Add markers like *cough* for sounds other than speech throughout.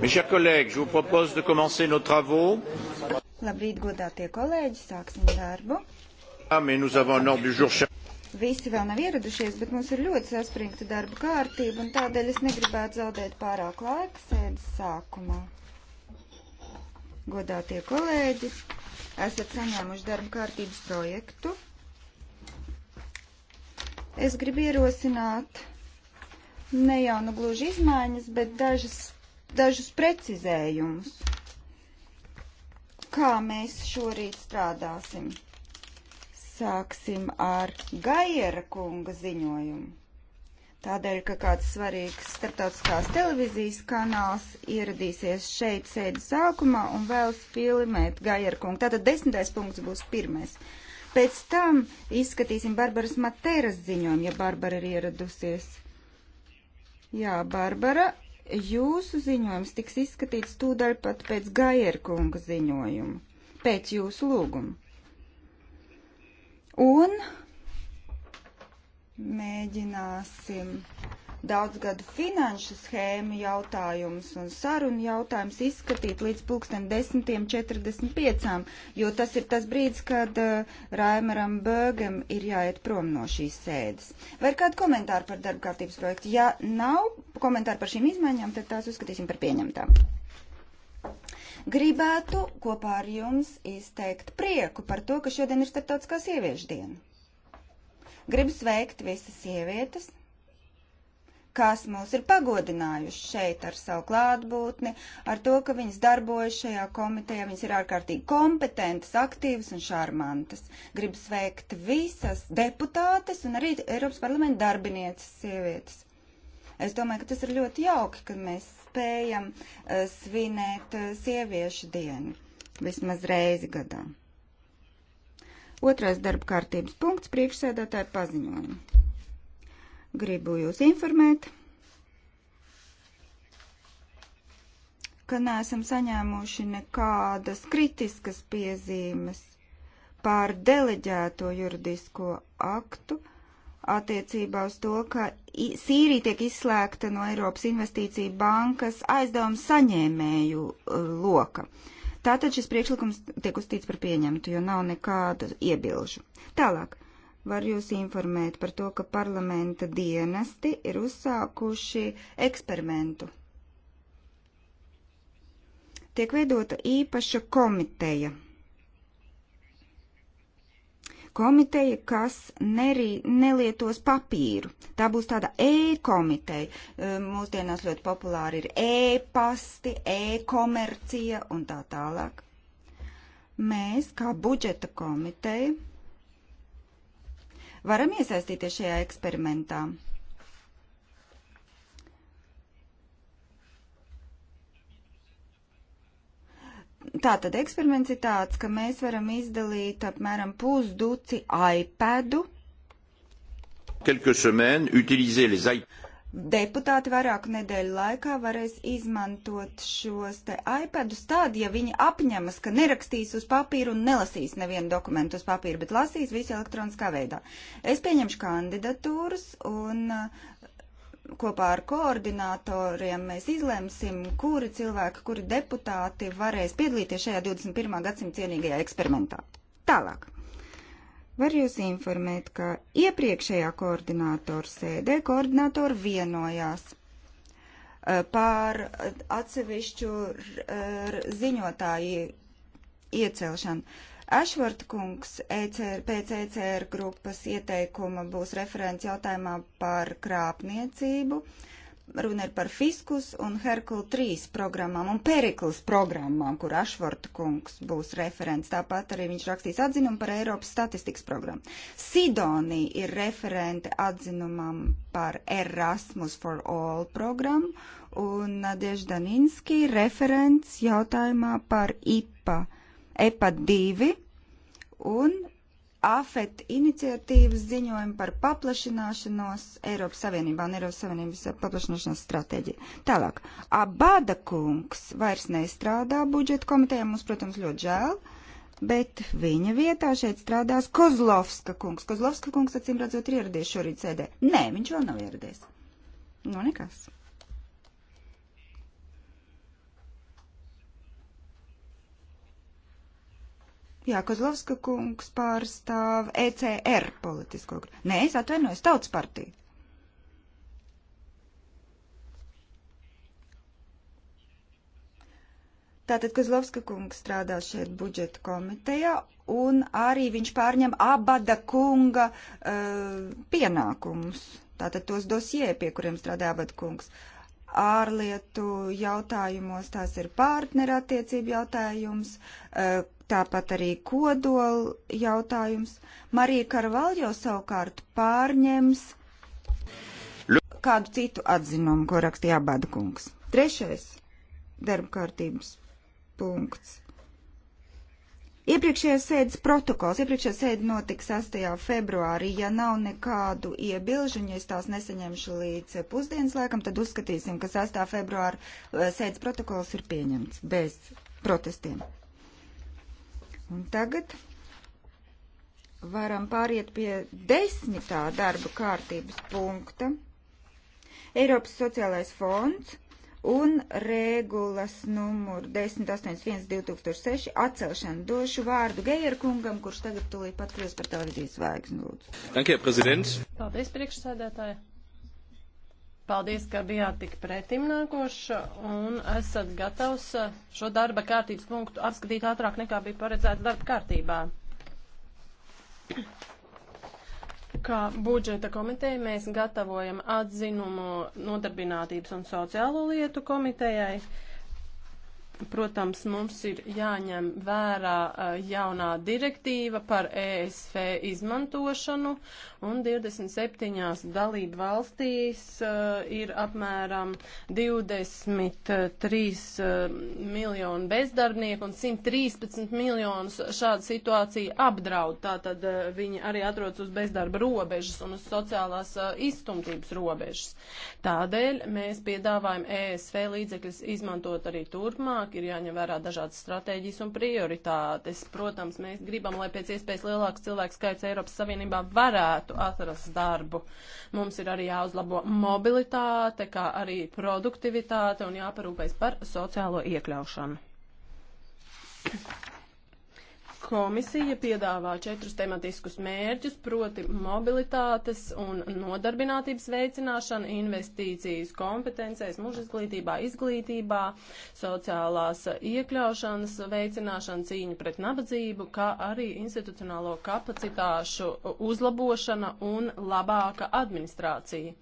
Mes chers collègues, je vous propose de commencer nos travaux. Labrīt, godātie kolēģi, sāksim darbu. Ah, Visi vēl nav ieradušies, bet mums ir ļoti saspringta darba kārtība, un tādēļ es negribētu zaudēt pārāk laika sēdes sākumā. Godātie kolēģi, esat saņēmuši darba kārtības projektu. Es gribu ierosināt ne jau nu gluži izmaiņas, bet dažas, dažus precizējumus, kā mēs šorīt strādāsim. Sāksim ar Gaiera kunga ziņojumu. Tādēļ, ka kāds svarīgs starptautiskās televīzijas kanāls ieradīsies šeit sēdes sākumā un vēlas filmēt Gajerkungu. Tātad desmitais punkts būs pirmais. Pēc tam izskatīsim Barbaras Materas ziņojumu, ja Barbara ir ieradusies. Uh, Jā, Barbara, jūsu ziņojums tiks izskatīts tūdaļ pat pēc Gajerkunga ziņojuma, pēc jūsu lūguma. Un mēģināsim daudzgadu finanšu schēmu jautājumus un sarunu jautājumus izskatīt līdz pulksten 10.45, jo tas ir tas brīdis, kad uh, Raimaram Bēgam ir jāiet prom no šīs sēdes. Vai ir kādi komentāri par darba kārtības projektu? Ja nav komentāri par šīm izmaiņām, tad tās uzskatīsim par pieņemtām gribētu kopā ar jums izteikt prieku par to, ka šodien ir starptautiskā sieviešu diena. Gribu sveikt visas sievietes, kas mūs ir pagodinājuši šeit ar savu klātbūtni, ar to, ka viņas darbojas šajā komitejā, viņas ir ārkārtīgi kompetentas, aktīvas un šarmantas. Gribu sveikt visas deputātes un arī Eiropas parlamenta darbinieces sievietes. Es domāju, ka tas ir ļoti jauki, ka mēs spējam uh, svinēt uh, sieviešu dienu vismaz reizi gadā. Otrais darba kārtības punkts priekšsēdētāja paziņojuma. Gribu jūs informēt, ka neesam saņēmuši nekādas kritiskas piezīmes pār deleģēto juridisko aktu attiecībā uz to, ka Sīrija tiek izslēgta no Eiropas investīcija bankas aizdevuma saņēmēju e, loka. Tātad šis priekšlikums tiek uzstīts par pieņemtu, jo nav nekādu iebilžu. Tālāk var jūs informēt par to, ka parlamenta dienesti ir uzsākuši eksperimentu. Tiek veidota īpaša komiteja. Komiteja, kas nerī, nelietos papīru. Tā būs tāda e-komiteja. Ehm, mūsdienās ļoti populāri ir e-pasti, e-komercija un tā tālāk. Mēs, kā budžeta komiteja, varam iesaistīties šajā eksperimentā. Tā tad eksperiments ir tāds, ka mēs varam izdalīt apmēram pusduci iPadu. Quelques semaines, utiliser les iPads deputāti vairāku nedēļu laikā varēs izmantot šos te iPadus tad, ja viņi apņemas, ka nerakstīs uz papīru un nelasīs nevienu dokumentu uz papīru, bet lasīs visu elektroniskā veidā. Es pieņemšu kandidatūras un uh, kopā ar koordinatoriem mēs izlemsim, kuri cilvēki, kuri deputāti varēs piedalīties šajā 21. gadsimta cienīgajā eksperimentā. Tālāk. Var jūs informēt, ka iepriekšējā koordinātora sēdē koordinātori vienojās eh, pār atsevišķu ziņotāju iecelšanu. Ašvarta kungs ECR, pēc ECR grupas ieteikuma būs referents jautājumā par krāpniecību. Uh, Runa ir par Fiskus un Herkulu 3 programmām un Perikls programmām, kur Ašvorta kungs būs referents. Tāpat arī viņš rakstīs atzinumu par Eiropas statistikas programmu. Sidonija ir referente atzinumam par Erasmus for All programmu un Nadežda Daninski referents jautājumā par IPA, EPA 2 un AFET iniciatīvas ziņojumu par paplašināšanos Eiropas Savienībā un Eiropas Savienības paplašināšanos stratēģiju. Tālāk, Abada kungs vairs nestrādā budžeta komitejā, mums, protams, ļoti žēl, bet viņa vietā šeit strādās Kozlovska kungs. Kozlovska kungs, acīm redzot, ir ieradies šorīt sēdē. Nē, viņš vēl nav ieradies. Nu, nekas. Jā, Kozlovska kungs pārstāv ECR politisko grupu. Nē, es atvainojos, tautas partiju. Tātad Kozlovska kungs strādā šeit budžeta komitejā un arī viņš pārņem abada kunga uh, pienākumus. Tātad tos dosie, pie kuriem strādā abada kungs. Ārlietu jautājumos tās ir partnerattiecību jautājums, uh, tāpat arī kodola jautājums. Marija Karvaljo savukārt pārņems kādu citu atzinumu, ko rakstīja Badakungs. Trešais darbkārtības punkts. Iepriekšējās sēdes protokols. Iepriekšējā sēde notika 6. februārī. Ja nav nekādu iebilžu, ja es tās nesaņemšu līdz pusdienas laikam, tad uzskatīsim, ka 6. februāra eh, sēdes protokols ir pieņemts bez protestiem. Un tagad varam pāriet pie desmitā darba kārtības punkta. Eiropas sociālais fonds un regulas numuru 1081-2006 atcelšanu. Došu vārdu Geijer kungam, kurš tagad tūlīt pat kļūst par televīzijas zvaigzni. Lūdzu. Dankie, prezidents. Paldies, priekšsēdētāji. Paldies, ka bijāt tik pretimnākoši un esat gatavs šo darba kārtības punktu apskatīt ātrāk nekā bija paredzēts darba kārtībā. Kā budžeta komiteja mēs gatavojam atzinumu nodarbinātības un sociālo lietu komitejai. Protams, mums ir jāņem vērā jaunā direktīva par ESF izmantošanu, un 27 dalību valstīs ir apmēram 23 miljoni bezdarbnieku un 113 miljonus šāda situācija apdraud. Tātad viņi arī atrodas uz bezdarba robežas un uz sociālās izstumtības robežas. Tādēļ mēs piedāvājam ESF līdzekļus izmantot arī turpmāk Turpmāk ir jāņem vērā dažādas stratēģijas un prioritātes. Protams, mēs gribam, lai pēc iespējas lielāks cilvēku skaits Eiropas Savienībā varētu atrast darbu. Mums ir arī jāuzlabo mobilitāte, kā arī produktivitāte un jāparūpēs par sociālo iekļaušanu. Komisija piedāvā četrus tematiskus mērķus, proti mobilitātes un nodarbinātības veicināšana, investīcijas kompetencēs, mūža izglītībā, izglītībā, sociālās iekļaušanas veicināšana, cīņa pret nabadzību, kā arī institucionālo kapacitāšu uzlabošana un labāka administrācija.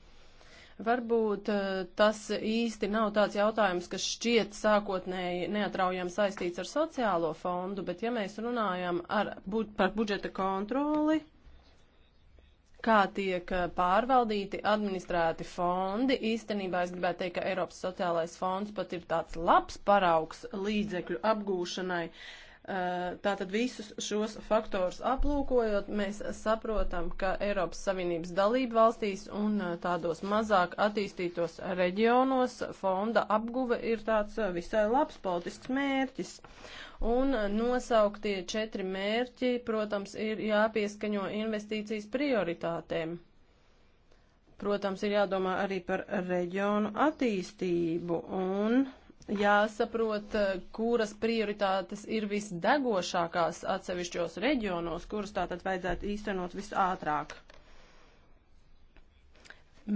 Varbūt eh, tas īsti nav tāds jautājums, kas šķiet sākotnēji neatraujami saistīts ar sociālo fondu, bet ja mēs runājam ar, par budžeta kontroli, kā tiek eh, pārvaldīti, administrēti fondi. Īstenībā es gribētu teikt, ka Eiropas sociālais fonds pat ir tāds labs paraugs līdzekļu apgūšanai, Eh, tātad visus šos faktors aplūkojot, mēs saprotam, ka Eiropas Savienības dalību valstīs un eh, tādos mazāk attīstītos reģionos fonda apguve ir tāds eh, visai labs politisks mērķis. Un nosauktie četri mērķi, protams, ir jāpieskaņo investīcijas prioritātēm. Protams, ir jādomā arī par reģionu attīstību un jāsaprot, eh, kuras prioritātes ir visdegošākās atsevišķos reģionos, kuras tātad vajadzētu īstenot visātrāk.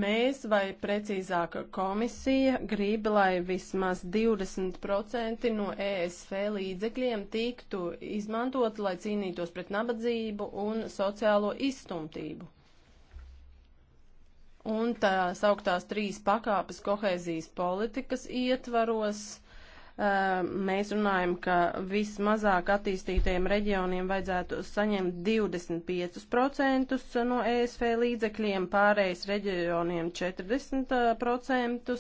Mēs, vai precīzāk komisija, grib, lai vismaz 20% no ESF līdzekļiem tiktu izmantot, lai cīnītos pret nabadzību un sociālo izstumtību un tā sauktās trīs pakāpes kohēzijas politikas ietvaros. Mēs runājam, ka vismazāk attīstītajiem reģioniem vajadzētu saņemt 25% no ESF līdzekļiem, pārējais reģioniem 40%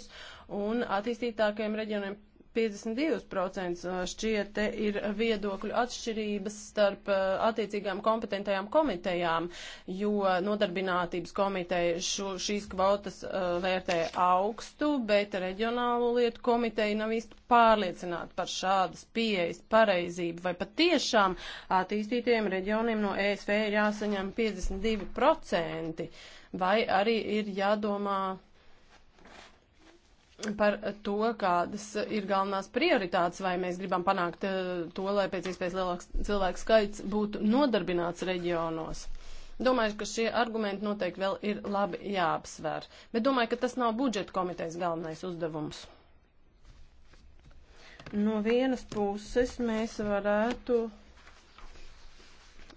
un attīstītākajiem reģioniem 52% eh, šķiet ir viedokļu atšķirības starp eh, attiecīgām kompetentajām komitejām, jo nodarbinātības komiteja šo, šīs kvotas eh, vērtē augstu, bet reģionālo lietu komiteja nav īsti pārliecināta par šādas pieejas pareizību, vai pat tiešām attīstītiem reģioniem no ESV ir jāsaņem 52%, vai arī ir jādomā par to, kādas ir galvenās prioritātes, vai mēs gribam panākt eh, to, lai pēc iespējas lielāks cilvēku skaits būtu nodarbināts reģionos. Domāju, ka šie argumenti noteikti vēl ir labi jāapsver, bet domāju, ka tas nav budžeta komitejas galvenais uzdevums. No vienas puses mēs varētu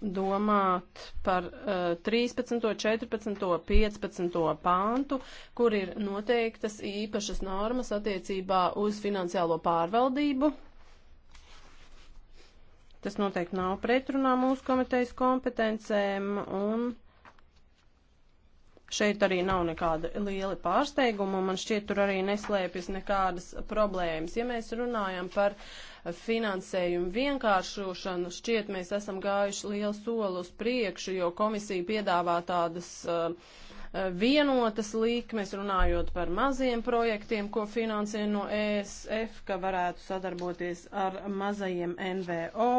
domāt par uh, 13., 14., 15. pāntu, kur ir noteiktas īpašas normas attiecībā uz finansiālo pārvaldību. Tas noteikti nav pretrunā mūsu komitejas kompetencēm un Šeit arī nav nekāda liela pārsteiguma, un man šķiet, tur arī neslēpjas nekādas problēmas. Ja mēs runājam par finansējumu vienkāršošanu, šķiet, mēs esam gājuši lielu soli uz priekšu, jo komisija piedāvā tādas uh, uh vienotas līkmes, runājot par maziem projektiem, ko finansē no ESF, ka varētu sadarboties ar mazajiem NVO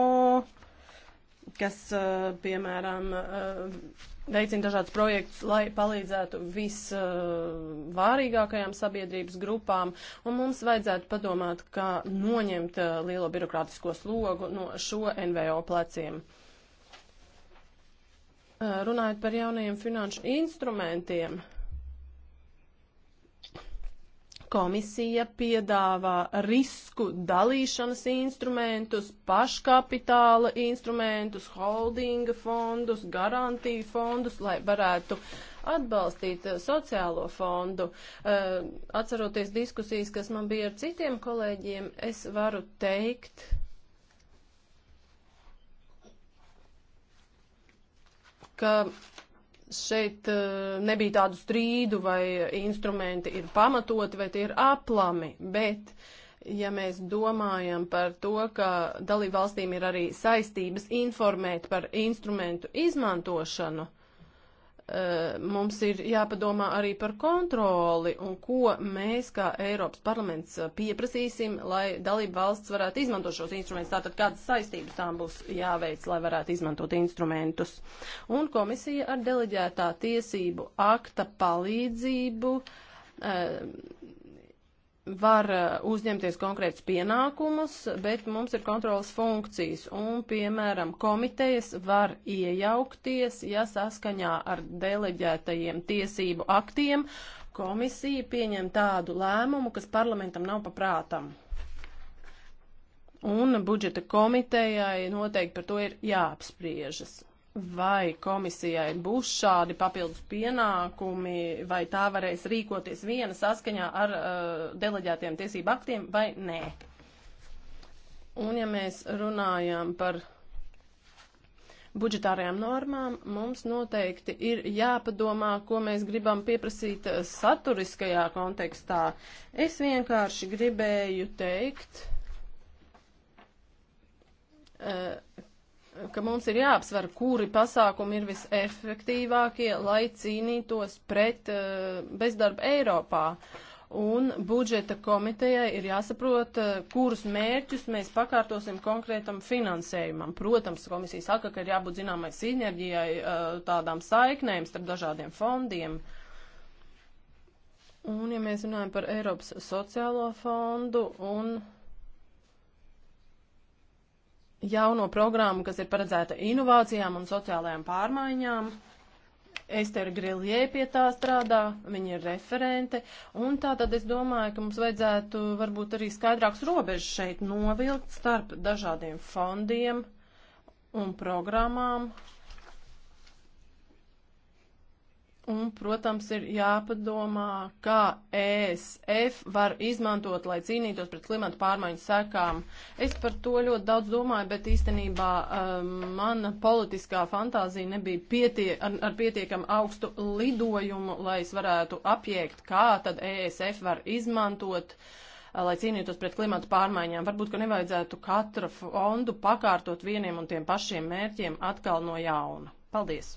kas, eh, piemēram, eh, veicina dažādas projekts, lai palīdzētu visvārīgākajām sabiedrības grupām, un mums vajadzētu padomāt, kā noņemt eh, lielo birokrātisko slogu no šo NVO pleciem. Runājot par jaunajiem finanšu instrumentiem, uh, Komisija piedāvā risku dalīšanas instrumentus, paškapitāla instrumentus, holdinga fondus, garantiju fondus, lai varētu atbalstīt eh, sociālo fondu. Eh, atceroties diskusijas, kas man bija ar citiem kolēģiem, es varu teikt, ka šeit eh, nebija tādu strīdu, vai instrumenti ir pamatoti, vai tie ir aplami, bet, ja mēs domājam par to, ka dalību valstīm ir arī saistības informēt par instrumentu izmantošanu, Eh, mums ir jāpadomā arī par kontroli un ko mēs kā Eiropas parlaments eh, pieprasīsim, lai dalība valsts varētu izmantot šos instrumentus. Tātad kādas saistības tām būs jāveic, lai varētu izmantot instrumentus. Un komisija ar deleģētā tiesību akta palīdzību. Uh, var eh, uzņemties konkrēts pienākumus, bet mums ir kontrolas funkcijas, un, piemēram, komitejas var iejaukties, ja saskaņā ar deleģētajiem tiesību aktiem komisija pieņem tādu lēmumu, kas parlamentam nav paprātam. Un budžeta komitejai noteikti par to ir jāapspriežas vai komisijai būs šādi papildus pienākumi, vai tā varēs rīkoties viena saskaņā ar uh, deleģētiem tiesību aktiem vai nē. Un ja mēs runājam par budžetārajām normām, mums noteikti ir jāpadomā, ko mēs gribam pieprasīt uh, saturiskajā kontekstā. Es vienkārši gribēju teikt, uh, ka mums ir jāapsver, kuri pasākumi ir visefektīvākie, lai cīnītos pret uh, bezdarbu Eiropā. Un budžeta komitejai ir jāsaprot, uh, kurus mērķus mēs pakārtosim konkrētam finansējumam. Protams, komisija saka, ka ir jābūt zināmai sinerģijai, uh, tādām saiknēm starp dažādiem fondiem. Un, ja mēs runājam par Eiropas sociālo fondu un jauno programmu, kas ir paredzēta inovācijām un sociālajām pārmaiņām. Ester Grilje pie tā strādā, viņa ir referente, un tā tad es domāju, ka mums vajadzētu varbūt arī skaidrāks robežas šeit novilkt starp dažādiem fondiem un programmām, Un, protams, ir jāpadomā, kā ESF var izmantot, lai cīnītos pret klimatu pārmaiņu sekām. Es par to ļoti daudz domāju, bet īstenībā um, mana politiskā fantāzija nebija pietie, ar, ar pietiekam augstu lidojumu, lai es varētu apjēgt, kā tad ESF var izmantot uh, lai cīnītos pret klimatu pārmaiņām. Varbūt, ka nevajadzētu katru fondu pakārtot vieniem un tiem pašiem mērķiem atkal no jauna. Paldies!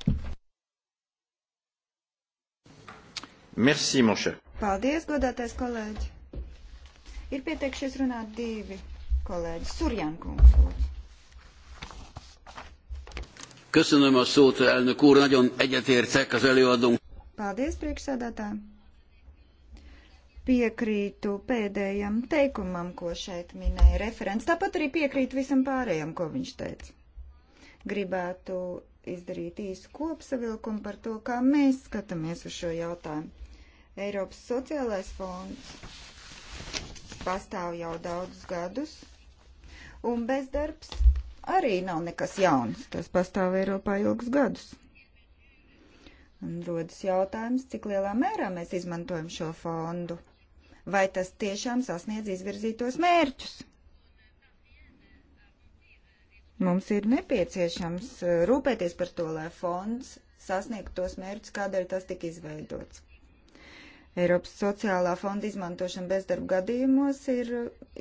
Merci, mon cher. Paldies, godātais kolēģi. Ir pieteikšies runāt divi kolēģi. Surjankungs. Köszönöm a szót, elnök úr, nagyon egyetértek az előadónk. Paldies, priekšsēdētāji. Piekrītu pēdējam teikumam, ko šeit minēja referents. Tāpat arī piekrītu visam pārējam, ko viņš teica. Gribētu izdarīt īsu kopsavilkumu par to, kā mēs skatāmies uz šo jautājumu. Eiropas sociālais fonds pastāv jau daudzus gadus, un bezdarbs arī nav nekas jauns. Tas pastāv Eiropā ilgus gadus. Un rodas jautājums, cik lielā mērā mēs izmantojam šo fondu. Vai tas tiešām sasniedz izvirzītos mērķus? Mums ir nepieciešams eh, rūpēties par to, lai fonds sasniegtu tos mērķus, kādēļ tas tika izveidots. Eiropas sociālā fonda izmantošana bezdarba gadījumos ir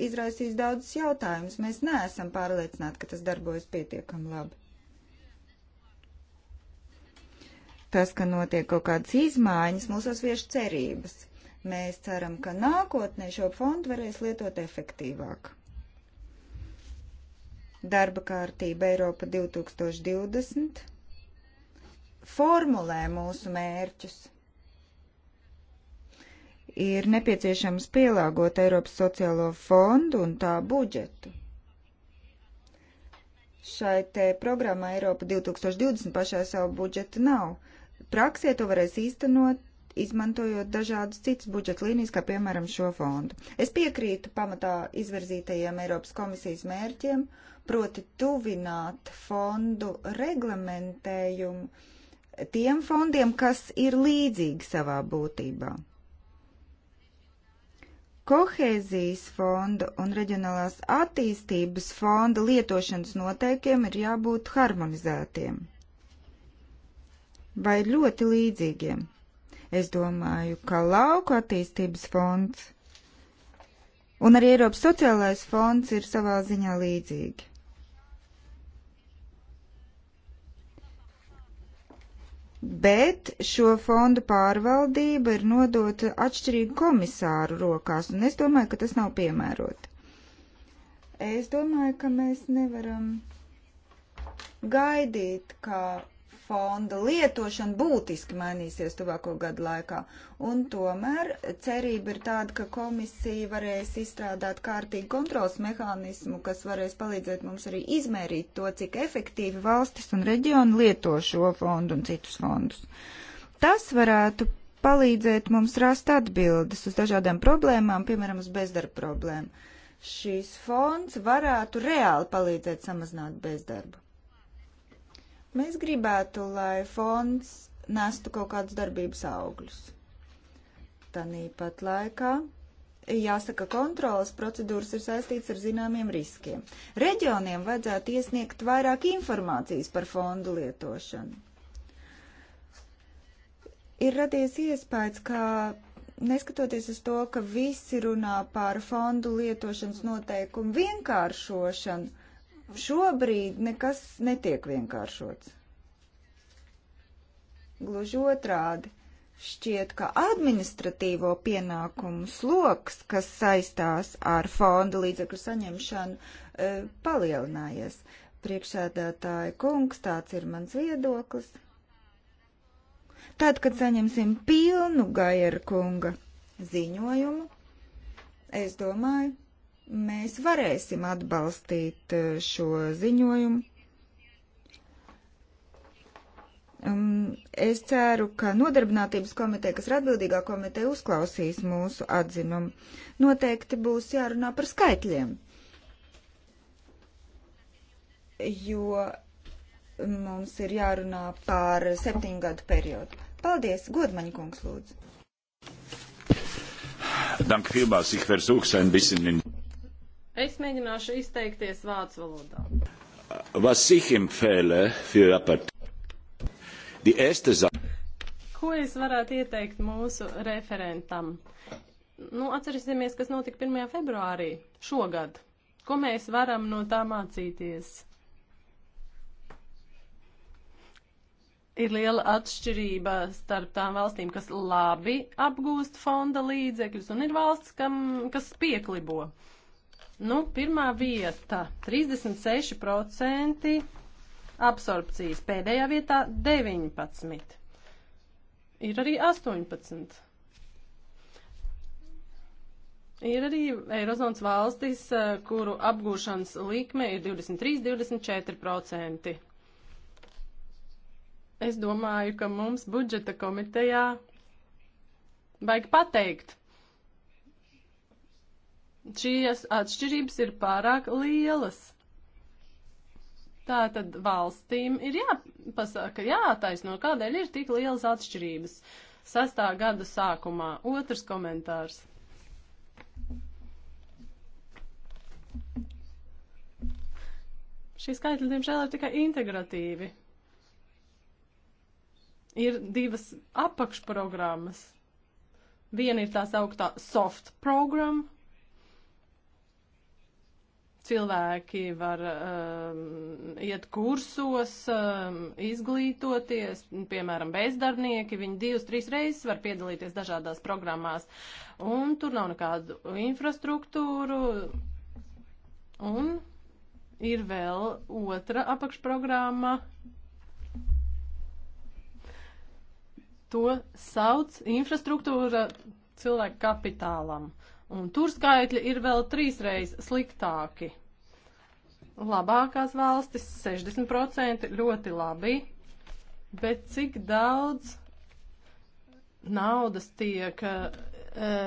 izraisījis daudzus jautājumus. Mēs neesam pārliecināti, ka tas darbojas pietiekami labi. Tas, ka notiek kaut kādas izmaiņas, mūsos vieš cerības. Mēs ceram, ka nākotnē šo fondu varēs lietot efektīvāk. Darba kārtība Eiropa 2020 formulē mūsu mērķus ir nepieciešams pielāgot Eiropas sociālo fondu un tā budžetu. Šai te programmā Eiropa 2020 pašā savu budžetu nav. Praksē to varēs īstenot, izmantojot dažādas citas budžeta līnijas, kā piemēram šo fondu. Es piekrītu pamatā izvirzītajiem Eiropas komisijas mērķiem, proti tuvināt fondu reglamentējumu tiem fondiem, kas ir līdzīgi savā būtībā. Kohēzijas fonda un reģionālās attīstības fonda lietošanas noteikiem ir jābūt harmonizētiem vai ļoti līdzīgiem. Es domāju, ka lauku attīstības fonds un arī Eiropas sociālais fonds ir savā ziņā līdzīgi. bet šo fondu pārvaldība ir nodota atšķirīgu komisāru rokās, un es domāju, ka tas nav piemēroti. Es domāju, ka mēs nevaram gaidīt, ka fonda lietošana būtiski mainīsies tuvāko gadu laikā. Un tomēr cerība ir tāda, ka komisija varēs izstrādāt kārtīgu kontrols mehānismu, kas varēs palīdzēt mums arī izmērīt to, cik efektīvi valstis un reģioni lieto šo fondu un citus fondus. Tas varētu palīdzēt mums rast atbildes uz dažādām problēmām, piemēram, uz bezdarba problēmu. Šīs fonds varētu reāli palīdzēt samazināt bezdarbu. Mēs gribētu, lai fonds nestu kaut kādus darbības augļus. Tanīpat laikā jāsaka, kontrolas procedūras ir saistīts ar zināmiem riskiem. Reģioniem vajadzētu iesniegt vairāk informācijas par fondu lietošanu. Ir radies iespējas, ka neskatoties uz to, ka visi runā par fondu lietošanas noteikumu vienkāršošanu, Šobrīd nekas netiek vienkāršots. Gluži otrādi, šķiet, ka administratīvo pienākumu sloks, kas saistās ar fonda līdzekļu saņemšanu, e, palielinājies. Priekšsēdētāja kungs, tāds ir mans viedoklis. Tad, kad saņemsim pilnu Gaiera kunga ziņojumu, es domāju, mēs varēsim atbalstīt eh, šo ziņojumu. Um, es ceru, ka nodarbinātības komiteja, kas ir atbildīgā komiteja, uzklausīs mūsu atzinumu. Noteikti būs jārunā par skaitļiem, jo mums ir jārunā par septiņu gadu periodu. Paldies, Godmaņa kungs, lūdzu. Dank vielmals, ich versuch's ein bisschen in Es mēģināšu izteikties vācu valodā. Was ich empfehle für Rapport? Die erste Sache. Ko es varētu ieteikt mūsu referentam? Nu, atcerēsimies, kas notika 1. februārī šogad. Ko mēs varam no tā mācīties? ir liela atšķirība starp tām valstīm, kas labi apgūst fonda līdzekļus, un ir valsts, kam, kas pieklibo. Uh, Nu, pirmā vieta - 36% absorpcijas, pēdējā vietā - 19. Ir arī 18. Ir arī Eirozonas valstis, eh, kuru apgūšanas likme ir 23-24%. Es domāju, ka mums budžeta komitejā vajag pateikt, šīs atšķirības ir pārāk lielas. Tā tad valstīm ir jāpasaka, jātaisno, kādēļ ir tik lielas atšķirības. Sastā gada sākumā. Otrs komentārs. Šie skaitļi, diemžēl, ir tikai integratīvi. Ir divas apakšprogrammas. Viena ir tā sauktā soft programma, cilvēki var um, iet kursos, um, izglītoties, piemēram, bezdarbnieki, viņi divas, trīs reizes var piedalīties dažādās programmās, un tur nav nekādu infrastruktūru, un ir vēl otra apakšprogramma. To sauc infrastruktūra cilvēku kapitālam. Uh, Un tur skaitļi ir vēl trīsreiz sliktāki. Labākās valstis 60% ļoti labi, bet cik daudz naudas tiek eh,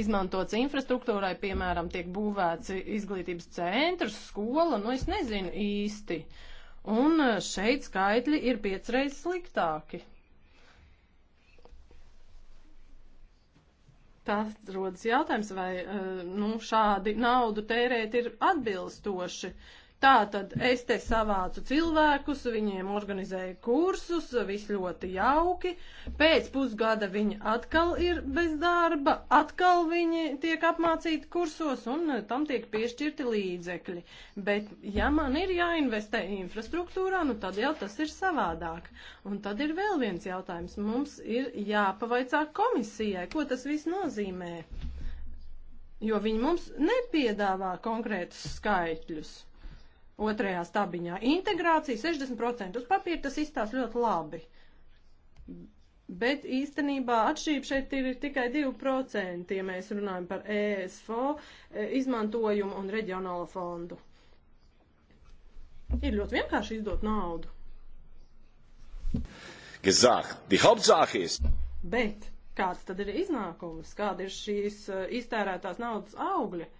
izmantots infrastruktūrai, piemēram, tiek būvēts izglītības centrs, skola, nu es nezinu īsti. Un eh, šeit skaitļi ir piecreiz sliktāki. Tās rodas jautājums, vai eh, nu, šādi naudu tērēt ir atbilstoši. Uh, Tā tad es te savācu cilvēkus, viņiem organizēju kursus, viss ļoti jauki. Pēc pusgada viņi atkal ir bez darba, atkal viņi tiek apmācīti kursos un e, tam tiek piešķirti līdzekļi. Bet ja man ir jāinvestē infrastruktūrā, nu tad jau tas ir savādāk. Un tad ir vēl viens jautājums. Mums ir jāpavaicā komisijai, ko tas viss nozīmē. Jo viņi mums nepiedāvā konkrētus skaitļus otrajā stabiņā. Integrācija 60% uz papīra tas izstās ļoti labi. Bet īstenībā atšķirība šeit ir tikai 2%, ja mēs runājam par ESFO e, izmantojumu un reģionālo fondu. Ir ļoti vienkārši izdot naudu. Gesagt, die Hauptsache ist. Bet kāds tad ir iznākums, kāda ir šīs e, iztērētās naudas augļa?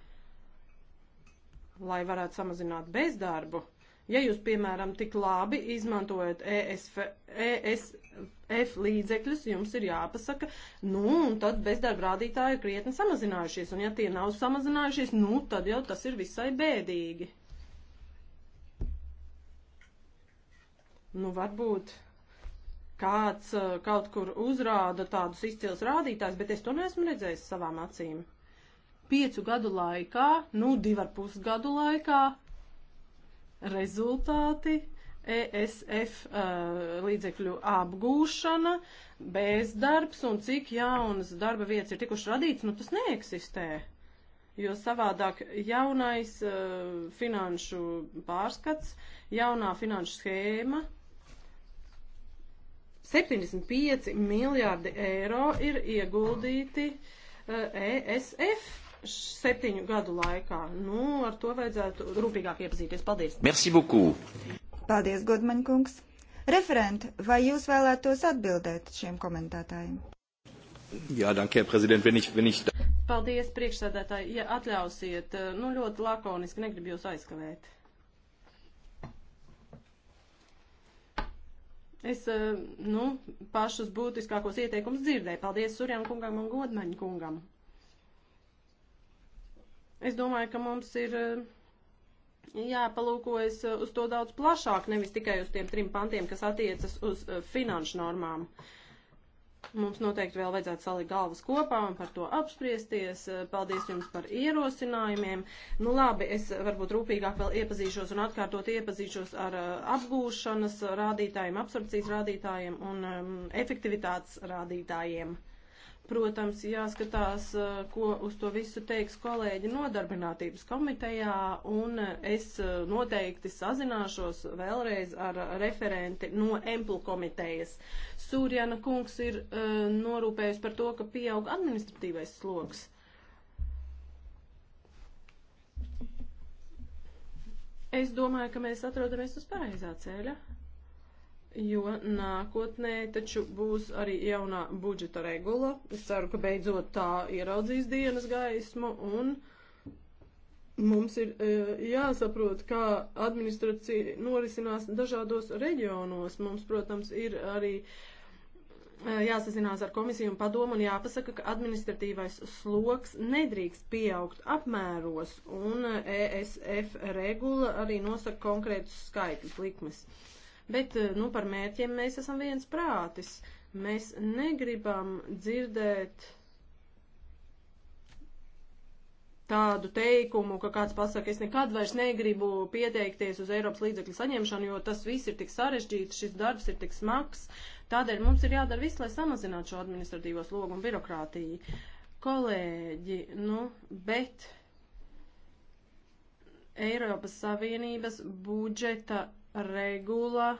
lai varētu samazināt bezdarbu. Ja jūs, piemēram, tik labi izmantojat ESF, ESF līdzekļus, jums ir jāpasaka, nu, un tad bezdarba rādītāji ir krietni samazinājušies, un ja tie nav samazinājušies, nu, tad jau tas ir visai bēdīgi. Nu, varbūt kāds eh, kaut kur uzrāda tādus izcils rādītājus, bet es to neesmu redzējis savām acīm piecu gadu laikā, nu, divu ar pus gadu laikā rezultāti ESF uh, eh, līdzekļu apgūšana, bezdarbs un cik jaunas darba vietas ir tikuši radīts, nu tas neeksistē. Jo savādāk jaunais uh, finanšu pārskats, jaunā finanšu schēma, 75 miljārdi eiro ir ieguldīti uh, eh, ESF septiņu gadu laikā. Nu, ar to vajadzētu rūpīgāk iepazīties. Paldies! Merci beaucoup! Paldies, Godmaņa kungs! Referent, vai jūs vēlētos atbildēt šiem komentētājiem? Jā, danke, Herr Präsident, wenn ich, wenn ich... Paldies, priekšsēdētāji, ja atļausiet, nu ļoti lakoniski, negribu jūs aizkavēt. Es eh, nu, pašus būtiskākos ieteikumus dzirdēju. Paldies Surjam kungam un Godmaņa kungam. Es domāju, ka mums ir eh, jāpalūkojas eh, uz to daudz plašāk, nevis tikai uz tiem trim pantiem, kas attiecas uz eh, finanšu normām. Mums noteikti vēl vajadzētu salikt galvas kopā un par to apspriesties. Paldies jums par ierosinājumiem. Nu labi, es varbūt rūpīgāk vēl iepazīšos un atkārtot iepazīšos ar apgūšanas rādītājiem, absorpcijas rādītājiem un um, efektivitātes rādītājiem. Protams, jāskatās, ko uz to visu teiks kolēģi nodarbinātības komitejā, un es noteikti sazināšos vēlreiz ar referenti no Emplu komitejas. Sūrjana kungs ir uh, norūpējis par to, ka pieaug administratīvais sloks. Es domāju, ka mēs atrodamies uz pareizā ceļa jo nākotnē taču būs arī jaunā budžeta regula. Es ceru, ka beidzot tā ieraudzīs dienas gaismu un mums ir e, jāsaprot, kā administrācija norisinās dažādos reģionos. Mums, protams, ir arī e, jāsazinās ar komisiju un padomu un jāpasaka, ka administratīvais sloks nedrīkst pieaugt apmēros un ESF e regula arī nosaka konkrētus skaitļus likmes. Uh, bet eh, nu, par mērķiem mēs esam viens prātis. Mēs negribam dzirdēt tādu teikumu, ka kāds pasaka, es nekad vairs negribu pieteikties uz Eiropas līdzekļu saņemšanu, jo tas viss ir tik sarežģīts, šis darbs ir tik smags. Tādēļ mums ir jādara viss, lai samazinātu šo administratīvo slogu un birokrātiju. Kolēģi, nu, bet Eiropas Savienības budžeta regula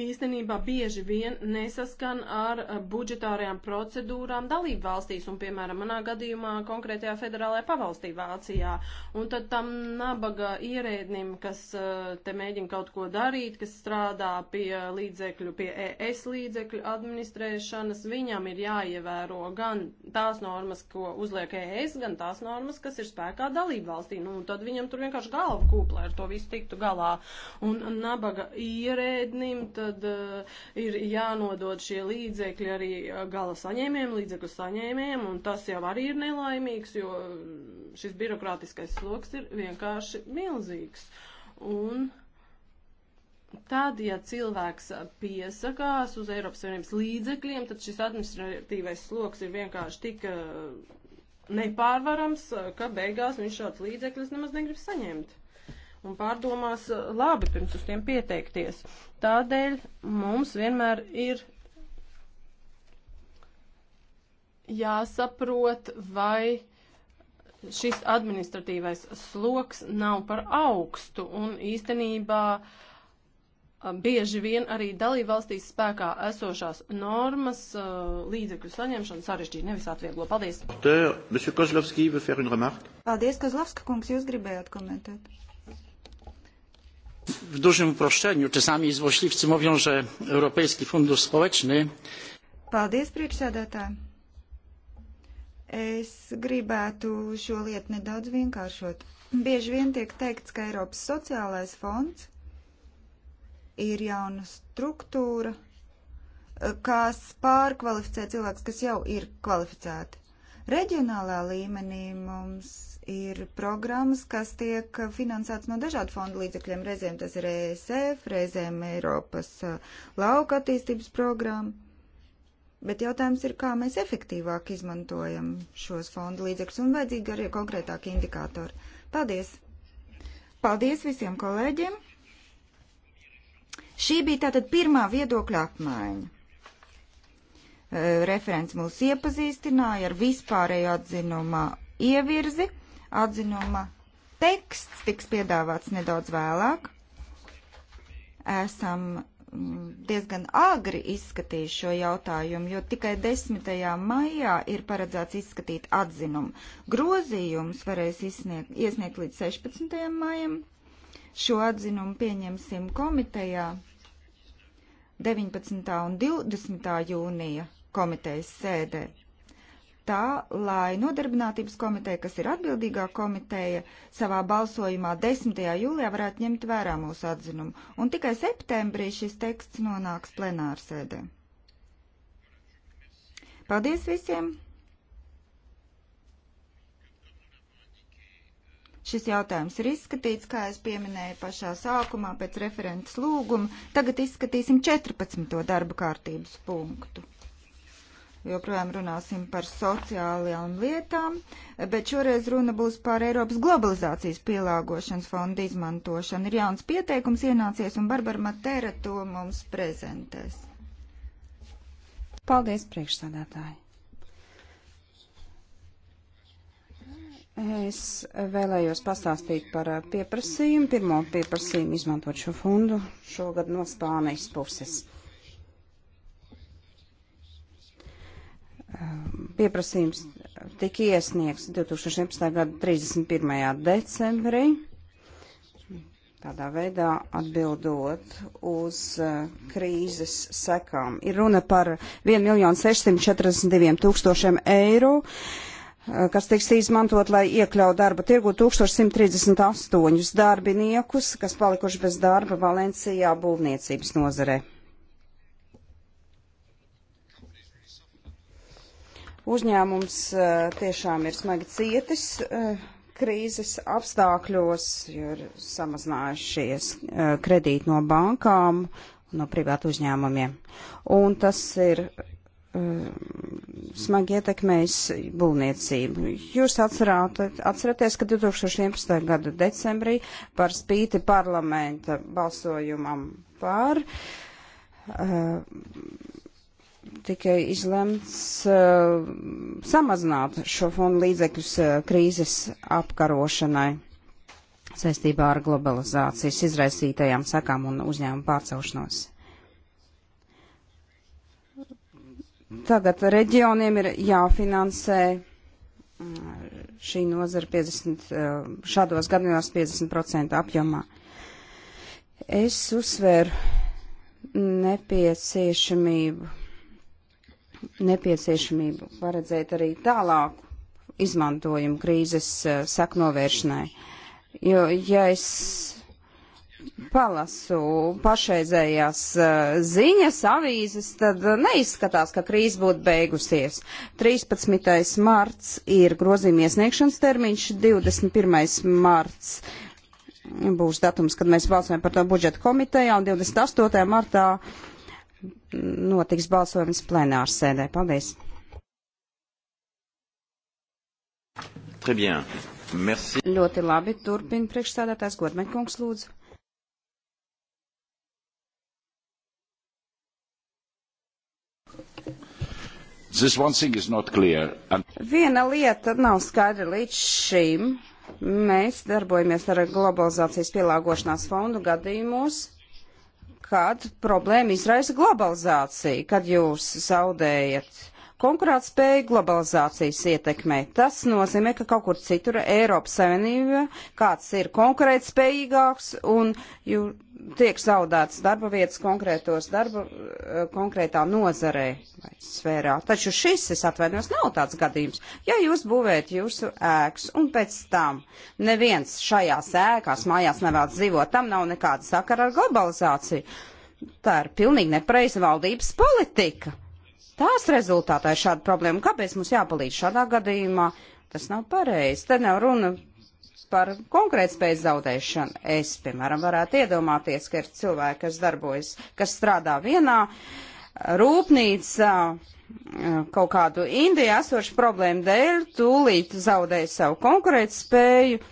īstenībā bieži vien nesaskan ar eh, budžetārajām procedūrām dalību valstīs un, piemēram, manā gadījumā konkrētajā federālajā pavalstī Vācijā. Un tad tam nabaga ierēdnim, kas eh, te mēģina kaut ko darīt, kas strādā pie līdzekļu, pie ES līdzekļu administrēšanas, viņam ir jāievēro gan tās normas, ko uzliek ES, gan tās normas, kas ir spēkā dalību valstī. Nu, tad viņam tur vienkārši galva kūplē ar to visu tiktu galā. Un nabaga ierēdnim tad uh, ir jānodod šie līdzekļi arī eh, gala saņēmējiem, līdzekļu saņēmējiem, un tas jau arī ir nelaimīgs, jo mm, šis birokrātiskais sloks ir vienkārši milzīgs. Un Tad, ja cilvēks eh, piesakās uz Eiropas Savienības līdzekļiem, tad šis administratīvais sloks ir vienkārši tik nepārvarams, ka beigās viņš šāds līdzekļus nemaz negrib saņemt un pārdomās eh, labi pirms uz tiem pieteikties. Tādēļ mums vienmēr ir jāsaprot, vai šis administratīvais sloks nav par augstu un īstenībā eh, bieži vien arī dalībvalstīs spēkā esošās normas eh, līdzekļu saņemšanu sarežģīja, nevis atvieglo. Paldies! Paldies, Kozlovska kungs, jūs gribējāt komentēt? W dużym uproszczeniu czasami złośliwcy mówią, że Europejski Fundusz Społeczny. Paldies, priekšsēdētāji! Es gribētu šo lietu nedaudz vienkāršot. Bieži vien tiek teikts, ka Eiropas sociālais fonds ir jauna struktūra, kas pārkvalificē cilvēkus, kas jau ir kvalificēti. Reģionālā līmenī mums ir programmas, kas tiek finansētas no dažādu fondu līdzekļiem. Reizēm tas ir ESF, reizēm Eiropas uh, lauka attīstības programma. Bet jautājums ir, kā mēs efektīvāk izmantojam šos fondu līdzekļus un vajadzīgi arī konkrētāki indikātori. Paldies! Paldies visiem kolēģiem! Šī bija tātad pirmā viedokļa apmaiņa uh, referents mūs iepazīstināja ar vispārēju atzinumā ievirzi. Atzinuma teksts tiks piedāvāts nedaudz vēlāk. Esam mm, diezgan agri izskatījuši šo jautājumu, jo tikai 10. maijā ir paredzēts izskatīt atzinumu. Grozījumus varēs izsniegt, iesniegt līdz 16. maijam. Šo atzinumu pieņemsim komitejā 19. un 20. jūnija komitejas sēdē tā, lai nodarbinātības komiteja, kas ir atbildīgā komiteja, savā balsojumā 10. jūlijā varētu ņemt vērā mūsu atzinumu. Un tikai septembrī šis teksts nonāks plenārsēdē. Paldies visiem! Šis jautājums ir izskatīts, kā es pieminēju pašā sākumā, pēc referents lūguma. Tagad izskatīsim 14. darba kārtības punktu joprojām runāsim par sociālajām lietām, bet šoreiz runa būs par Eiropas globalizācijas pielāgošanas fonda izmantošanu. Ir jauns pieteikums ienācies, un Barbara Matera to mums prezentēs. Paldies, priekšsādātāji! Es vēlējos pastāstīt par pieprasījumu, pirmo pieprasījumu izmantot šo fondu šogad no Spānijas puses. Pieprasījums tika iesniegts 2011. gada 31. decembrī, tādā veidā atbildot uz uh, krīzes sekām. Ir runa par 1 miljonu 642 tūkstošiem eiro, uh, kas tiks izmantot, lai iekļautu darba tirgu 1138 darbiniekus, kas palikuši bez darba Valencijā būvniecības nozarē. Uzņēmums eh, tiešām ir smagi cietis eh, krīzes apstākļos, jo ir samazinājušies eh, kredīti no bankām, no privātu uzņēmumiem. Un tas ir smagi ietekmējis būvniecību. Jūs atcerāt, atceraties, ka 2011. gada decembrī par spīti parlamenta balsojumam par uh, tika izlemts uh, samazināt šo fondu līdzekļus uh, krīzes apkarošanai saistībā ar globalizācijas izraisītajām sekām un uzņēmumu pārcelšanos. Tagad reģioniem ir jāfinansē mm, šī nozara 50, eh, šādos gadījumos 50% apjomā. Es uzsveru nepieciešamību nepieciešamību paredzēt arī tālāku izmantojumu krīzes uh, eh, saknovēršanai. Jo, ja es palasu pašreizējās uh, ziņas, avīzes, tad neizskatās, ka krīze būtu beigusies. 13. marts ir grozījuma iesniegšanas termiņš, 21. marts būs datums, kad mēs balsojam par to budžeta komitejā, un 28. martā uh, notiks balsojums plenārs sēdē. Paldies! Très bien. Merci. Ļoti labi. Turpina priekšstādātājs Godmeņkungs lūdzu. And... Viena lieta nav skaidra līdz šim. Mēs darbojamies ar globalizācijas pielāgošanās fondu gadījumos, kad problēma izraisa globalizācija, kad jūs zaudējat konkurētspēju globalizācijas ietekmē. Tas nozīmē, ka kaut kur citur Eiropas Savienībā kāds ir konkurētspējīgāks un tiek zaudēts darba vietas konkrētos darba, eh, konkrētā nozarē vai sfērā. Taču šis, es atvainos, nav tāds gadījums. Ja jūs būvējat jūsu ēkas un pēc tam neviens šajās ēkās mājās nevēlas dzīvot, tam nav nekāda sakara ar globalizāciju. Tā ir pilnīgi nepreiz valdības politika Tās rezultātā ir šāda problēma. Kāpēc mums jāpalīdz šādā gadījumā? Tas nav pareizi. Te nav runa par konkrētu spēju zaudēšanu. Es, piemēram, varētu iedomāties, ka ir cilvēki, kas darbojas, kas strādā vienā rūpnīcā kaut kādu Indijā esošu problēmu dēļ, tūlīt zaudēja savu konkurētu spēju.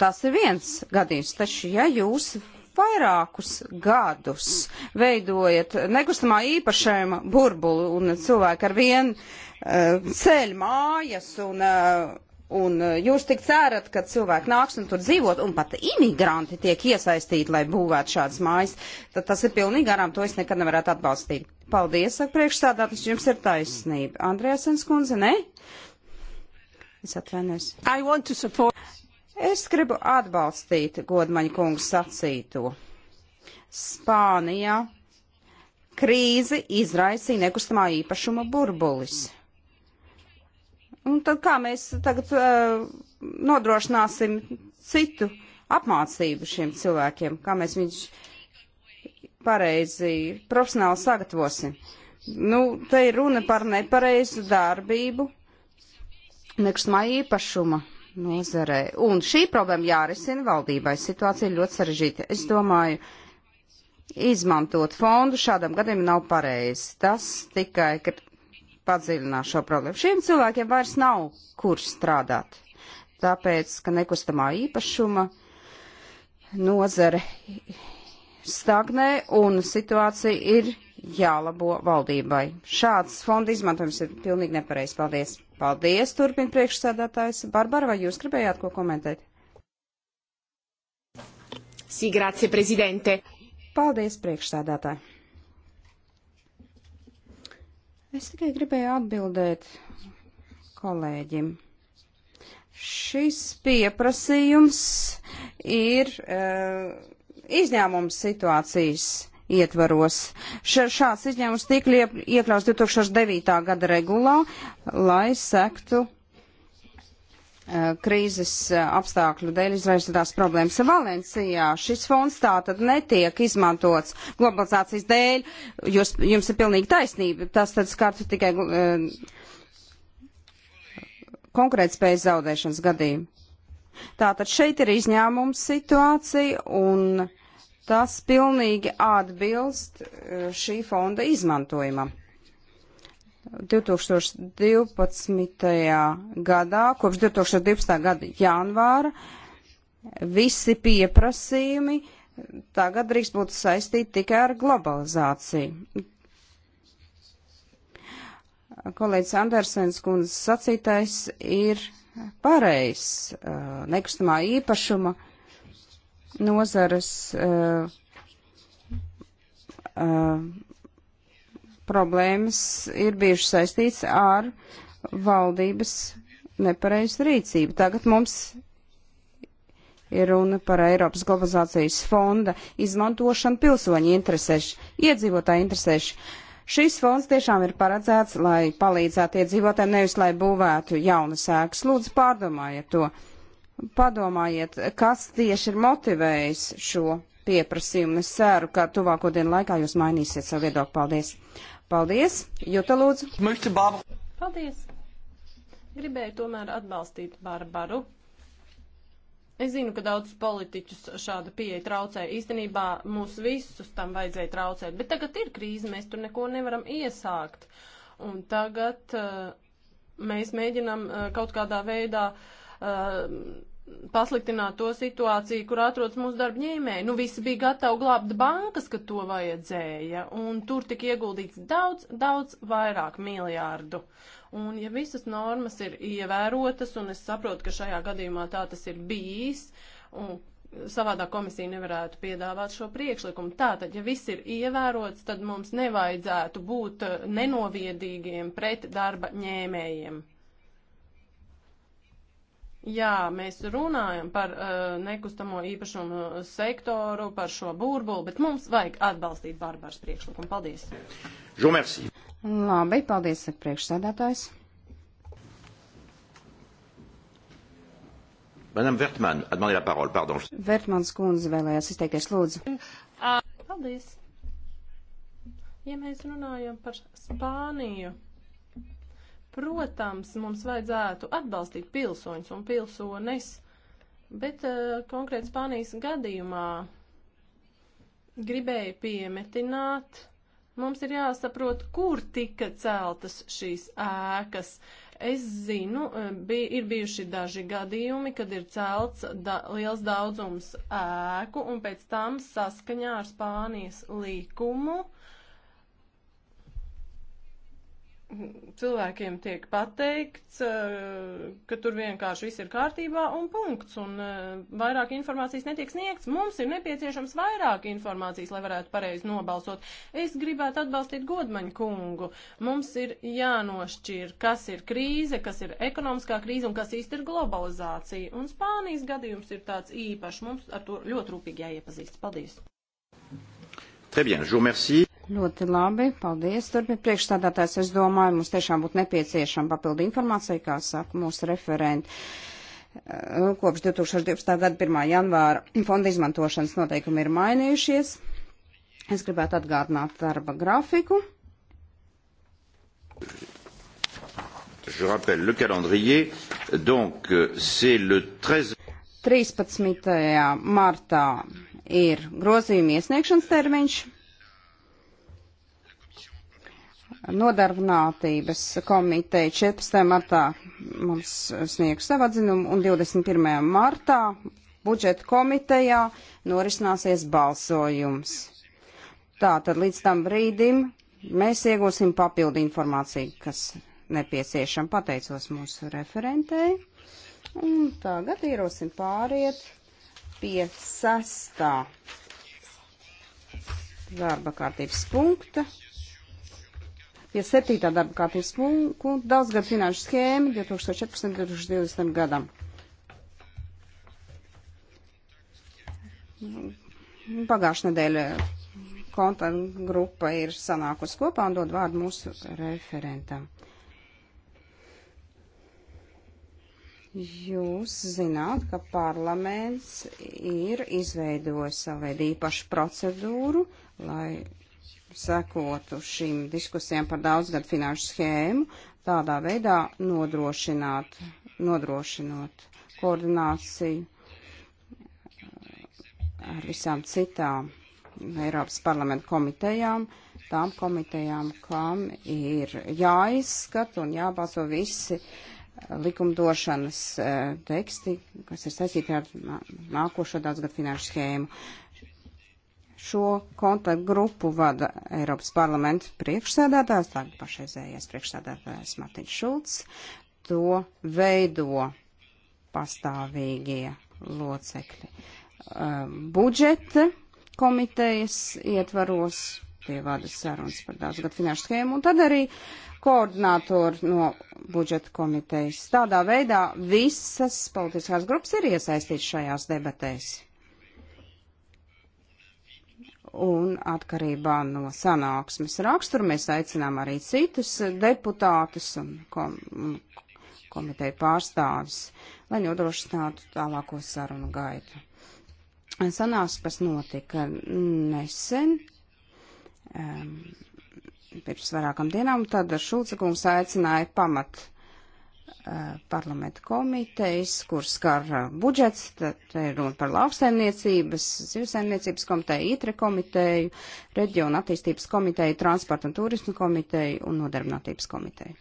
Tas ir viens gadījums, taču ja jūs vairākus gadus veidojat nekustamā īpašējuma burbuli un cilvēki ar vienu uh, eh, ceļ mājas un uh, Un eh, jūs tik cerat, ka cilvēki nāks un tur dzīvot, un pat imigranti tiek iesaistīti, lai būvētu šādas mājas, tad tas ir pilnīgi garām, to es nekad nevarētu atbalstīt. Paldies, saka priekšstādātājs, jums ir taisnība. Andrēsens kundze, ne? Es atvainojos. Support... Es gribu atbalstīt godmaņa kungu sacīto. Spānijā krīzi izraisīja nekustamā īpašuma burbulis. Un tad kā mēs tagad uh, nodrošināsim citu apmācību šiem cilvēkiem, kā mēs viņus pareizi profesionāli sagatavosim. Nu, te ir runa par nepareizu darbību nekustamā īpašuma nozarē. Un šī problēma jārisina valdībai. Situācija ir ļoti sarežģīta. Es domāju, izmantot fondu šādam gadiem nav pareizi. Tas tikai padziļinās šo problēmu. Šiem cilvēkiem vairs nav kur strādāt. Tāpēc, ka nekustamā īpašuma nozare stagnē un situācija ir jālabo valdībai. Šāds fonda izmantojums ir pilnīgi nepareizs. Paldies! Paldies, turpina priekšsēdētājs. Barbara, vai jūs gribējāt ko komentēt? Sī, grācie, prezidente. Paldies, priekšsēdētāji. Es tikai gribēju atbildēt kolēģim. Šis pieprasījums ir uh, izņēmums situācijas ietvaros. Šāds izņēmums tika iekļauts 2009. gada regulā, lai sektu eh, krīzes eh, apstākļu dēļ izraisītās problēmas Valencijā. Šis fonds tā tad netiek izmantots globalizācijas dēļ. Jūs, jums ir pilnīgi taisnība. Tas tad skartu tikai uh, konkurētspējas zaudēšanas gadījumu. Tātad šeit ir izņēmums situācija un uh, tas pilnīgi atbilst e, šī fonda izmantojumam. 2012. gadā, kopš 2012. gada janvāra, visi pieprasījumi tagad drīkst būt saistīti tikai ar globalizāciju. Kolēģis Andersens kundzes sacītais ir pareizs e, nekustamā īpašuma uh, nozares uh, uh, problēmas ir bieži saistīts ar valdības nepareizu rīcību. Tagad mums ir runa par Eiropas globalizācijas fonda izmantošanu pilsoņu interesēšu, iedzīvotāju interesēšu. Šis fonds tiešām ir paredzēts, lai palīdzētu iedzīvotājiem, nevis lai būvētu jaunas ēkas. Lūdzu, pārdomājiet to. Padomājiet, kas tieši ir motivējis šo pieprasījumu. Es ceru, ka tuvāko dienu laikā jūs mainīsiet savu viedokli. Paldies! Paldies! Jūta lūdzu! Paldies! Gribēju tomēr atbalstīt Barbaru. Es zinu, ka daudz politiķus šāda pieeja traucē. Īstenībā mūs visus tam vajadzēja traucēt, bet tagad ir krīze, mēs tur neko nevaram iesākt. Un tagad uh, mēs mēģinam uh, kaut kādā veidā uh, Uh, pasliktināt to situāciju, kur atrodas mūsu darba ņēmēji. Nu, visi bija gatavi glābt bankas, kad to vajadzēja, un tur tika ieguldīts daudz, daudz vairāk miljārdu. Un ja visas normas ir ievērotas, un es saprotu, ka šajā gadījumā tā tas ir bijis, un savādā komisija nevarētu piedāvāt šo priekšlikumu. Tātad, ja viss ir ievērots, tad mums nevajadzētu būt uh, nenoviedīgiem pret darba ņēmējiem. Jā, mēs runājam par uh, nekustamo īpašumu sektoru, par šo burbuli, bet mums vajag atbalstīt Barbaras priekšlikumu. Paldies! Žomersī. Labi, paldies, saka priekšsēdētājs. Madame Vertman, atmandē la parole, pardon. Vertmans kundze vēlējās izteikties, lūdzu. Paldies. Ja mēs runājam par Spāniju Protams, mums vajadzētu atbalstīt pilsoņus un pilsonis, bet uh, konkrēti Spānijas gadījumā gribēju piemetināt, mums ir jāsaprot, kur tika celtas šīs ēkas. Es zinu, eh, bij, ir bijuši daži gadījumi, kad ir celts da, liels daudzums ēku, un pēc tam saskaņā ar Spānijas līkumu uh, cilvēkiem tiek pateikts, eh, ka tur vienkārši viss ir kārtībā un punkts, un eh, vairāk informācijas netiek sniegts. Mums ir nepieciešams vairāk informācijas, lai varētu pareizi nobalsot. Es gribētu atbalstīt Godmaņu kungu. Mums ir jānošķir, kas ir krīze, kas ir ekonomiskā krīze un kas īsti ir globalizācija. Un Spānijas gadījums ir tāds īpašs. Mums ar to ļoti rūpīgi jāiepazīst. Paldies! Très bien, je vous remercie. Ļoti labi, paldies. Turpiniet priekšstādātājs. Es domāju, mums tiešām būtu nepieciešama papildu informācija, kā saka mūsu referenti. Eh, kopš 2012. gada 1. janvāra fonda izmantošanas noteikumi ir mainījušies. Es gribētu atgādināt darba grafiku. Je rappelle le calendrier. Donc, c'est le 13. 13. martā ir grozījuma iesniegšanas termiņš. Nodarbinātības komiteja 14. martā mums sniegs savu atzinumu un 21. martā budžeta komitejā norisināsies balsojums. Tātad līdz tam brīdim mēs iegūsim papildu informāciju, kas nepieciešama. Pateicos mūsu referentei. Un tagad ierosim pāriet pie sestā darba kārtības punkta pie 7. darba kārtības punkta daudzgad finanšu schēma 2014-2020 gadam. Pagājušā nedēļa kontakta grupa ir sanākusi kopā un dod vārdu mūsu referentam. Jūs zināt, ka parlaments ir izveidojis savu veidu īpašu procedūru, lai sekotu šīm diskusijām par daudzgadu finanšu schēmu, tādā veidā nodrošināt, nodrošinot koordināciju eh, ar visām citām Eiropas parlamenta komitejām, tām komitejām, kam ir jāizskata un jābalso visi eh, likumdošanas eh, teksti, kas ir saistīti ar nākošo daudzgadu finanšu schēmu. Šo kontaktu grupu vada Eiropas parlamenta priekšsēdētājs, tā pašreizējais priekšsēdētājs Matiņš Šulcs. To veido pastāvīgie locekļi. Ehm, budžeta komitejas ietvaros pie vada sarunas par daudzgadu finanšu schēmu un tad arī koordinātori no budžeta komitejas. Tādā veidā visas politiskās grupas ir iesaistīts šajās debatēs. Un atkarībā no sanāksmes rakstura mēs aicinām arī citus deputātus un kom komiteju pārstāvis, lai nodrošinātu tālāko sarunu gaitu. Sanāksmes notika nesen, um, pirms vairākam dienām, tad Šulce kungs aicināja pamat parlamenta komitejas, kur skar uh, budžets, tad ir runa par lauksaimniecības, zivsaimniecības komiteju, itre komiteju, reģiona attīstības komiteju, transporta un turismu komiteju un nodarbinātības komiteju.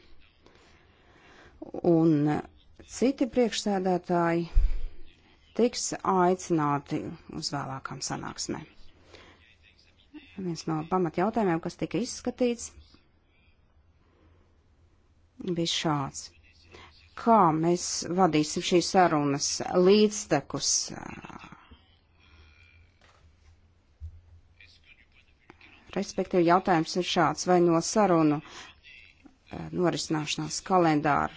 Un uh, citi priekšsēdētāji tiks aicināti uz vēlākām sanāksmēm. Viens no pamatjautājumiem, kas tika izskatīts, bija šāds kā mēs vadīsim šīs sarunas līdztekus. Respektīvi jautājums ir šāds, vai no sarunu eh, norisināšanās kalendāra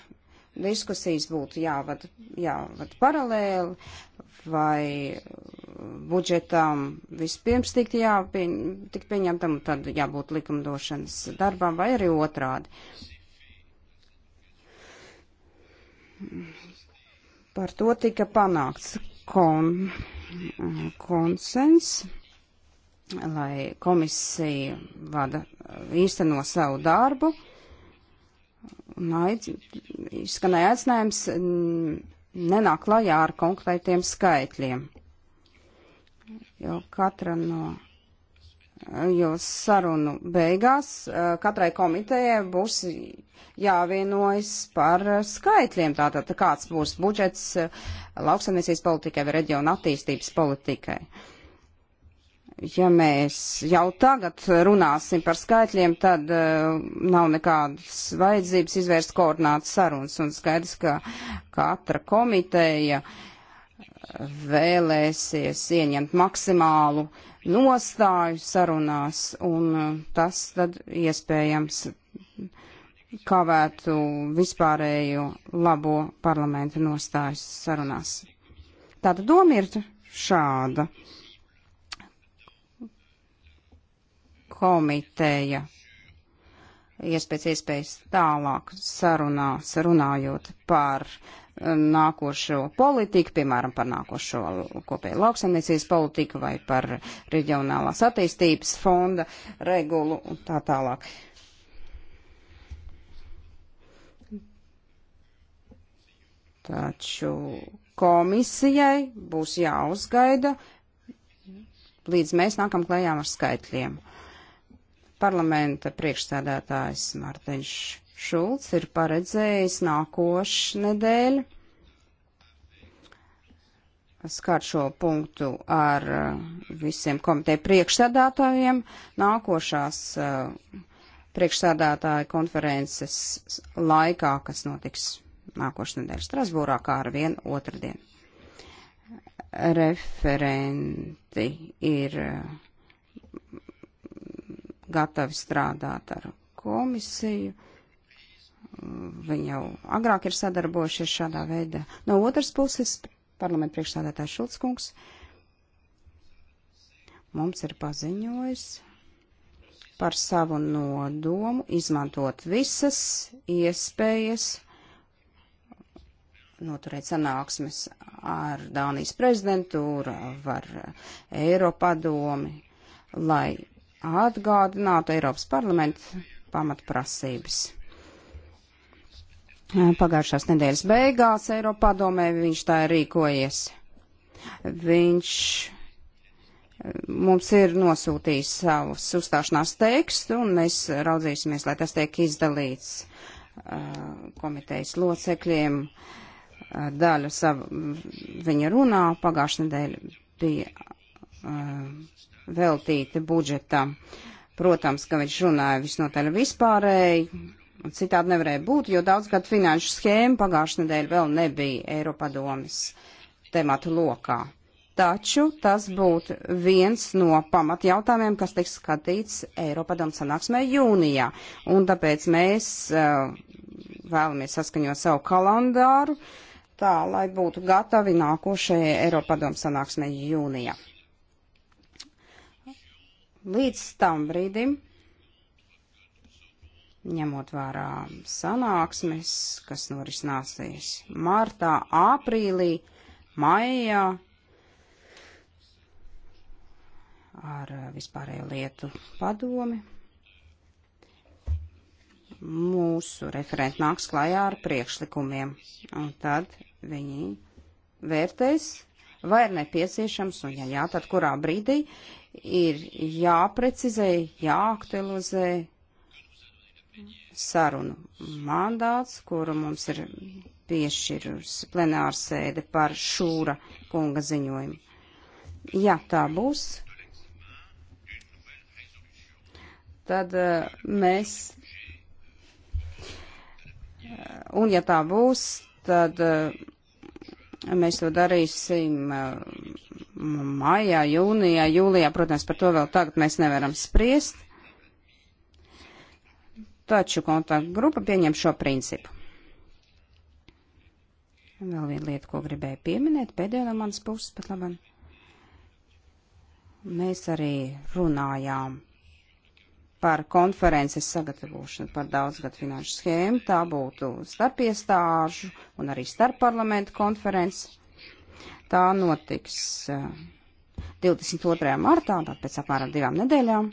diskusijas būtu jāvada, jāvada paralēli, vai budžetām vispirms tikt, jāpieņ, tikt pieņemtam, tad jābūt likumdošanas darbām, vai arī otrādi Par to tika panākts kon, konsens, lai komisija vada īsteno savu darbu. Aiz, izskanēja aicinājums mm, nenāk klajā ar konkrētiem skaitļiem, jo katra no jo sarunu beigās eh, katrai komitejai būs jāvienojas par skaitļiem, tātad kāds būs budžets eh, lauksaimniecības politikai vai reģiona attīstības politikai. Ja mēs jau tagad runāsim par skaitļiem, tad uh, nav nekādas vajadzības izvērst koordinātas sarunas, un skaidrs, ka katra komiteja vēlēsies ieņemt maksimālu uh, nostāju sarunās, un uh, tas tad iespējams kavētu vispārējo labo parlamentu nostājas sarunās. Tāda doma ir šāda. Komiteja iespējas, iespējas tālāk sarunās runājot par uh, nākošo politiku, piemēram, par nākošo kopēju lauksaimniecības politiku vai par reģionālās attīstības fonda regulu un tā tālāk. Taču komisijai būs jāuzgaida, līdz mēs nākam klējām ar skaitļiem. Parlamenta priekšstādātājs Mārtiņš Šulcs ir paredzējis nākošu nedēļu skar šo punktu ar uh, visiem komiteju priekšsēdātājiem. Nākošās uh, priekšsēdātāja konferences laikā, kas notiks nākošais nedēļa Strasbūrā, kā ar vienu otrdien. Referenti ir uh, gatavi strādāt ar komisiju Viņi jau agrāk ir sadarbojušies šādā veidā. No otras puses, parlamenta priekšstādātājs Šulckungs mums ir paziņojis par savu nodomu izmantot visas iespējas noturēt sanāksmes ar Dānijas prezidentūru, var Eiropadomi, lai atgādinātu Eiropas parlamentu pamatprasības. Pagājušās nedēļas beigās Eiropadomē viņš tā ir rīkojies. Viņš eh, mums ir nosūtījis savus uzstāšanās tekstu, un mēs raudzīsimies, lai tas tiek izdalīts eh, komitejas locekļiem. Eh, daļa sava viņa runā pagājušā nedēļa bija veltīta budžetam. Protams, ka viņš runāja visnotaļ vispārēji, Citādi nevarēja būt, jo daudz gadu finanšu schēma pagājušajā nedēļā vēl nebija Eiropadomis tematu lokā. Taču tas būtu viens no pamatjautājumiem, kas tiks skatīts Eiropadomas sanāksmē jūnijā. Un tāpēc mēs uh, vēlamies saskaņot savu kalendāru tā, lai būtu gatavi nākošajai Eiropadomas sanāksmē jūnijā. Līdz tam brīdim ņemot vērā sanāksmes, kas norisināsies martā, aprīlī, maijā ar vispārējo lietu padomi. Mūsu referenti nāks klajā ar priekšlikumiem, un tad viņi vērtēs, vai ir nepieciešams, un ja jā, tad kurā brīdī ir jāprecizē, jāaktualizē sarunu mandāts, kuru mums ir piešķirusi plenārsēde par šūra kunga ziņojumu. Ja tā būs, tad uh, mēs, uh, un ja tā būs, tad uh, mēs to darīsim uh, maijā, jūnijā, jūlijā, protams, par to vēl tagad mēs nevaram spriest taču kontaktgrupa pieņem šo principu. Vēl viena lieta, ko gribēju pieminēt, pēdējā no manas puses pat labam. Mēs arī runājām par konferences sagatavošanu, par daudzgadu finanšu schēmu. Tā būtu starpiestāžu un arī starpparlamentu konference. Tā notiks 22. Eh, martā, pēc apmēram divām nedēļām,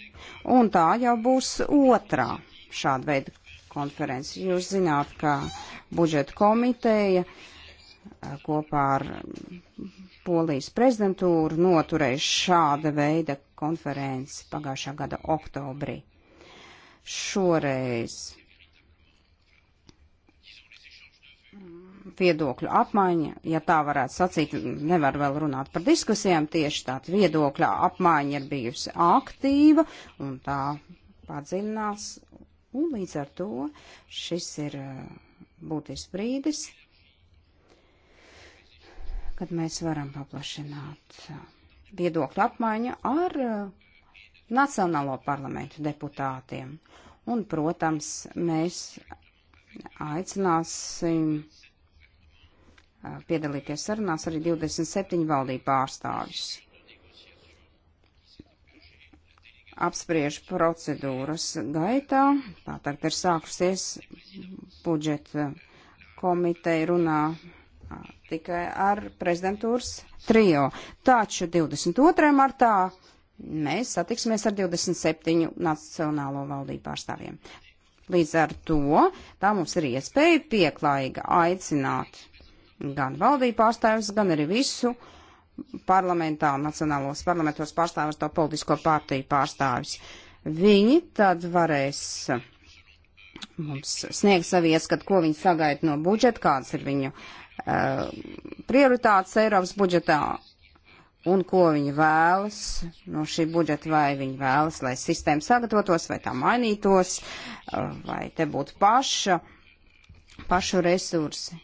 un tā jau būs otrā šādu veidu konferenci. Jūs zināt, ka budžeta komiteja kopā ar Polijas prezidentūru noturēja šāda veida konferenci pagājušā gada oktobrī. Šoreiz viedokļu apmaiņa, ja tā varētu sacīt, nevar vēl runāt par diskusijām, tieši tāda viedokļa apmaiņa ir bijusi aktīva un tā padziļinās Un līdz ar to šis ir uh, būtisks brīdis, kad mēs varam paplašināt uh, viedokļu apmaiņu ar uh, Nacionālo parlamentu deputātiem. Un, protams, mēs aicināsim piedalīties sarunās arī 27 valdību pārstāvjus. apspriež procedūras gaitā. Tā tagad ir sākusies budžeta komiteja runā tikai ar prezidentūras trio. Taču 22. martā mēs satiksimies ar 27 nacionālo valdību pārstāvjiem. Līdz ar to tā mums ir iespēja pieklājīgi aicināt gan valdību pārstāvis, gan arī visu uh, parlamentā un nacionālos parlamentos pārstāvis to politisko partiju pārstāvis. Viņi tad varēs uh, mums sniegt savu ieskatu, ko viņi sagaida no budžeta, kāds ir viņu uh, prioritātes Eiropas budžetā un ko viņi vēlas no šī budžeta, vai viņi vēlas, lai sistēma sagatavotos, vai tā mainītos, uh, vai te būtu paša, pašu resursi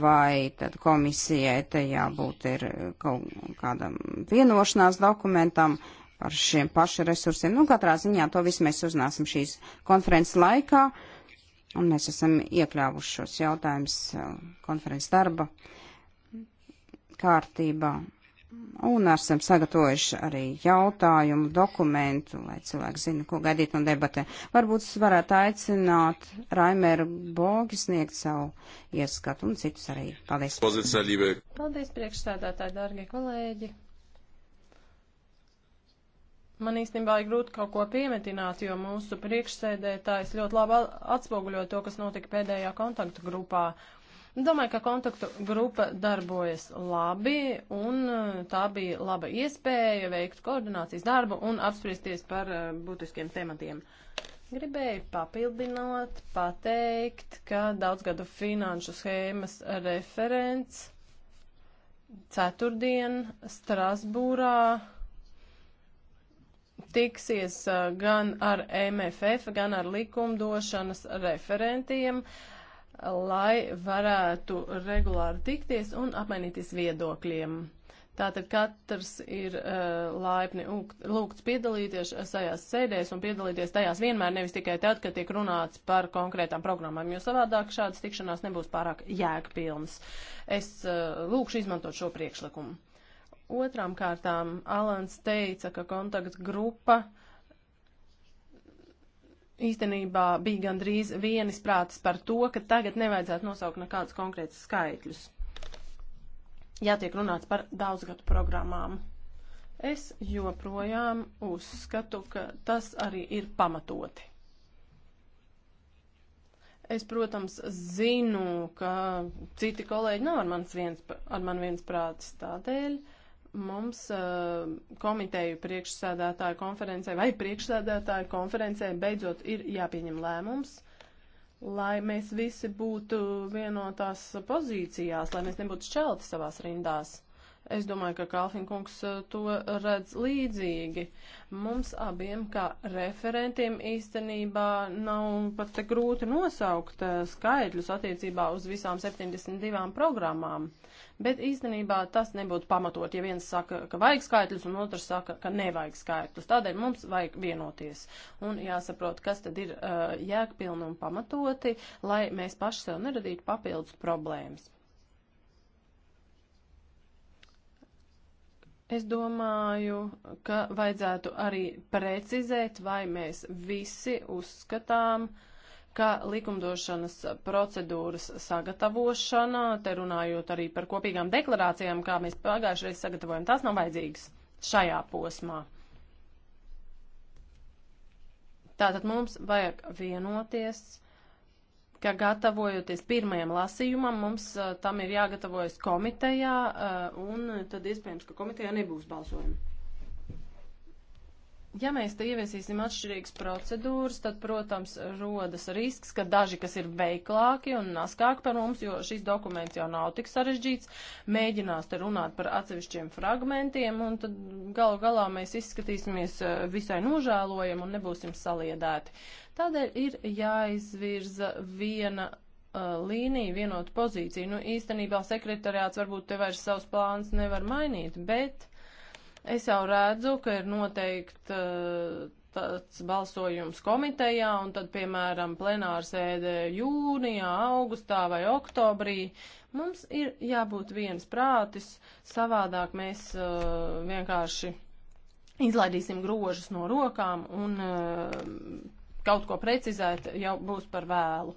vai tad komisijai te jābūt ir kaut kādam vienošanās dokumentam par šiem pašu resursiem. Nu, katrā ziņā to visu mēs uzzināsim šīs konferences laikā, un mēs esam iekļāvuši šos jautājumus eh, konferences darba kārtībā. Un esam sagatavojuši arī jautājumu dokumentu, lai cilvēki zina, ko gaidīt no debatē. Varbūt es varētu aicināt Raimēru Bogi sniegt savu ieskatu un citus arī. Paldies. Paldies, priekšsēdētāji, dārgie kolēģi. Man īstenībā ir grūti kaut ko piemetināt, jo mūsu priekšsēdētājs ļoti labi atspoguļo to, kas notika pēdējā kontaktu grupā. Uh, Domāju, ka kontaktu grupa darbojas labi, un e, tā bija laba iespēja veikt koordinācijas darbu un apspriesties par e, būtiskiem tematiem. Gribēju papildināt, pateikt, ka daudzgadu finanšu schēmas referents ceturtdien Strasbūrā tiksies e, gan ar MFF, gan ar likumdošanas referentiem. Uh, lai varētu regulāri tikties un apmainīties viedokļiem. Tātad katrs ir uh, laipni lūgts piedalīties šajās sēdēs un piedalīties tajās vienmēr, nevis tikai tad, kad tiek runāts par konkrētām programmām, jo savādāk šādas tikšanās nebūs pārāk jēgpilnas. Es uh, lūkšu izmantot šo priekšlikumu. Otrām kārtām Alans teica, ka kontaktgrupa uh, īstenībā bija gandrīz vienisprātis par to, ka tagad nevajadzētu nosaukt nekādus konkrētus skaitļus. Jātiek runāts par daudzgadu programmām. Es joprojām uzskatu, ka tas arī ir pamatoti. Es, protams, zinu, ka citi kolēģi nav ar, viens, ar man viens prātis tādēļ. Uh, mums uh, komiteju priekšsēdētāju konferencē vai priekšsēdētāju konferencē beidzot ir jāpieņem lēmums, lai mēs visi būtu vienotās pozīcijās, lai mēs nebūtu šķelti savās rindās. Es domāju, ka Kalfin kungs uh, to redz līdzīgi. Mums abiem, kā referentiem, īstenībā nav pat grūti nosaukt uh, skaitļus attiecībā uz visām 72 programmām. Bet īstenībā tas nebūtu pamatot, ja viens saka, ka vajag skaitļus, un otrs saka, ka nevajag skaitļus. Tādēļ mums vajag vienoties un jāsaprot, kas tad ir uh, jēgpilni un pamatoti, lai mēs paši sev neradītu papildus problēmas. Es domāju, ka vajadzētu arī precizēt, vai mēs visi uzskatām, uh, ka likumdošanas procedūras sagatavošana, te runājot arī par kopīgām deklarācijām, kā mēs pagājušreiz sagatavojam, tās nav vajadzīgas šajā posmā. Tātad mums vajag vienoties, ka gatavojoties pirmajam lasījumam, mums uh, tam ir jāgatavojas komitejā, uh, un tad iespējams, ka komitejā nebūs balsojuma. Ja mēs te ieviesīsim atšķirīgas procedūras, tad, protams, rodas risks, ka daži, kas ir veiklāki un naskāki par mums, jo šis dokuments jau nav tik sarežģīts, mēģinās te runāt par atsevišķiem fragmentiem, un tad galu galā mēs izskatīsimies eh, visai nožēlojam un nebūsim saliedēti. Tādēļ ir jāizvirza viena eh, līniju, vienotu pozīciju. Nu, īstenībā sekretariāts varbūt te vairs savus plānus nevar mainīt, bet Es jau redzu, ka ir noteikti eh, tāds balsojums komitejā, un tad, piemēram, plenārsēde jūnijā, augustā vai oktobrī. Mums ir jābūt viens prātis, savādāk mēs uh, vienkārši izlaidīsim grožus no rokām un uh, kaut ko precizēt jau būs par vēlu.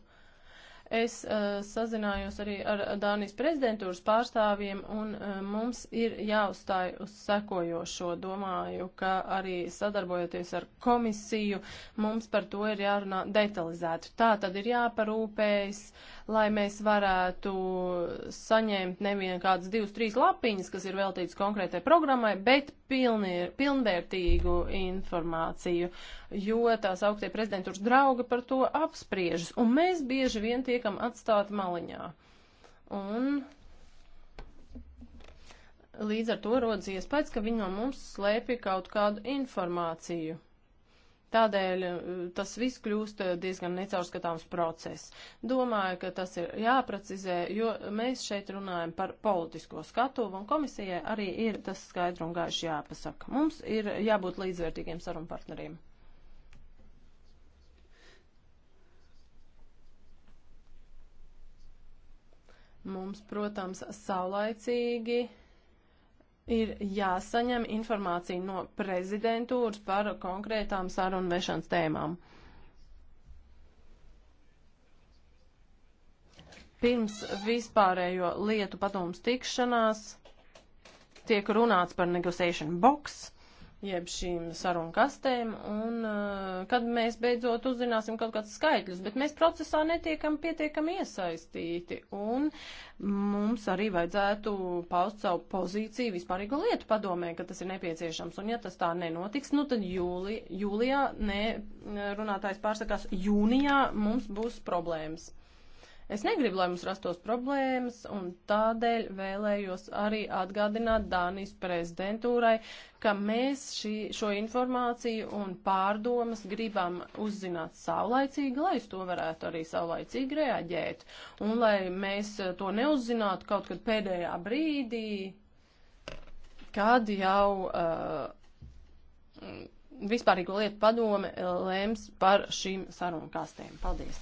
Es uh, sazinājos arī ar Dānijas prezidentūras pārstāvjiem, un uh, mums ir jāuzstāj uz sekojošo. Domāju, ka arī sadarbojoties ar komisiju, mums par to ir jārunā detalizēti. Tā tad ir jāparūpējas. Uh, lai mēs varētu saņemt nevien kādas divas, trīs lapiņas, kas ir veltītas konkrētai programmai, bet pilni, pilnvērtīgu informāciju, jo tās augtie prezidentūras draugi par to apspriežas, un mēs bieži vien tiekam atstāti maliņā. Un līdz ar to rodas iespējas, ka viņi no mums slēpja kaut kādu informāciju. Tādēļ eh, tas viss kļūst eh, diezgan necaurskatāms process. Domāju, ka tas ir jāprecizē, jo mēs šeit runājam par politisko skatuvu, un komisijai arī ir tas skaidri un gaiši jāpasaka. Mums ir jābūt līdzvērtīgiem sarunpartneriem. Mums, protams, saulaicīgi ir jāsaņem informācija no prezidentūras par konkrētām sarunu vešanas tēmām. Pirms vispārējo lietu padomus tikšanās tiek runāts par negotiation box jeb šīm sarunu kastēm, un eh, kad mēs beidzot uzzināsim kaut kāds skaitļus, bet mēs procesā netiekam pietiekami iesaistīti, un mums arī vajadzētu paust savu pozīciju vispārīgo lietu padomē, ka tas ir nepieciešams, un ja tas tā nenotiks, nu tad jūli, jūlijā, ne, runātājs pārsakās, jūnijā mums būs problēmas. Es negribu, lai mums rastos problēmas, un tādēļ vēlējos arī atgādināt Dānijas prezidentūrai, ka mēs šī, šo informāciju un pārdomas gribam uzzināt saulaicīgi, lai uz to varētu arī saulaicīgi reaģēt, un lai mēs to neuzzinātu kaut kad pēdējā brīdī, kad jau. Uh, Vispārīgo lietu padome lēms par šīm sarunu kastēm. Paldies!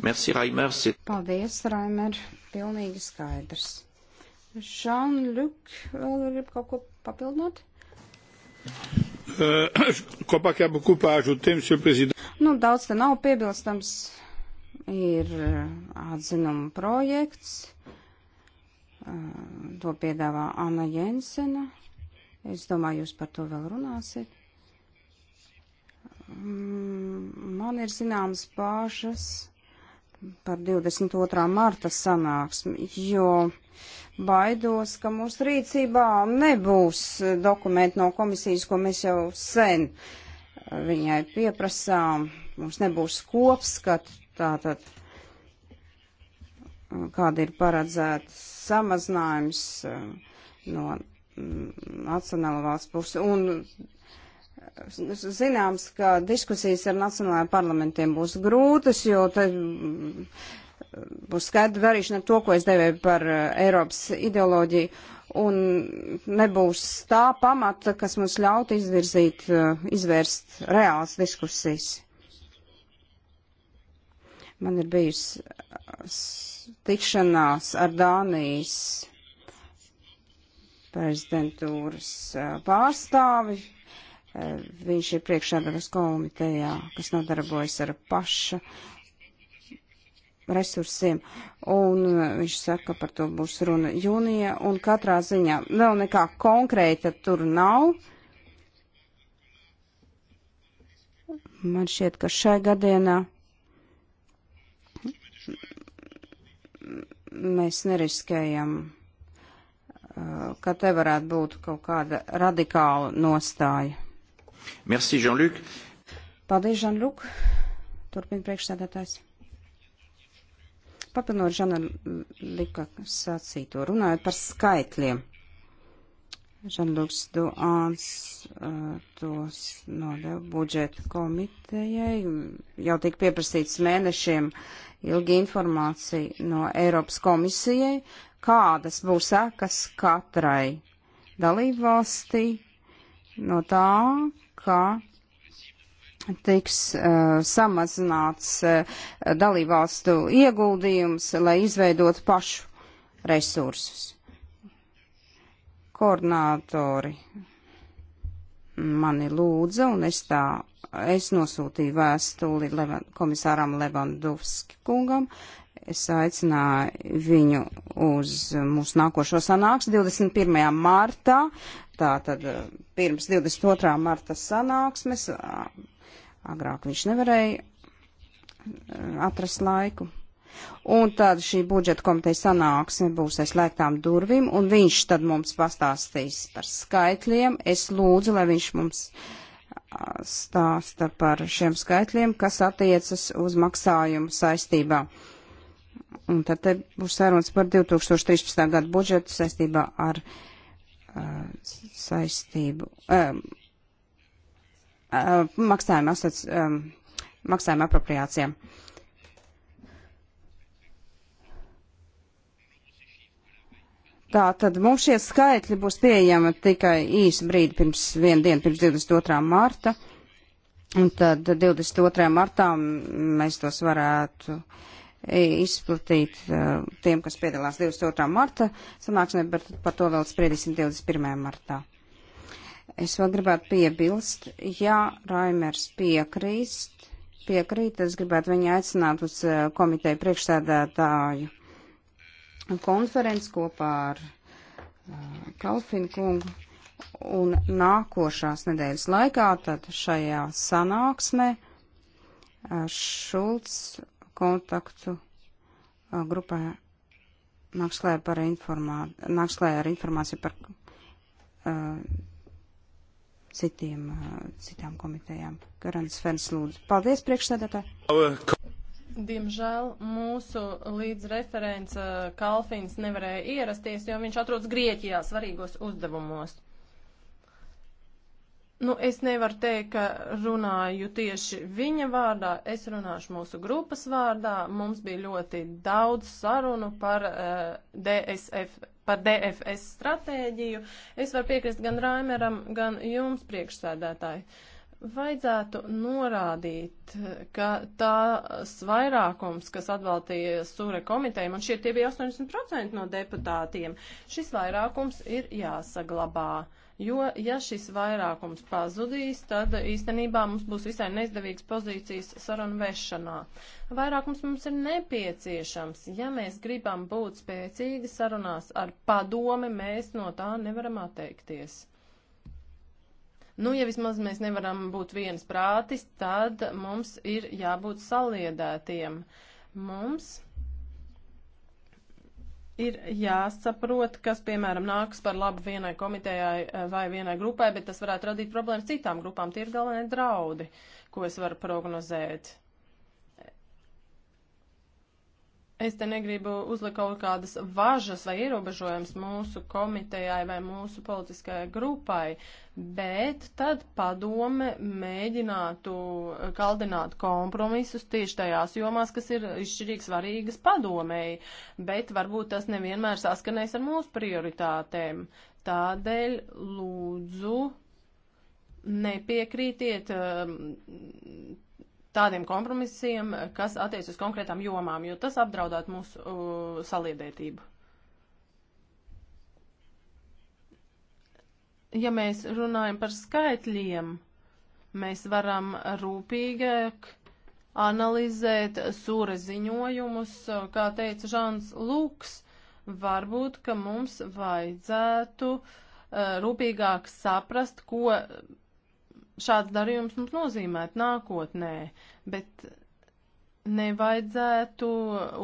Merci, Raimer. Paldies, Raimer. Pilnīgi skaidrs. Žanluk, vēl grib kaut ko papildināt? Euh, nu, daudz te nav piebilstams. Ir uh, atzinuma projekts. Uh, to piedāvā Anna Jensena. Es domāju, jūs par to vēl runāsiet. Mm, man ir zināmas bāžas par 22. marta sanāksmi, jo baidos, ka mūsu rīcībā nebūs dokumenti no komisijas, ko mēs jau sen uh, viņai pieprasām. Mums nebūs kopskatu, tātad uh, kāda ir paredzēta samazinājums uh, no mm, nacionāla valsts puses. Un zināms, ka diskusijas ar nacionālajiem parlamentiem būs grūtas, jo tad mm, būs skaidra darīšana ar to, ko es devēju par eh, Eiropas ideoloģiju, un nebūs tā pamata, kas mums ļautu izvirzīt, eh, izvērst reāls diskusijas. Man ir bijusi eh, tikšanās ar Dānijas prezidentūras pārstāvi Viņš ir priekšsēdētājs komitejā, kas nodarbojas ar paša resursiem, un uh, viņš saka, par to būs runa jūnija, un katrā ziņā vēl nekā konkrēta tur nav. Man šķiet, ka šai gadienā mēs neriskējam, uh, ka te varētu būt kaut kāda radikāla nostāja. Merci, Jean-Luc. Paldies, Žanluk. Turpin priekšsēdētājs. Papinot Žana Lika sacīto, runājot par skaitļiem. Žanluks Duāns uh, tos nodeva budžeta komitejai. Jau tika pieprasīts mēnešiem ilgi informācija no Eiropas komisijai, kādas būs sekas katrai dalībvalstī no tā, ka tiks uh, samazināts uh, dalībvalstu ieguldījums, lai izveidot pašu resursus. Koordinātori mani lūdza, un es tā, es nosūtīju vēstuli Levan, komisāram Levandovski kungam, Es aicināju viņu uz mūsu nākošo sanāksmi 21. martā, tātad eh, pirms 22. marta sanāksmes. Eh, agrāk viņš nevarēja eh, atrast laiku. Un tad šī budžeta komiteja sanāksme būs aizslēgtām durvīm, un viņš tad mums pastāstīs par skaitļiem. Es lūdzu, lai viņš mums stāsta par šiem skaitļiem, kas attiecas uz maksājumu saistībā. Un tad te būs sarunas par 2013. gadu budžetu saistībā ar uh, saistību. Um, uh, maksājuma asats, um, maksājuma apropriācijām. Tā tad mums šie skaitļi būs pieejami tikai īsu brīdi pirms vienu dienu, pirms 22. marta. Un tad 22. martā mēs tos varētu uh, izplatīt eh, tiem, kas piedalās 22. marta sanāksmē, bet par to vēl spriedīsim 21. martā. Es vēl gribētu piebilst, ja Raimers piekrīst, piekrīt, es gribētu viņu aicināt uz eh, komiteju priekšsēdētāju konferenci kopā ar eh, Kalfinu kungu. Un nākošās nedēļas laikā, tad šajā sanāksmē, Šulcs kontaktu grupā nāks klēja par informāciju, nāks klēja ar informāciju par uh, citiem, uh, citām komitejām. Garants Fens lūdzu. Paldies, priekšsēdētāji. Diemžēl mūsu līdzreferents uh, Kalfins nevarēja ierasties, jo viņš atrodas Grieķijā svarīgos uzdevumos. Nu, es nevaru teikt, ka runāju tieši viņa vārdā, es runāšu mūsu grupas vārdā. Mums bija ļoti daudz sarunu par, uh, eh, DSF, par DFS stratēģiju. Es varu piekrist gan Raimeram, gan jums priekšsēdētāji. Vajadzētu norādīt, ka tās vairākums, kas atbalstīja Sūre komiteju, man šie tie bija 80% no deputātiem, šis vairākums ir jāsaglabā. Uh, Jo, ja šis vairākums pazudīs, tad īstenībā mums būs visai neizdevīgas pozīcijas sarunu vešanā. Vairākums mums ir nepieciešams. Ja mēs gribam būt spēcīgi sarunās ar padomi, mēs no tā nevaram atteikties. Nu, ja vismaz mēs nevaram būt viens prātis, tad mums ir jābūt saliedētiem. Mums ir jāsaprot, kas, piemēram, nāks par labu vienai komitejai eh, vai vienai grupai, bet tas varētu radīt problēmas citām grupām. Tie ir galvenie draudi, ko es varu prognozēt. Es te negribu uzlikt kaut kādas važas vai ierobežojums mūsu komitejai vai mūsu politiskajai grupai, bet tad padome mēģinātu eh, kaldināt kompromisus tieši tajās jomās, kas ir izšķirīgi svarīgas padomēji, bet varbūt tas nevienmēr saskanēs ar mūsu prioritātēm. Tādēļ lūdzu nepiekrītiet ehm, tādiem kompromisiem, kas attiec uz konkrētām jomām, jo tas apdraudētu mūsu uh, saliedētību. Ja mēs runājam par skaitļiem, mēs varam rūpīgāk analizēt sūra ziņojumus, uh, kā teica Žāns Lūks, varbūt, ka mums vajadzētu uh, rūpīgāk saprast, ko šāds darījums mums nozīmētu nākotnē, bet nevajadzētu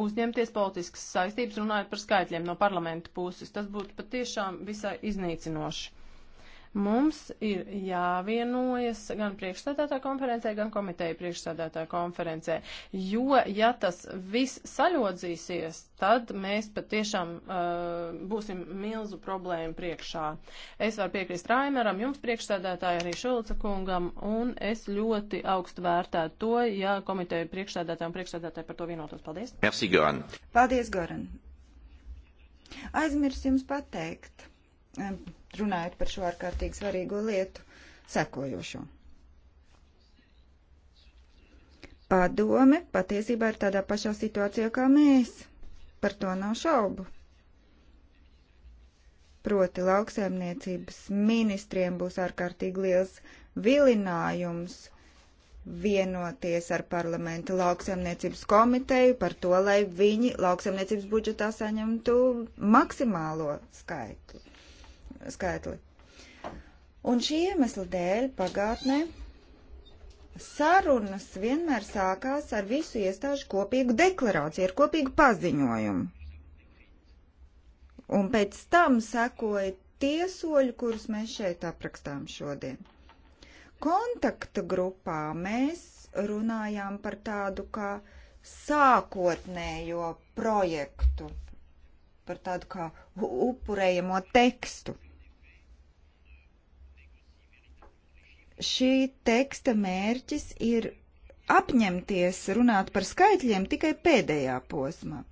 uzņemties politiskas saistības runājot par skaitļiem no parlamenta puses. Tas būtu patiešām visai iznīcinoši. Mums ir jāvienojas gan priekšstādātā konferencē, gan komiteja priekšstādātā konferencē, jo ja tas viss saļodzīsies, tad mēs patiešām uh, būsim milzu problēmu priekšā. Es varu piekrist Raimeram, jums priekšstādātāji arī Šulca kungam, un es ļoti augstu vērtētu to, ja komiteja priekšstādātāji un priekšstādātāji par to vienotos. Paldies! Merci, Goran! Paldies, Goran! Aizmirs jums pateikt! runājot par šo ārkārtīgi svarīgo lietu, sekojošo. Padome patiesībā ir tādā pašā situācijā kā mēs. Par to nav šaubu. Proti lauksaimniecības ministriem būs ārkārtīgi liels vilinājums vienoties ar parlamenta lauksaimniecības komiteju par to, lai viņi lauksaimniecības budžetā saņemtu maksimālo skaitu skaitli. Un šī iemesla dēļ pagātnē sarunas vienmēr sākās ar visu iestāžu kopīgu deklarāciju, ar kopīgu paziņojumu. Un pēc tam sekoja tie soļi, kurus mēs šeit aprakstām šodien. Kontakta grupā mēs runājām par tādu kā sākotnējo projektu, par tādu kā upurējamo tekstu. Šī teksta mērķis ir apņemties runāt par skaitļiem tikai pēdējā posmā.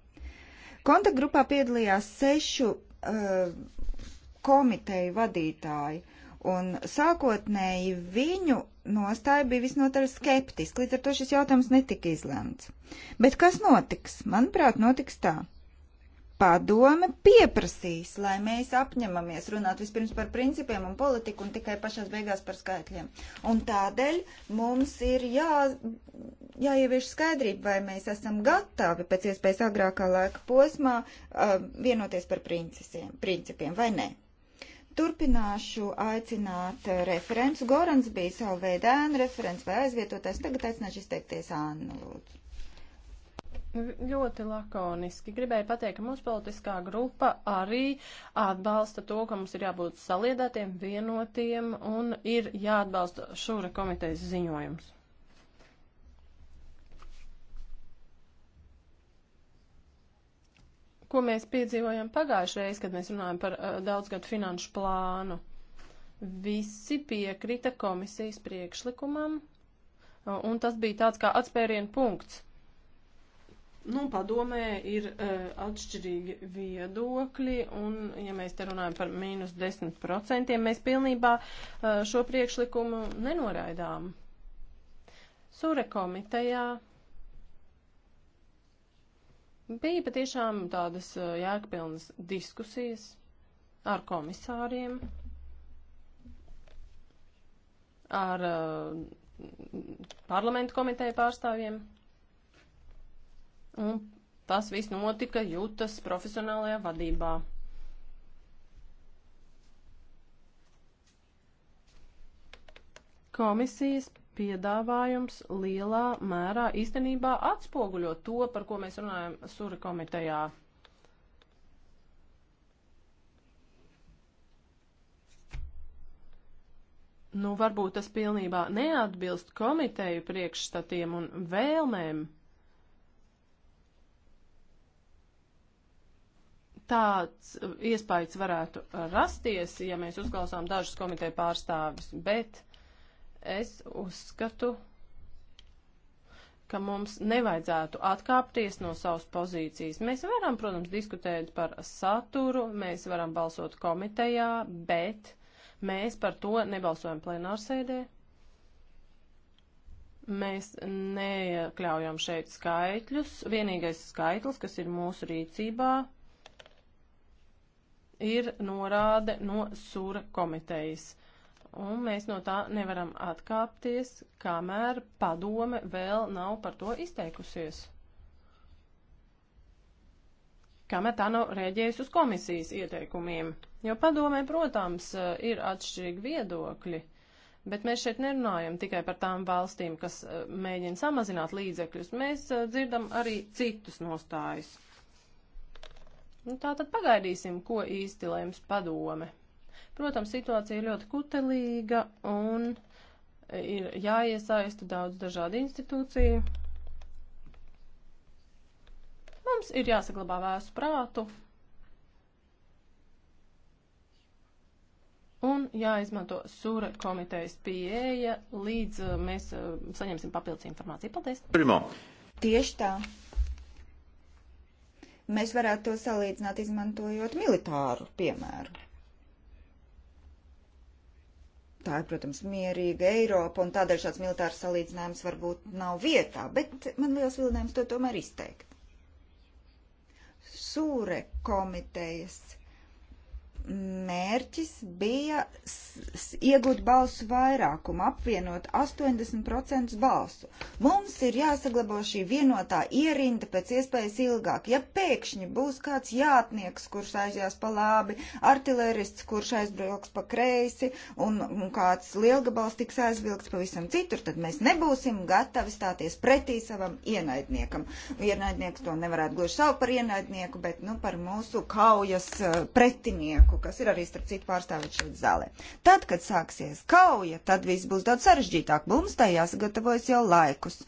Kontaktgrupā piedalījās sešu uh, komiteju vadītāji, un sākotnēji viņu nostāja bija visnotaļ skeptiska, līdz ar to šis jautājums netika izlemts. Bet kas notiks? Manuprāt, notiks tā padome pieprasīs, lai mēs apņemamies runāt vispirms par principiem un politiku un tikai pašās beigās par skaitļiem. Un tādēļ mums ir jā, jāievieš skaidrība, vai mēs esam gatavi pēc iespējas agrākā laika posmā uh, vienoties par principiem vai nē. Turpināšu aicināt uh, referents. Gorans bija savu veidu ēnu referents vai aizvietotājs. Tagad aicināšu izteikties Annu Lūdzu. Ļoti lakoniski. Gribēju pateikt, ka mūsu politiskā grupa arī atbalsta to, ka mums ir jābūt saliedētiem, vienotiem un ir jāatbalsta šūra komitejas ziņojums. Ko mēs piedzīvojam pagājušajā reizē, kad mēs runājam par uh, daudzgadu finanšu plānu? Visi piekrita komisijas priekšlikumam, eh, un tas bija tāds kā atspērienu punkts Nu, padomē ir uh, atšķirīgi viedokļi, un, ja mēs te runājam par mīnus 10%, mēs pilnībā uh, šo priekšlikumu nenoraidām. Sure komitejā bija patiešām tādas uh, jēgpilnas diskusijas ar komisāriem, ar uh, parlamentu komiteju pārstāvjiem. Un tas viss notika jūtas profesionālajā vadībā. Komisijas piedāvājums lielā mērā īstenībā atspoguļo to, par ko mēs runājam Sura komitejā. Nu, varbūt tas pilnībā neatbilst komiteju priekšstatiem un vēlmēm, tāds iespējas varētu rasties, ja mēs uzklausām dažus komiteju pārstāvis, bet es uzskatu, ka mums nevajadzētu atkāpties no savas pozīcijas. Mēs varam, protams, diskutēt par saturu, mēs varam balsot komitejā, bet mēs par to nebalsojam plenārsēdē. Mēs neiekļaujam šeit skaitļus. Vienīgais skaitlis, kas ir mūsu rīcībā, ir norāde no Sūra komitejas. Un mēs no tā nevaram atkāpties, kamēr padome vēl nav par to izteikusies. Kamēr tā nav rēģējusi uz komisijas ieteikumiem. Jo padomē, protams, ir atšķirīgi viedokļi. Bet mēs šeit nerunājam tikai par tām valstīm, kas eh, mēģina samazināt līdzekļus. Mēs eh, dzirdam arī citus nostājus. Nu, tā tad pagaidīsim, ko īsti lēms padome. Protams, situācija ir ļoti kutelīga un ir jāiesaista daudz dažādu institūciju. Mums ir jāsaglabā vēsu prātu un jāizmanto sura komitejas pieeja, līdz uh, mēs uh, saņemsim papildus informāciju. Paldies! Pirmā. Tieši tā. Mēs varētu to salīdzināt, izmantojot militāru piemēru. Tā ir, protams, mierīga Eiropa, un tādēļ šāds militārs salīdzinājums varbūt nav vietā, bet man liels vilinājums to tomēr izteikt. Sūre komitejas mērķis bija iegūt balsu vairākumu, apvienot 80% balsu. Mums ir jāsaglabā šī vienotā ierinda pēc iespējas ilgāk. Ja pēkšņi būs kāds jātnieks, kurš aizjās pa labi, artilērists, kurš aizbrauks pa kreisi, un, un kāds lielgabals tiks aizvilkts pavisam citur, tad mēs nebūsim gatavi stāties pretī savam ienaidniekam. Ienaidnieks to nevarētu gluži savu par ienaidnieku, bet, nu, par mūsu kaujas eh, pretinieku spēku, kas ir arī starp citu pārstāvot šeit zālē. Tad, kad sāksies kauja, tad viss būs daudz sarežģītāk. Mums tā jāsagatavojas jau laikus.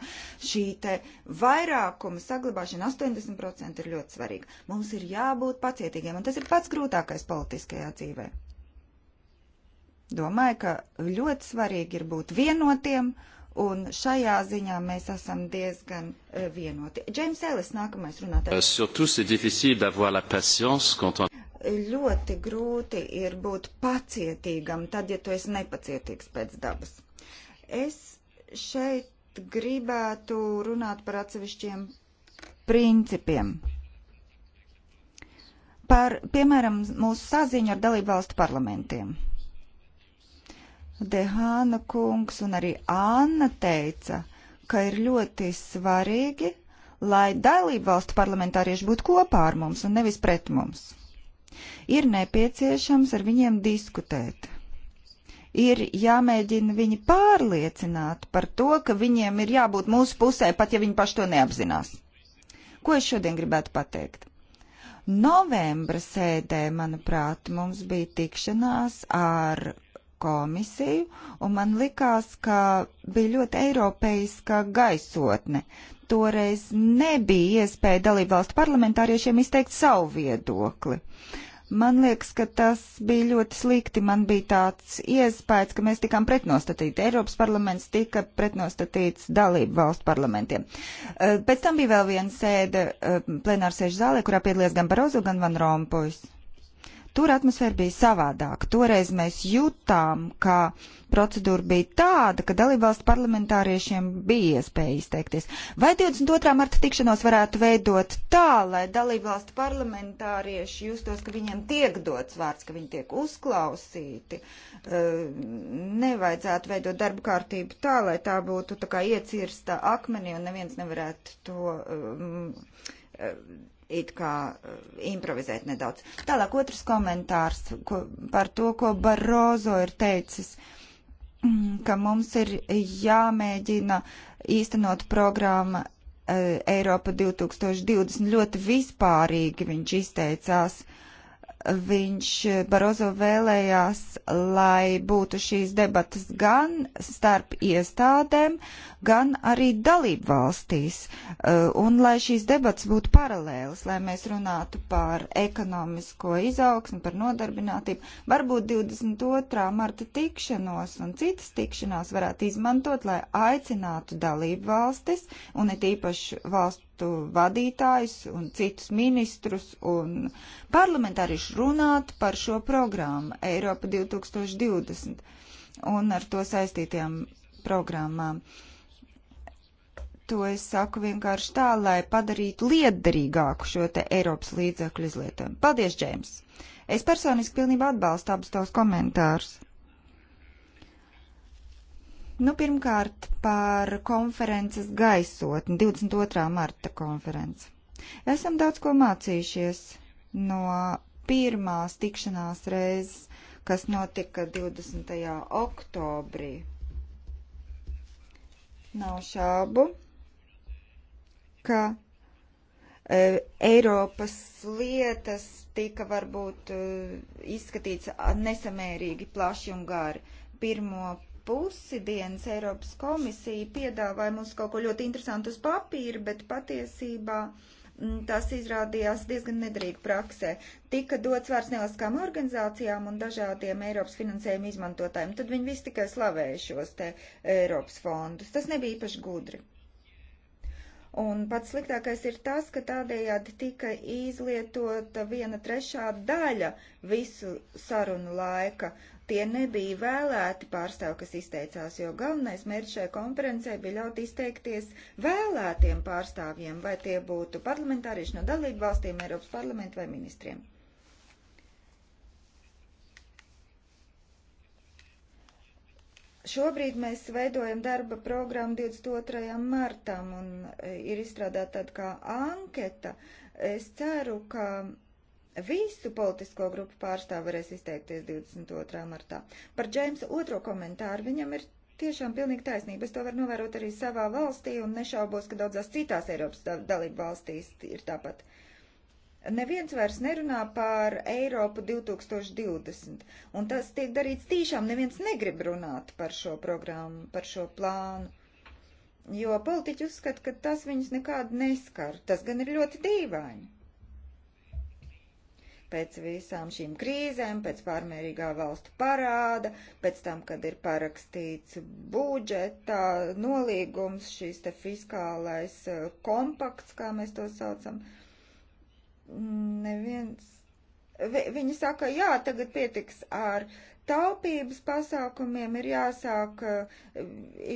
Šī te vairākuma saglabāšana 80% ir ļoti svarīga. Mums ir jābūt pacietīgiem, un tas ir pats grūtākais politiskajā dzīvē. Domāju, ka ļoti svarīgi ir būt vienotiem un šajā ziņā mēs esam diezgan e, vienoti. Džeims Ellis, nākamais runātājs. Euh, Ļoti grūti ir būt pacietīgam, tad, ja tu esi nepacietīgs pēc dabas. Es šeit gribētu runāt par atsevišķiem principiem. Par, piemēram, mūsu saziņu ar dalību valstu parlamentiem Dehāna kungs un arī Anna teica, ka ir ļoti svarīgi, lai dalību valstu parlamentārieši būtu kopā ar mums un nevis pret mums. Ir nepieciešams ar viņiem diskutēt. Ir jāmēģina viņi pārliecināt par to, ka viņiem ir jābūt mūsu pusē, pat ja viņi paši to neapzinās. Ko es šodien gribētu pateikt? novembra sēdē, manuprāt, mums bija tikšanās ar komisiju, un man likās, ka bija ļoti eiropeiska gaisotne. Toreiz nebija iespēja dalību valstu parlamentāriešiem izteikt savu viedokli. Man liekas, ka tas bija ļoti slikti. Man bija tāds iespējas, ka mēs tikām pretnostatīti. Eiropas parlaments tika pretnostatīts dalību valstu parlamentiem. Pēc tam bija vēl viena sēde plenārsēžu zālē, kurā piedalījās gan Barozo, gan Van Rompojs. Tur atmosfēra bija savādāka. Toreiz mēs jutām, ka procedūra bija tāda, ka dalībvalstu parlamentāriešiem bija iespēja izteikties. Vai 22. marta tikšanos varētu veidot tā, lai dalībvalstu parlamentārieši justos, ka viņiem tiek dots vārds, ka viņi tiek uzklausīti? Eh, nevajadzētu veidot darbu kārtību tā, lai tā būtu tā kā iecirsta akmenī un neviens nevarētu to. Um, it kā eh, improvizēt nedaudz. Tālāk otrs komentārs ko, par to, ko Barozo ir teicis mm, ka mums ir jāmēģina īstenot programma eh, Eiropa 2020 ļoti vispārīgi viņš izteicās viņš eh, Barozo vēlējās, lai būtu šīs debatas gan starp iestādēm, gan arī dalību valstīs, eh, un lai šīs debatas būtu paralēlas, lai mēs runātu par ekonomisko izaugsmu, par nodarbinātību. Varbūt 22. marta tikšanos un citas tikšanās varētu izmantot, lai aicinātu dalību valstis, un it īpaši valstu valstu vadītājus un citus ministrus un parlamentārišus runāt par šo programmu Eiropa 2020 un ar to saistītajām programmām. To es saku vienkārši tā, lai padarītu liederīgāku šo te Eiropas līdzekļu izlietojumu. Paldies, Džēms! Es personiski pilnībā atbalstu abus tavus komentārus. Nu, pirmkārt, par konferences gaisotni, 22. marta konferenci. Esam daudz ko mācījušies no pirmās tikšanās reizes, kas notika 20. oktobrī. Nav šābu, ka e, Eiropas lietas tika varbūt e, izskatīts nesamērīgi plaši un gari. Pirmo pusi dienas Eiropas komisija piedāvāja mums kaut ko ļoti interesantu uz papīra, bet patiesībā mm, tas izrādījās diezgan nedrīgi praksē. Tika dots vairs nevalstiskām organizācijām un dažādiem Eiropas finansējuma izmantotājiem. Tad viņi visi tikai slavēja šos te Eiropas fondus. Tas nebija īpaši gudri. Un pats sliktākais ir tas, ka tādējādi tika izlietota viena trešā daļa visu sarunu laika. Uh, tie nebija vēlēti pārstāvi, kas izteicās, jo galvenais mērķis šai konferencē bija ļaut izteikties vēlētiem pārstāvjiem, vai tie būtu parlamentārieši no dalību valstīm, Eiropas parlamentu vai ministriem. Šobrīd mēs veidojam darba programmu 22. martam un e, ir izstrādāta tāda kā anketa. Es ceru, ka Visu politisko grupu pārstāv varēs izteikties 22. martā. Par Džeimsa otro komentāru viņam ir tiešām pilnīgi taisnība. Es to varu novērot arī savā valstī un nešaubos, ka daudzās citās Eiropas dalību valstīs ir tāpat. Neviens vairs nerunā par Eiropu 2020, un tas tiek darīts tīšām, neviens negrib runāt par šo programmu, par šo plānu, jo politiķi uzskata, ka tas viņus nekādu neskar. Tas gan ir ļoti dīvaini pēc visām šīm krīzēm, pēc pārmērīgā valstu parāda, pēc tam, kad ir parakstīts budžeta nolīgums, šīs te fiskālais eh, kompakts, kā mēs to saucam, mm, neviens. Vi, viņi saka, jā, tagad pietiks ar uh, taupības pasākumiem ir jāsāk eh,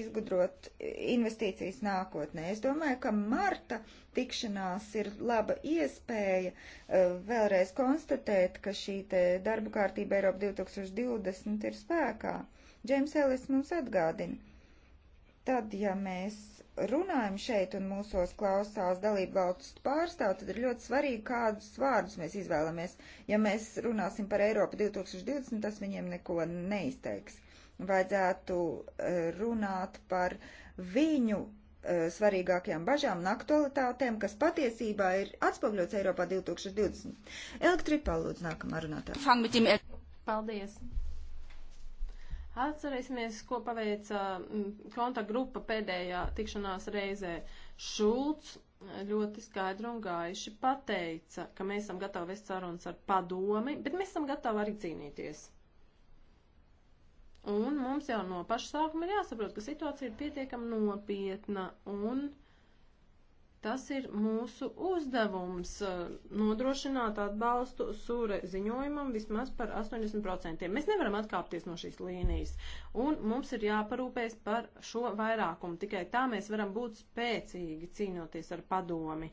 izgudrot investīcijas nākotnē. Es domāju, ka marta tikšanās ir laba iespēja eh, vēlreiz konstatēt, ka šī darba kārtība Eiropa 2020 ir spēkā. Džeims Ellis mums atgādina. Tad, ja mēs runājam šeit un mūsos klausās dalību valstu pārstāv, tad ir ļoti svarīgi, kādus vārdus mēs izvēlamies. Ja mēs runāsim par Eiropu 2020, tas viņiem neko neizteiks. Vajadzētu eh, runāt par viņu eh, svarīgākajām bažām un aktualitātēm, kas patiesībā ir atspogļots Eiropā 2020. Elektripā lūdzu nākamā runātāja. Paldies! Atcerēsimies, ko paveica mm, kontaktgrupa pēdējā tikšanās reizē. Šulcs eh, ļoti skaidri un gaiši pateica, ka mēs esam gatavi vest sarunas ar padomi, bet mēs esam gatavi arī cīnīties. Un mums jau no paša sākuma ir jāsaprot, ka situācija ir pietiekami nopietna un uh, Tas ir mūsu uzdevums uh, nodrošināt atbalstu sūre ziņojumam vismaz par 80%. Mēs nevaram atkāpties no šīs līnijas, un mums ir jāparūpēs par šo vairākumu. Tikai tā mēs varam būt spēcīgi cīnoties ar padomi.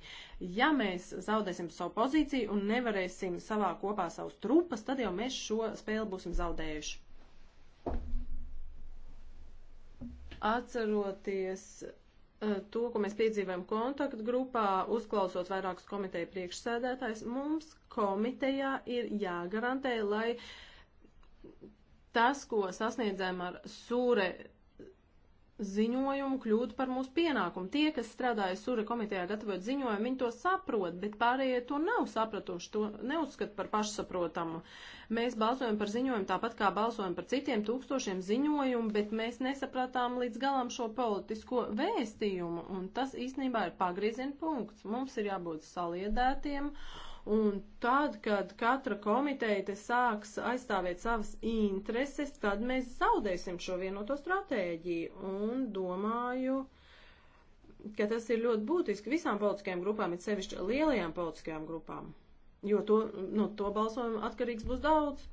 Ja mēs zaudēsim savu pozīciju un nevarēsim savā kopā savus trupas, tad jau mēs šo spēli būsim zaudējuši. Atceroties Eh, to, ko mēs piedzīvojam kontaktgrupā, uzklausot vairākus komiteju priekšsēdētājs, mums komitejā ir jāgarantē, lai tas, ko sasniedzam ar sūre ziņojumu kļūtu par mūsu pienākumu. Tie, kas strādāja Sura komitejā gatavot ziņojumu, viņi to saprot, bet pārējie to nav sapratuši, to neuzskata par pašsaprotamu. Mēs balsojam par ziņojumu tāpat kā balsojam par citiem tūkstošiem ziņojumu, bet mēs nesapratām līdz galam šo politisko vēstījumu, un tas īstenībā ir pagrieziena punkts. Mums ir jābūt saliedētiem Un tad, kad katra komiteja te sāks aizstāvēt savas intereses, tad mēs zaudēsim šo vienoto stratēģiju. Un domāju, ka tas ir ļoti būtiski visām politiskajām grupām, it sevišķi lielajām politiskajām grupām. Jo to, nu, to balsojumu atkarīgs būs daudz.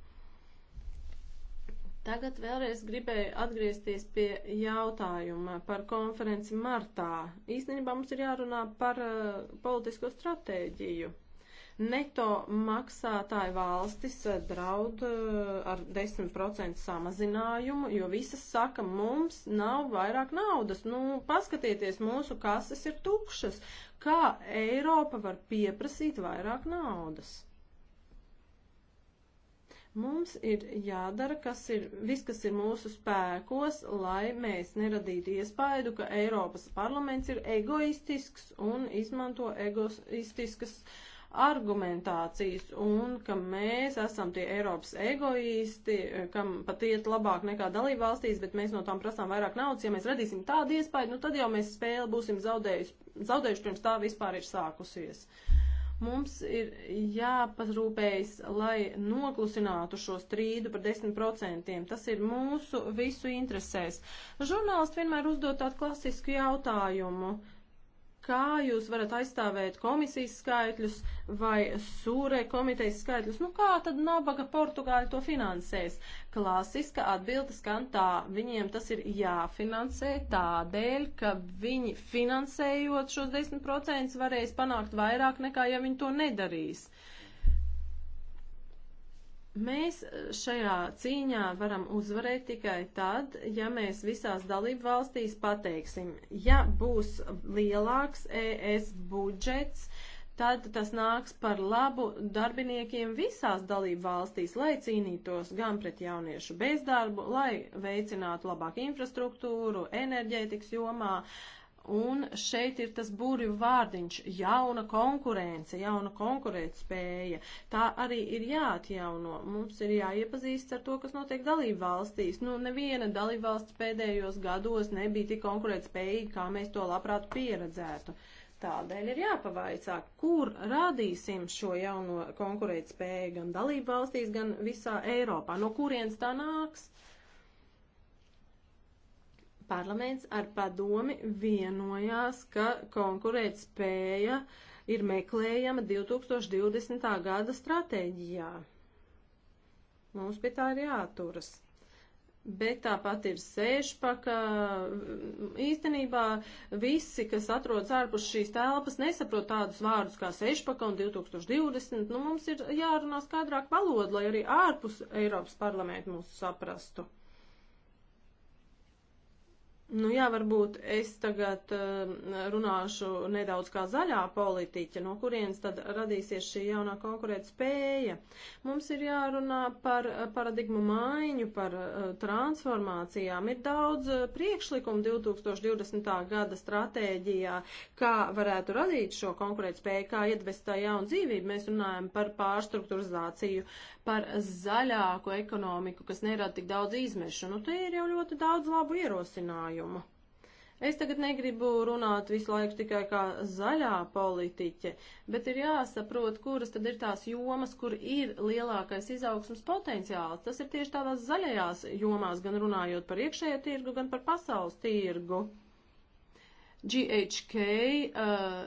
Tagad vēlreiz gribēju atgriezties pie jautājuma par konferenci martā. Īstenībā mums ir jārunā par uh, politisko stratēģiju. Neto maksātāju valstis eh, draud eh, ar 10% samazinājumu, jo visas saka, mums nav vairāk naudas. Nu, paskatieties, mūsu kases ir tukšas. Kā Eiropa var pieprasīt vairāk naudas? Mums ir jādara, kas ir, viss, kas ir mūsu spēkos, lai mēs neradītu iespaidu, ka Eiropas parlaments ir egoistisks un izmanto egoistiskas uh, argumentācijas un ka mēs esam tie Eiropas egoisti, kam pat iet labāk nekā dalībvalstīs, bet mēs no tām prasām vairāk naudas. Ja mēs radīsim tādu iespēju, nu tad jau mēs spēli būsim zaudējuši, zaudējuši pirms tā vispār ir sākusies. Mums ir jāpazrūpējas, lai noklusinātu šo strīdu par 10%. Tas ir mūsu visu interesēs. Žurnālisti vienmēr uzdod tādu klasisku jautājumu. Uh, kā jūs varat aizstāvēt komisijas skaitļus vai sūre komitejas skaitļus, nu kā tad nabaga Portugāļi to finansēs? Klasiska atbilde skan tā, viņiem tas ir jāfinansē tādēļ, ka viņi finansējot šos 10% varēs panākt vairāk nekā, ja viņi to nedarīs. Mēs šajā cīņā varam uzvarēt tikai tad, ja mēs visās dalību valstīs pateiksim, ja būs lielāks ES budžets, tad tas nāks par labu darbiniekiem visās dalību valstīs, lai cīnītos gan pret jauniešu bezdarbu, lai veicinātu labāku infrastruktūru, enerģētikas jomā, uh, Un šeit ir tas burvju vārdiņš - jauna konkurence, jauna konkurētspēja. Tā arī ir jāatjauno. Mums ir jāiepazīst ar to, kas notiek dalību valstīs. Nu, neviena dalību valsts pēdējos gados nebija tik konkurētspējīga, kā mēs to labprāt pieredzētu. Tādēļ ir jāpavaicā, kur radīsim šo jauno konkurētspēju gan dalību valstīs, gan visā Eiropā. No kurienes tā nāks? parlaments ar padomi vienojās, ka konkurēt spēja ir meklējama 2020. gada stratēģijā. Mums pie tā ir jāturas. Bet tāpat ir sēžpaka. Īstenībā visi, kas atrodas ārpus šīs telpas, nesaprot tādus vārdus kā sēžpaka un 2020. Nu, mums ir jārunā skaidrāk valoda, lai arī ārpus Eiropas parlamentu mūs saprastu. Nu jā, varbūt es tagad uh, runāšu nedaudz kā zaļā politiķa, no kurienes tad radīsies šī jaunā konkurēt spēja. Mums ir jārunā par eh, paradigmu maiņu, par uh, transformācijām. Ir daudz uh, priekšlikumu 2020. gada stratēģijā, kā varētu radīt šo konkurēt spēju, kā iedvest tā jaunu dzīvību. Mēs runājam par pārstrukturizāciju, par zaļāku ekonomiku, kas nerada tik daudz izmešu. Nu, te ir jau ļoti daudz labu ierosinājumu jautājumu. Es tagad negribu runāt visu laiku tikai kā zaļā politiķe, bet ir jāsaprot, kuras tad ir tās jomas, kur ir lielākais izaugsmas potenciāls. Tas ir tieši tādās zaļajās jomās, gan runājot par iekšējo tirgu, gan par pasaules tirgu. GHK, uh,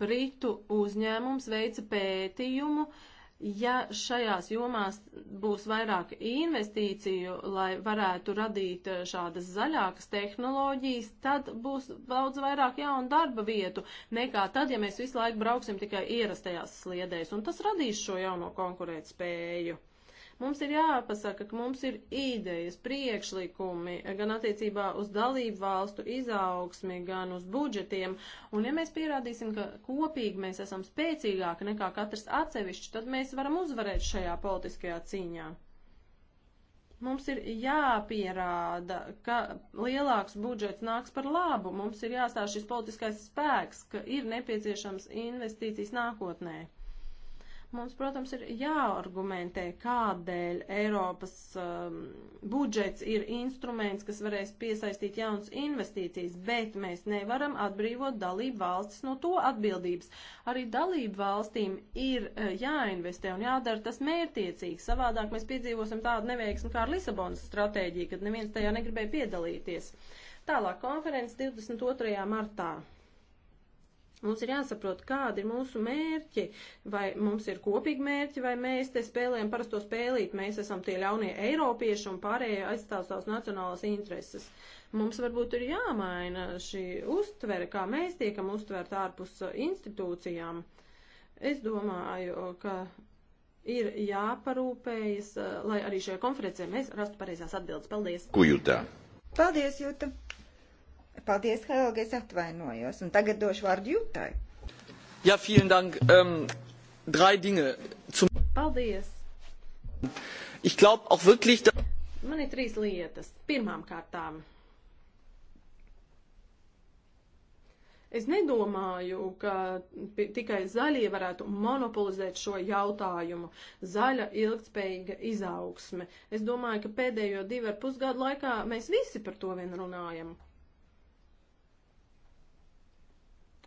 Britu uzņēmums, veica pētījumu, uh, ja šajās jomās būs vairāk investīciju, lai varētu radīt eh, šādas zaļākas tehnoloģijas, tad būs daudz vairāk jaunu darba vietu nekā tad, ja mēs visu laiku brauksim tikai ierastajās sliedēs, un tas radīs šo jauno konkurētspēju. spēju. Mums ir jāpasaka, ka mums ir idejas, priekšlikumi gan attiecībā uz dalību valstu izaugsmi, gan uz budžetiem. Un ja mēs pierādīsim, ka kopīgi mēs esam spēcīgāki nekā katrs atsevišķi, tad mēs varam uzvarēt šajā politiskajā cīņā. Mums ir jāpierāda, ka lielāks budžets nāks par labu, mums ir jāstāv šis politiskais spēks, ka ir nepieciešams investīcijas nākotnē. Mums, protams, ir jāargumentē, kādēļ Eiropas um, budžets ir instruments, kas varēs piesaistīt jaunas investīcijas, bet mēs nevaram atbrīvot dalību valstis no to atbildības. Arī dalību valstīm ir uh, jāinvestē un jādara tas mērtiecīgi. Savādāk mēs piedzīvosim tādu neveiksmi kā ar Lisabonas stratēģiju, kad neviens tajā negribēja piedalīties. Tālāk konferences 22. martā. Mums ir jāsaprot, kādi ir mūsu mērķi, vai mums ir kopīgi mērķi, vai mēs te spēlējam parasto spēlīt, mēs esam tie ļaunie eiropieši un pārējie aizstāv savas nacionālas intereses. Mums varbūt ir jāmaina šī uztvere, kā mēs tiekam uztvert ārpus institūcijām. Es domāju, ka ir jāparūpējas, lai arī šajā konferencē mēs rastu pareizās atbildes. Paldies! Ko jūtā? Paldies, Jūta! Paldies, Helga, es atvainojos. Un tagad došu vārdu Jūtai. Jā, ja, vielen dank. Um, drei dinge. Zum... Paldies. Ich glaube auch wirklich, da... Man ir trīs lietas. Pirmām kārtām. Es nedomāju, ka tikai zaļie varētu monopolizēt šo jautājumu. Zaļa, ilgspējīga izaugsme. Es domāju, ka pēdējo divu ar pusgadu laikā mēs visi par to vien runājam.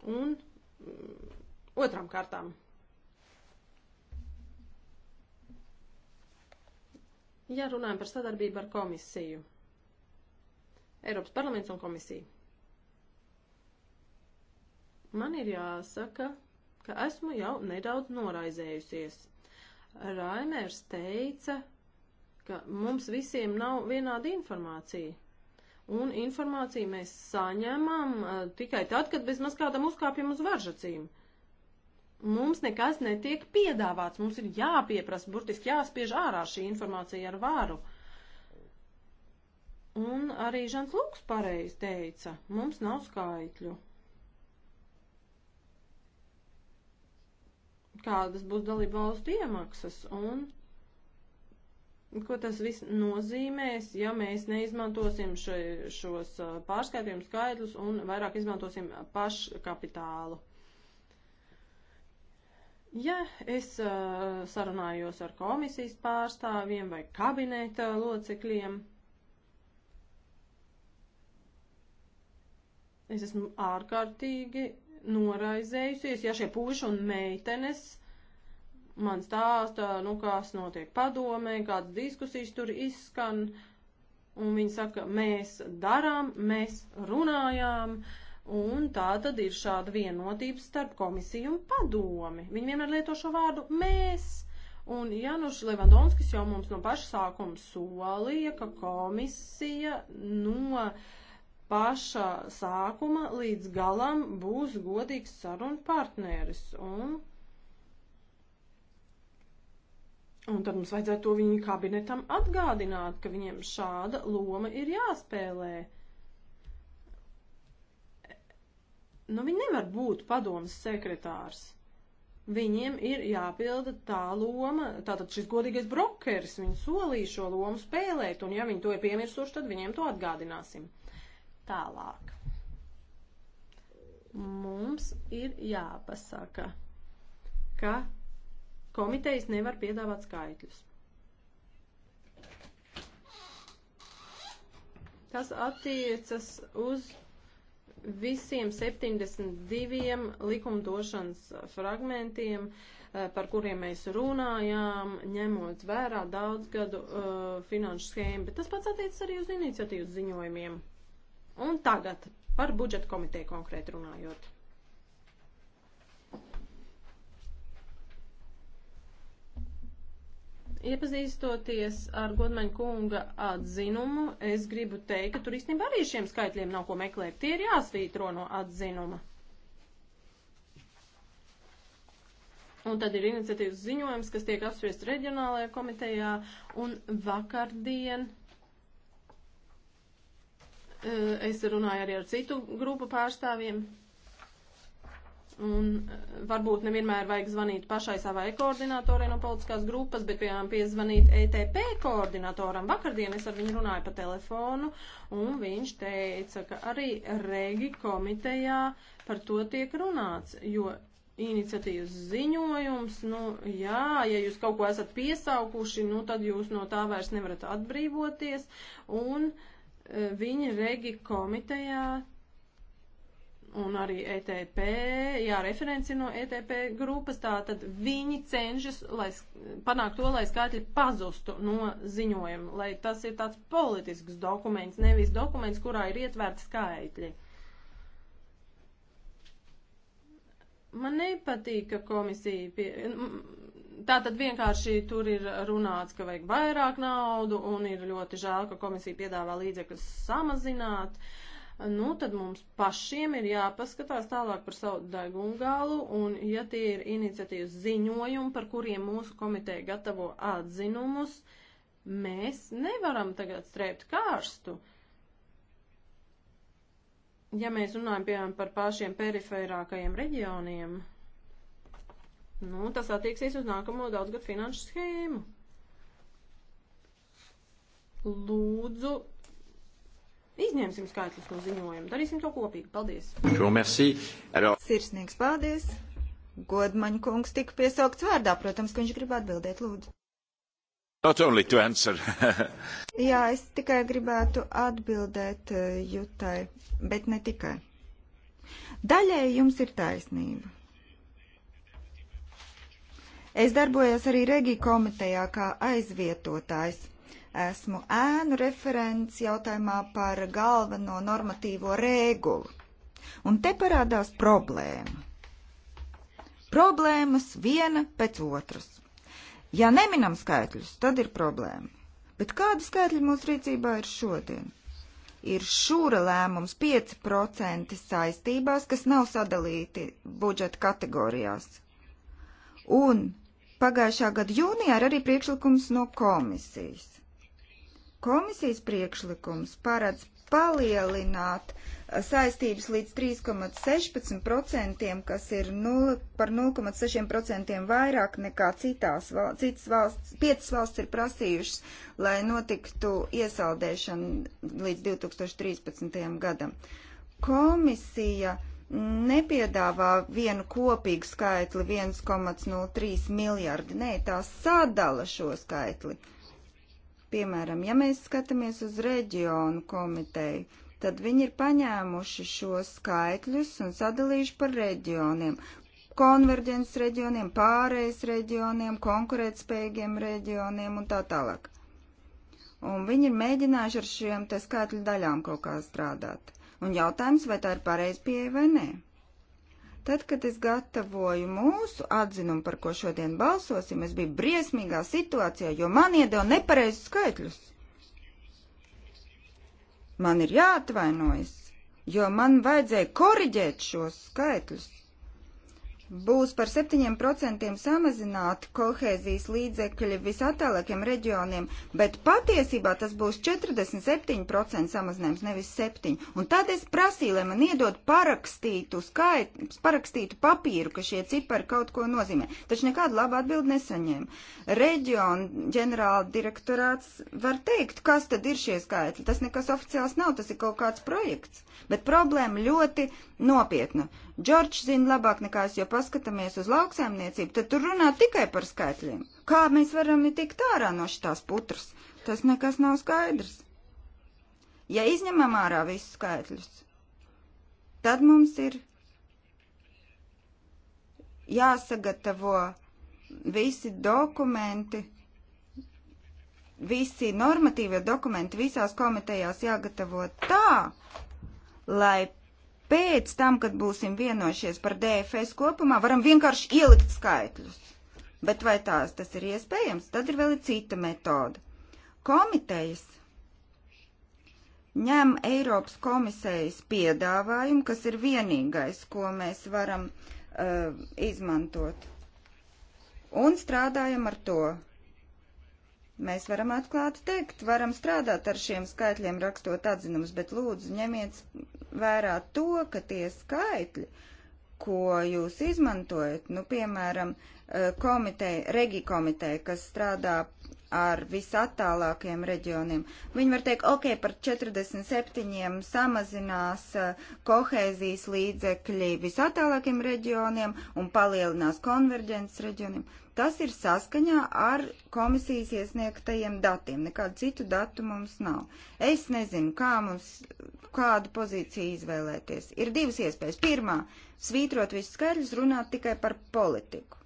Un mm, otram kārtām. Ja runājam par sadarbību ar komisiju, Eiropas parlaments un komisiju, man ir jāsaka, ka esmu jau nedaudz noraizējusies. Raimers teica, ka mums visiem nav vienāda informācija. Un informāciju mēs saņemam uh, tikai tad, kad bezmaz kādam uzkāpjam uz varžacīm. Mums nekas netiek piedāvāts, mums ir jāpieprasa, burtiski jāspiež ārā šī informācija ar vāru. Un arī Žants Lūks pareizi teica, mums nav skaitļu. kādas būs dalība valstu iemaksas un ko tas viss nozīmēs, ja mēs neizmantosim še, šos pārskaitījumu skaidrus un vairāk izmantosim paškapitālu. Ja es uh, sarunājos ar komisijas pārstāvjiem vai kabineta locekļiem, es esmu ārkārtīgi noraizējusies, ja šie puiši un meitenes uh, man stāsta, nu, kas notiek padomē, kādas diskusijas tur izskan, un viņi saka, mēs darām, mēs runājām, un tā tad ir šāda vienotība starp komisiju un padomi. Viņi vienmēr lieto šo vārdu mēs. Un Januš Levandonskis jau mums no paša sākuma solīja, ka komisija no paša sākuma līdz galam būs godīgs sarunu partneris un Un tad mums vajadzētu to viņu kabinetam atgādināt, ka viņiem šāda loma ir jāspēlē. Nu, viņi nevar būt padomas sekretārs. Viņiem ir jāpilda tā loma, tātad šis godīgais brokeris, viņi solīja šo lomu spēlēt, un ja viņi to ir piemirsuši, tad viņiem to atgādināsim. Tālāk. Mums ir jāpasaka, ka komitejas nevar piedāvāt skaitļus. Tas attiecas uz visiem 72 likumdošanas fragmentiem, eh, par kuriem mēs runājām, ņemot vērā daudzgadu uh, finanšu schēmu, bet tas pats attiecas arī uz iniciatīvas ziņojumiem. Un tagad par budžeta komiteju konkrēti runājot. Iepazīstoties ar Godmaņa kunga atzinumu, es gribu teikt, ka tur īstenībā arī šiem skaitļiem nav ko meklēt. Tie ir jāsvītro no atzinuma. Un tad ir iniciatīvas ziņojums, kas tiek apspriests reģionālajā komitejā, un vakardien eh, es runāju arī ar citu grupu pārstāvjiem. Un eh, varbūt nevienmēr vajag zvanīt pašai savai koordinatorai no politiskās grupas, bet, piemēram, piezvanīt ETP koordinatoram. Vakardien es ar viņu runāju pa telefonu, un viņš teica, ka arī Regi komitejā par to tiek runāts, jo iniciatīvas ziņojums, nu jā, ja jūs kaut ko esat piesaukuši, nu tad jūs no tā vairs nevarat atbrīvoties, un eh, viņi Regi komitejā un arī ETP, jā, referenci no ETP grupas, tātad viņi cenšas lai, panākt to, lai skaitļi pazustu no ziņojuma, lai tas ir tāds politisks dokuments, nevis dokuments, kurā ir ietverti skaitļi. Man nepatīk, ka komisija pie, tā tad vienkārši tur ir runāts, ka vajag vairāk naudu un ir ļoti žēl, ka komisija piedāvā līdzekļus samazināt. Uh, nu tad mums pašiem ir jāpaskatās tālāk par savu degungālu, un ja tie ir iniciatīvas ziņojumi, par kuriem mūsu komiteja gatavo atzinumus, mēs nevaram tagad strēpt kārstu. Ja mēs runājam, piemēram, par pašiem perifērākajiem reģioniem, nu, tas attieksies uz nākamo daudzgad finanšu schēmu. Lūdzu, Izņemsim skaitļus no ziņojuma. Darīsim to kopīgi. Paldies! Sirsnīgs paldies! Godmaņa kungs tika piesaukts vārdā. Protams, ka viņš grib atbildēt, lūdzu. *laughs* Jā, es tikai gribētu atbildēt eh, jutai, bet ne tikai. Daļēji jums ir taisnība. Es darbojos arī Regija komitejā kā aizvietotājs. Esmu ēnu referents jautājumā par galveno normatīvo regulu. Un te parādās problēma. Problēmas viena pēc otras. Ja neminam skaitļus, tad ir problēma. Bet kādi skaitļi mūsu rīcībā ir šodien? ir šūra lēmums 5% saistībās, kas nav sadalīti budžeta kategorijās. Un pagājušā gada jūnijā ir arī priekšlikums no komisijas. Komisijas priekšlikums paredz palielināt eh, saistības līdz 3,16%, kas ir 0, par 0,6% vairāk nekā citās citas valsts, piecas valsts ir prasījušas, lai notiktu iesaldēšana līdz 2013. gadam. Komisija nepiedāvā vienu kopīgu skaitli 1,03 miljardi, nē, tā sadala šo skaitli. Piemēram, ja mēs skatāmies uz reģionu komiteju, tad viņi ir paņēmuši šos skaitļus un sadalījuši par reģioniem konverģences reģioniem, pārējais reģioniem, konkurētspējīgiem reģioniem un tā tālāk. Un viņi ir mēģinājuši ar šiem te skaitļu daļām kaut kā strādāt. Un jautājums, vai tā ir pareiz pieeja vai nē. Tad, kad es gatavoju mūsu atzinumu, par ko šodien balsosim, es biju briesmīgā situācijā, jo man iedeva nepareizus skaitļus. Man ir jāatvainojas, jo man vajadzēja koriģēt šos skaitļus būs par 7% samazināti kohēzijas līdzekļi visatālākiem reģioniem, bet patiesībā tas būs 47% samazinājums, nevis 7%. Un tad es prasīju, lai man iedod parakstītu, skait, parakstītu papīru, ka šie cipari kaut ko nozīmē. Taču nekādu labu atbildi nesaņēmu. Reģionu ģenerāla direktorāts var teikt, kas tad ir šie skaitļi. Tas nekas oficiāls nav, tas ir kaut kāds projekts bet problēma ļoti nopietna. Džordžs zina labāk nekā es, jo paskatāmies uz lauksēmniecību, tad tur runā tikai par skaitļiem. Kā mēs varam tikt ārā no šitās putras? Tas nekas nav skaidrs. Ja izņemam ārā visus skaitļus, tad mums ir jāsagatavo visi dokumenti, visi normatīvie dokumenti visās komitejās jāgatavo tā, lai pēc tam, kad būsim vienojušies par DFS kopumā, varam vienkārši ielikt skaitļus. Bet vai tās tas ir iespējams, tad ir vēl cita metode. Komitejas ņem Eiropas komisijas piedāvājumu, kas ir vienīgais, ko mēs varam uh, izmantot. Un strādājam ar to. Mēs varam atklāti teikt, varam strādāt ar šiem skaitļiem, rakstot atzinumus, bet lūdzu ņemiet vērā to, ka tie skaitļi, ko jūs izmantojat, nu, piemēram, eh, komiteja, regi komiteja, kas strādā ar visattālākajiem reģioniem. Viņi var teikt, ok, par 47 samazinās eh, kohēzijas līdzekļi visattālākiem reģioniem un palielinās konverģences reģioniem tas ir saskaņā ar komisijas iesniegtajiem datiem. Nekādu citu datu mums nav. Es nezinu, kā mums, kādu pozīciju izvēlēties. Ir divas iespējas. Pirmā - svītrot visus skaidrus, runāt tikai par politiku.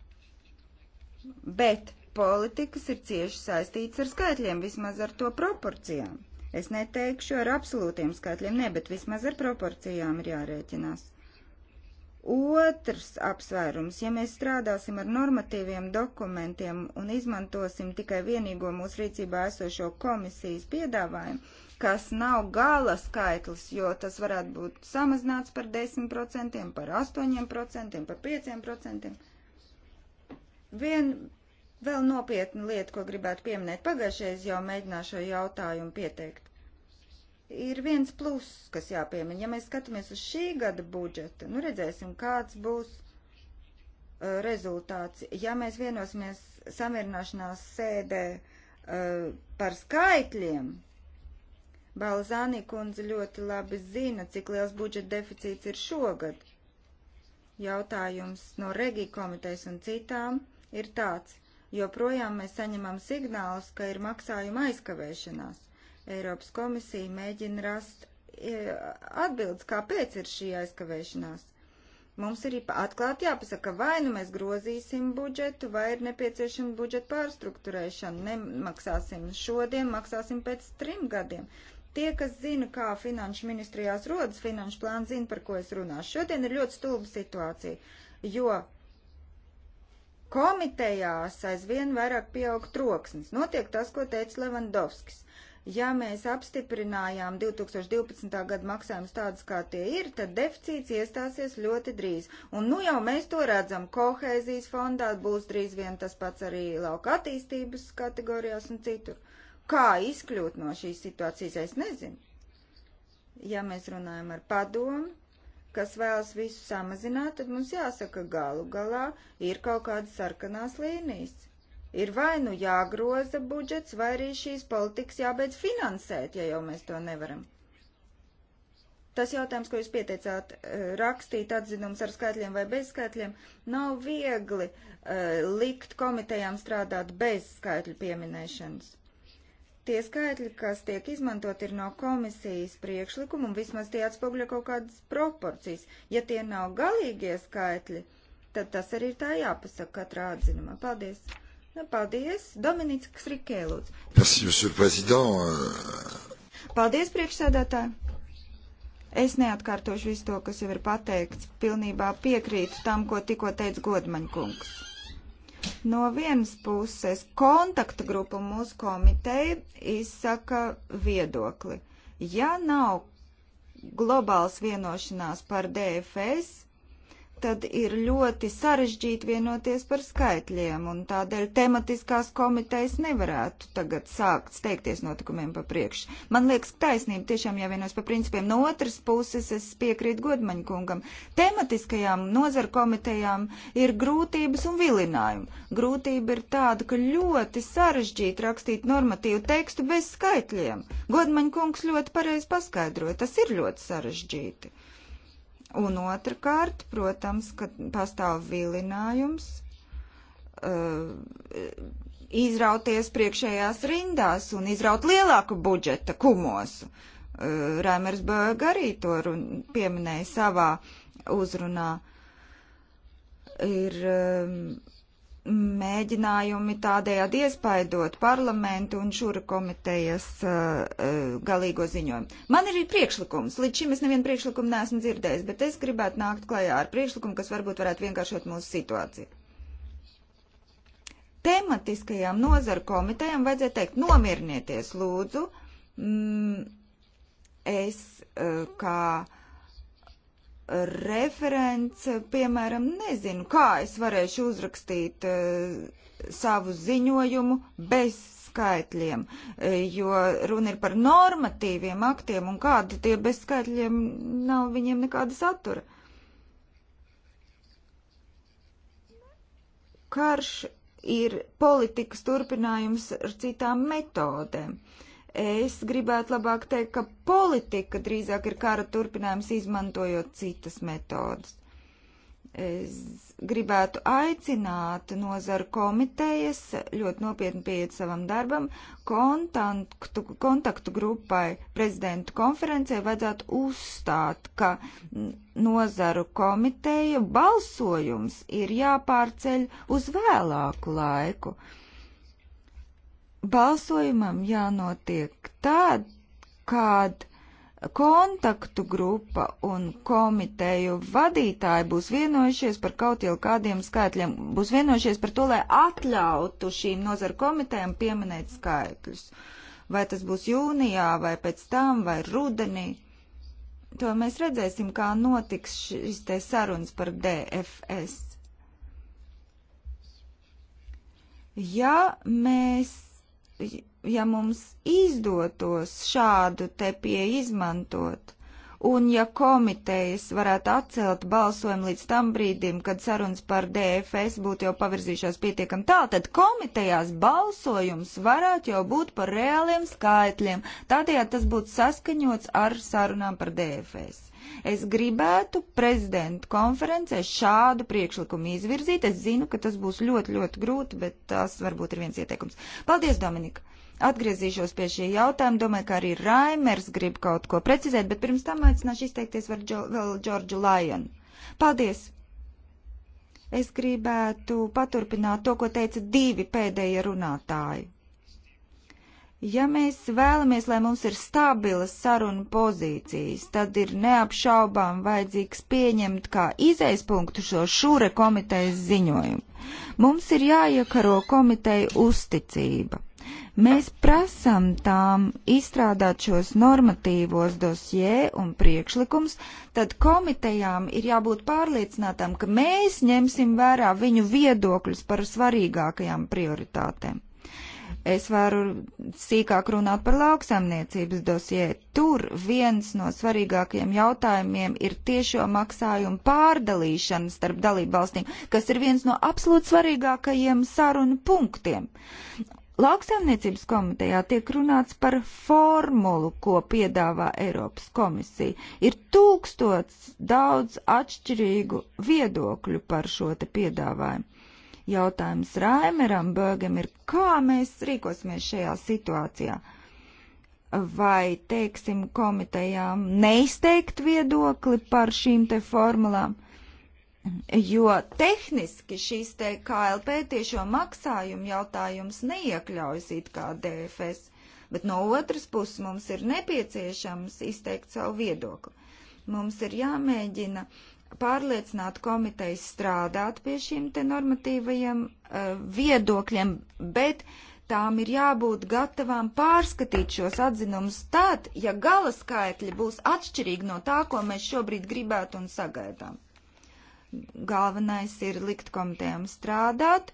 Bet politikas ir cieši saistīts ar skaitļiem, vismaz ar to proporcijām. Es neteikšu ar absolūtiem skaitļiem, ne, bet vismaz ar proporcijām ir jārēķinās. Otrs apsvērums, ja mēs strādāsim ar normatīviem dokumentiem un izmantosim tikai vienīgo mūsu rīcībā esošo komisijas piedāvājumu, kas nav gala skaitlis, jo tas varētu būt samazināts par 10%, par 8%, par 5%. Vien vēl nopietna lieta, ko gribētu pieminēt, pagājušajā jau mēģināšu šo jautājumu pieteikt ir viens pluss, kas jāpiemina. Ja mēs skatāmies uz šī gada budžeta, nu redzēsim, kāds būs uh, rezultāts. Ja mēs vienosimies samierināšanās sēdē uh, par skaitļiem, Balzānī kundze ļoti labi zina, cik liels budžeta deficīts ir šogad. Jautājums no Regija komitejas un citām ir tāds, joprojām mēs saņemam signālus, ka ir maksājuma aizkavēšanās Eiropas komisija mēģina rast e, atbildes, kāpēc ir šī aizkavēšanās. Mums ir atklāti jāpasaka, vai nu mēs grozīsim budžetu, vai ir nepieciešama budžeta pārstruktūrēšana. Nemaksāsim šodien, maksāsim pēc trim gadiem. Tie, kas zina, kā finanšu ministrijās rodas finanšu plāns, zina, par ko es runāšu. Šodien ir ļoti stulba situācija, jo komitejās aizvien vairāk pieaug troksnis. Notiek tas, ko teica Levandovskis. Ja mēs apstiprinājām 2012. gada maksājumus tādus, kā tie ir, tad deficīts iestāsies ļoti drīz. Un nu jau mēs to redzam kohēzijas fondā, būs drīz vien tas pats arī lauka attīstības kategorijās un citur. Kā izkļūt no šīs situācijas, es nezinu ja mēs runājam ar padomu, kas vēlas visu samazināt, tad mums jāsaka galu galā ir kaut kādas sarkanās līnijas ir vai nu jāgroza budžets, vai arī šīs politikas jābeidz finansēt, ja jau mēs to nevaram. Tas jautājums, ko jūs pieteicāt, eh, rakstīt atzinums ar skaitļiem vai bez skaitļiem, nav viegli uh, likt komitejām strādāt bez skaitļu pieminēšanas. Tie skaitļi, kas tiek izmantot, ir no komisijas priekšlikuma, un vismaz tie atspogļo kaut kādas proporcijas. Ja tie nav galīgie skaitļi, tad tas arī ir tā jāpasaka katrā atzinumā. Paldies! Nu, paldies. Dominīts Ksrikē, lūdzu. Merci, monsieur le président. Paldies, priekšsēdētāji. Es neatkārtošu visu to, kas jau ir pateikts. Pilnībā piekrītu tam, ko tikko teica Godmaņkungs. No vienas puses, kontakta grupa mūsu komiteja izsaka viedokli. Ja nav globāls vienošanās par DFS, tad ir ļoti sarežģīti vienoties par skaitļiem, un tādēļ tematiskās komitejas nevarētu tagad sākt steigties notikumiem pa priekšu. Man liekas, taisnība tiešām jāvienos pa principiem. No otras puses, es piekrītu Godmaņa kungam, tematiskajām nozaru komitejām ir grūtības un vilinājumi. Grūtība ir tāda, ka ļoti sarežģīti rakstīt normatīvu tekstu bez skaitļiem. Godmaņa kungs ļoti pareizi paskaidroja, tas ir ļoti sarežģīti. Un otrkārt, protams, ka pastāv vilinājums uh, izrauties priekšējās rindās un izraut lielāku budžeta kumosu. Uh, Rēmers Bēg arī to pieminēja savā uzrunā. Ir, uh, mēģinājumi tādējādi iespaidot parlamentu un šura komitejas uh, uh, galīgo ziņojumu. Man ir priekšlikums, līdz šim es nevienu priekšlikumu neesmu dzirdējis, bet es gribētu nākt klajā ar priekšlikumu, kas varbūt varētu vienkāršot mūsu situāciju. Tematiskajām nozaru komitejām vajadzētu teikt, nomierinieties lūdzu, mm, es uh, kā referents, piemēram, nezinu, kā es varēšu uzrakstīt uh, savu ziņojumu bez skaitļiem, eh, jo runa ir par normatīviem aktiem un kādi tie bez skaitļiem nav viņiem nekāda satura. Karš ir politikas turpinājums ar citām metodēm. Uh, Es gribētu labāk teikt, ka politika drīzāk ir kara turpinājums, izmantojot citas metodas. Es gribētu aicināt nozaru komitejas ļoti nopietni pieiet savam darbam, kontaktu, kontaktu grupai prezidentu konferencē vajadzētu uzstāt, ka nozaru komiteju balsojums ir jāpārceļ uz vēlāku laiku. Uh, balsojumam jānotiek tad, kad kontaktu grupa un komiteju vadītāji būs vienojušies par kaut jau kādiem skaitļiem, būs vienojušies par to, lai atļautu šīm nozaru komitejām pieminēt skaitļus. Vai tas būs jūnijā, vai pēc tam, vai rudenī. To mēs redzēsim, kā notiks šis te sarunas par DFS. Ja mēs ja mums izdotos šādu te pieeju izmantot, un ja komitejas varētu atcelt balsojumu līdz tam brīdim, kad sarunas par DFS būtu jau pavirzījušās pietiekam tālu, tad komitejās balsojums varētu jau būt par reāliem skaitļiem. Tādējādi tas būtu saskaņots ar sarunām par DFS. Es gribētu prezidentu konferencē šādu priekšlikumu izvirzīt. Es zinu, ka tas būs ļoti, ļoti grūti, bet tas varbūt ir viens ieteikums. Paldies, Dominika! Atgriezīšos pie šī jautājuma. Domāju, ka arī Raimers grib kaut ko precizēt, bet pirms tam aicināšu izteikties džo, vēl Džordžu Lajonu. Paldies! Es gribētu paturpināt to, ko teica divi pēdējie runātāji. Ja mēs vēlamies, lai mums ir stabilas saruna pozīcijas, tad ir neapšaubām vajadzīgs pieņemt kā izejas punktu šo šūre komitejas ziņojumu. Mums ir jāiekaro komiteja uzticība. Mēs prasam tām izstrādāt šos normatīvos dosjē un priekšlikums, tad komitejām ir jābūt pārliecinātām, ka mēs ņemsim vērā viņu viedokļus par svarīgākajām prioritātēm. Es varu sīkāk runāt par lauksaimniecības dosjē. Tur viens no svarīgākajiem jautājumiem ir tiešo maksājumu pārdalīšana starp dalību valstīm, kas ir viens no absolūti svarīgākajiem sarunu punktiem. Lauksaimniecības komitejā tiek runāts par formulu, ko piedāvā Eiropas komisija. Ir tūkstots daudz atšķirīgu viedokļu par šo te piedāvājumu. Jautājums Raimeram Bēgam ir, kā mēs rīkosimies šajā situācijā? Vai, teiksim, komitejām neizteikt viedokli par šīm te formulām? jo tehniski šīs te KLP tiešo maksājumu jautājums neiekļaujas it kā DFS, bet no otras puses mums ir nepieciešams izteikt savu viedokli. Mums ir jāmēģina pārliecināt komitejas strādāt pie šiem te normatīvajiem uh, viedokļiem, bet tām ir jābūt gatavām pārskatīt šos atzinumus tad, ja gala skaitļi būs atšķirīgi no tā, ko mēs šobrīd gribētu un sagaidām. Galvenais ir likt komitejām strādāt,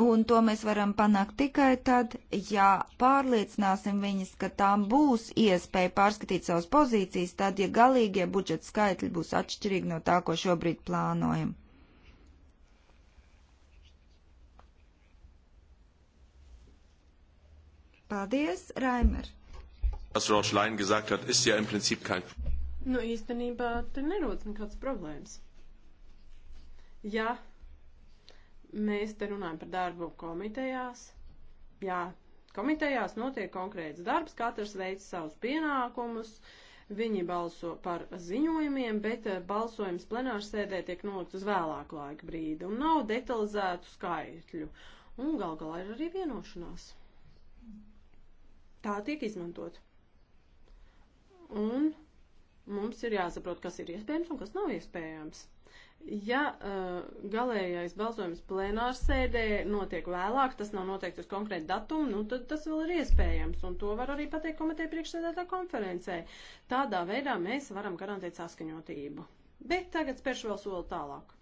un to mēs varam panākt tikai tad, ja pārliecināsim viņas, ka tām būs iespēja pārskatīt savas pozīcijas, tad, ja galīgie budžeta skaitļi būs atšķirīgi no tā, ko šobrīd plānojam. Paldies, Raimer. Was George Lein gesagt hat, ist ja im Prinzip kein. Nu, īstenībā te nerodas nekāds problēmas. Ja mēs te runājam par darbu komitejās, jā, komitejās notiek konkrēts darbs, katrs veic savus pienākumus, viņi balso par ziņojumiem, bet eh, balsojums plenārsēdē tiek nolikt uz vēlāku laika brīdi un nav detalizētu skaitļu. Un gal galā ir arī vienošanās. Tā tiek izmantot. Un mums ir jāsaprot, kas ir iespējams un kas nav iespējams. Ja uh, eh, galīgais balsojums plenārsēdē notiek vēlāk, tas nav noteikts uz konkrētu datumu, nu tad tas vēl ir iespējams, un to var arī pateikt komiteja priekšsēdētā konferencē. Tādā veidā mēs varam garantēt saskaņotību. Bet tagad spēršu vēl soli tālāk.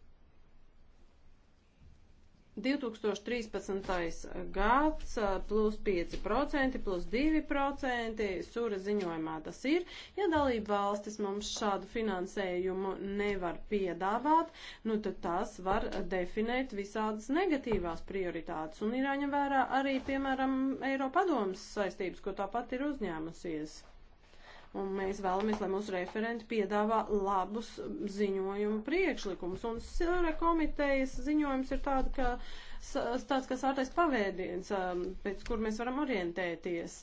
2013. gads plus 5%, plus 2% sura ziņojumā tas ir. Ja dalība valstis mums šādu finansējumu nevar piedāvāt, nu tad tas var definēt visādas negatīvās prioritātes un ir jāņem vērā arī, piemēram, Eiropadomas saistības, ko tāpat ir uzņēmusies un mēs vēlamies, lai mūsu referenti piedāvā labus ziņojumu priekšlikumus. Un Silvera komitejas ziņojums ir tāds, ka, tāds, kas ārtais pavēdiens, um, pēc kur mēs varam orientēties.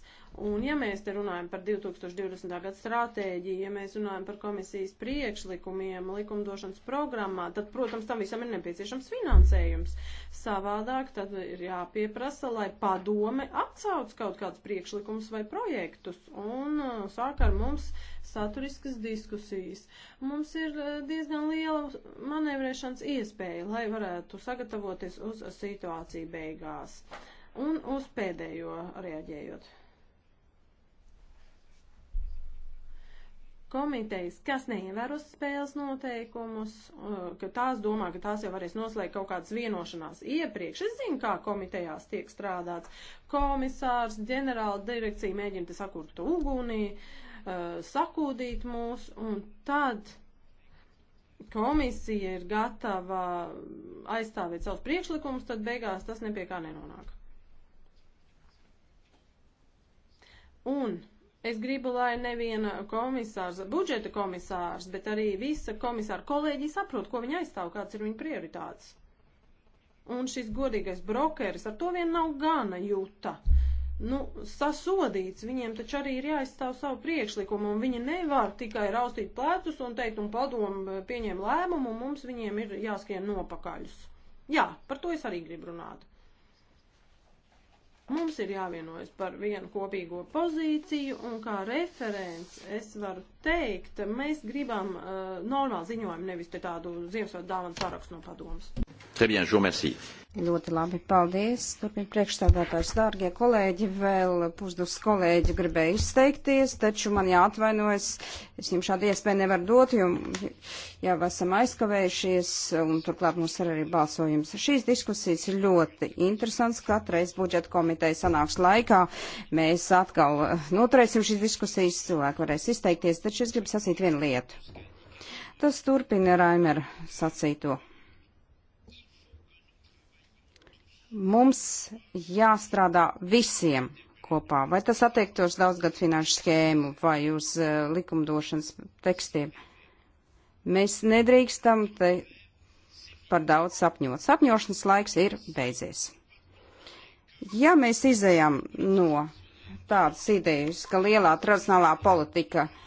Un ja mēs te runājam par 2020. gada stratēģiju, ja mēs runājam par komisijas priekšlikumiem, likumdošanas programmā, tad, protams, tam visam ir nepieciešams finansējums. Savādāk tad ir jāpieprasa, lai padome atsauc kaut kādus priekšlikumus vai projektus un uh, sāk ar mums saturiskas diskusijas. Mums ir uh, diezgan liela manevrēšanas iespēja, lai varētu sagatavoties uz situāciju beigās. Un uz pēdējo reaģējot. komitejas, kas neievēros spēles noteikumus, uh, ka tās domā, ka tās jau varēs noslēgt kaut kādas vienošanās iepriekš. Es zinu, kā komitejās tiek strādāts. Komisārs, ģenerāla direkcija mēģina te sakurt ugunī, uh, sakūdīt mūs, un tad komisija ir gatava aizstāvēt savus priekšlikumus, tad beigās tas nepie kā nenonāk. Un Es gribu, lai neviena komisārs, budžeta komisārs, bet arī visa komisāra kolēģija saprot, ko viņa aizstāv, kāds ir viņa prioritātes. Un šis godīgais brokeris ar to vien nav gana jūta. Nu, sasodīts, viņiem taču arī ir jāizstāv savu priekšlikumu, un viņi nevar tikai raustīt plecus un teikt, un padomu pieņem lēmumu, un mums viņiem ir jāskrien nopakaļus. Jā, par to es arī gribu runāt. Mums ir jāvienojas par vienu kopīgo pozīciju, un kā referents es varu teikt, mēs gribam uh, normālu ziņojumu, nevis te tādu Ziemassvētku dāvanu sarakstu no padomas. Très bien, je vous remercie. Ļoti labi, paldies. Turpin priekšstādātājs, dārgie kolēģi, vēl pusdus kolēģi gribēja izteikties, taču man jāatvainojas, es jums šādu iespēju nevaru dot, jo jau esam aizkavējušies, un turklāt mums ir arī balsojums. Šīs diskusijas ir ļoti interesants, katreiz budžeta komiteja sanāks laikā, mēs atkal noturēsim šīs diskusijas, cilvēki varēs izteikties, taču es gribu sasīt vienu lietu. Tas turpina Raimera sacīto Mums jāstrādā visiem kopā, vai tas attiektos daudzgad finanšu schēmu vai uz uh, likumdošanas tekstiem. Mēs nedrīkstam te par daudz sapņot. Sapņošanas laiks ir beidzies. Ja mēs izējām no tādas idejas, ka lielā tradicionālā politika uh,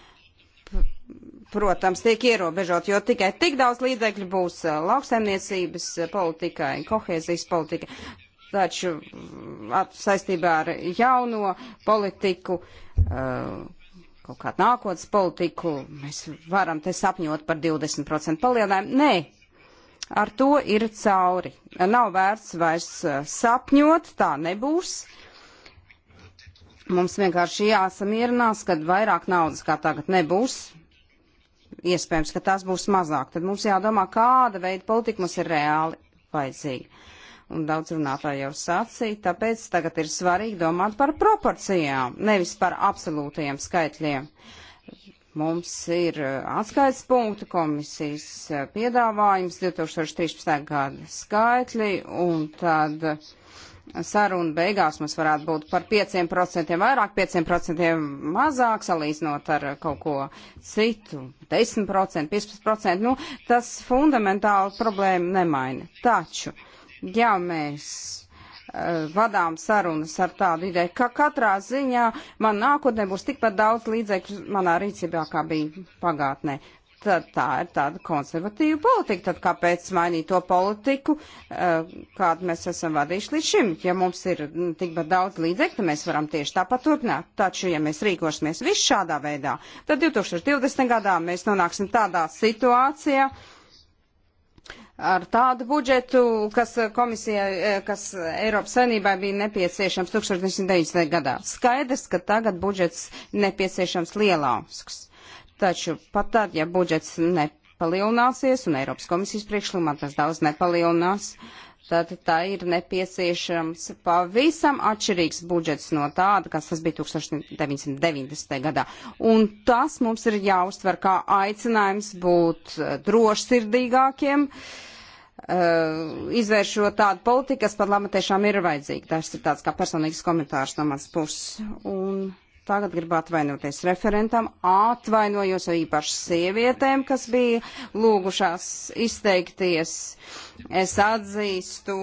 protams, tiek ierobežot, jo tikai tik daudz līdzekļu būs eh, lauksaimniecības politikai, kohēzijas politikai. Taču mm, saistībā ar jauno politiku, eh, kaut kādu nākotnes politiku, mēs varam te sapņot par 20% palielinājumu. Nē, ar to ir cauri. Nav vērts vairs eh, sapņot, tā nebūs. Mums vienkārši jāsamierinās, ka vairāk naudas kā tagad nebūs, iespējams, ka tās būs mazāk. Tad mums jādomā, kāda veida politika mums ir reāli vajadzīga. Un daudz runātāji jau sacīja, tāpēc tagad ir svarīgi domāt par proporcijām, nevis par absolūtajiem skaitļiem. Mums ir uh, atskaits punktu komisijas uh, piedāvājums 2013. gada skaitļi, un tad uh, saruna beigās mums varētu būt par 5% vairāk, 5% mazāk, salīdzinot ar kaut ko citu, 10%, 15%. Nu, tas fundamentāli problēmu nemaina. Taču, ja mēs uh, vadām sarunas ar tādu ideju, ka katrā ziņā man nākotnē būs tikpat daudz līdzekļu manā rīcībā, kā bija pagātnē tad tā ir tāda konservatīva politika. Tad kāpēc mainīt to politiku, eh, kādu mēs esam vadījuši līdz šim? Ja mums ir mm, tikpat daudz līdzekļu, mēs varam tieši tāpat turpināt. Taču, ja mēs rīkosimies viss šādā veidā, tad 2020. gadā mēs nonāksim tādā situācijā, ar tādu budžetu, kas komisijai, eh, kas Eiropas saimnībai bija nepieciešams 1990. gadā. Skaidrs, ka tagad budžets nepieciešams lielāks. Taču pat tad, ja budžets nepalielināsies, un Eiropas komisijas priekšlikumā tas daudz nepalielinās, tad tā ir nepieciešams pavisam atšķirīgs budžets no tāda, kas tas bija 1990. gadā. Un tas mums ir jāuztver kā aicinājums būt eh, drošsirdīgākiem, eh, izvēršot tādu politiku, kas pat labi tiešām ir vajadzīga. Tas ir tāds kā personīgs komentārs no manas puses. Un Tagad gribu atvainoties referentam, atvainojos jau īpaši sievietēm, kas bija lūgušās izteikties. Es atzīstu,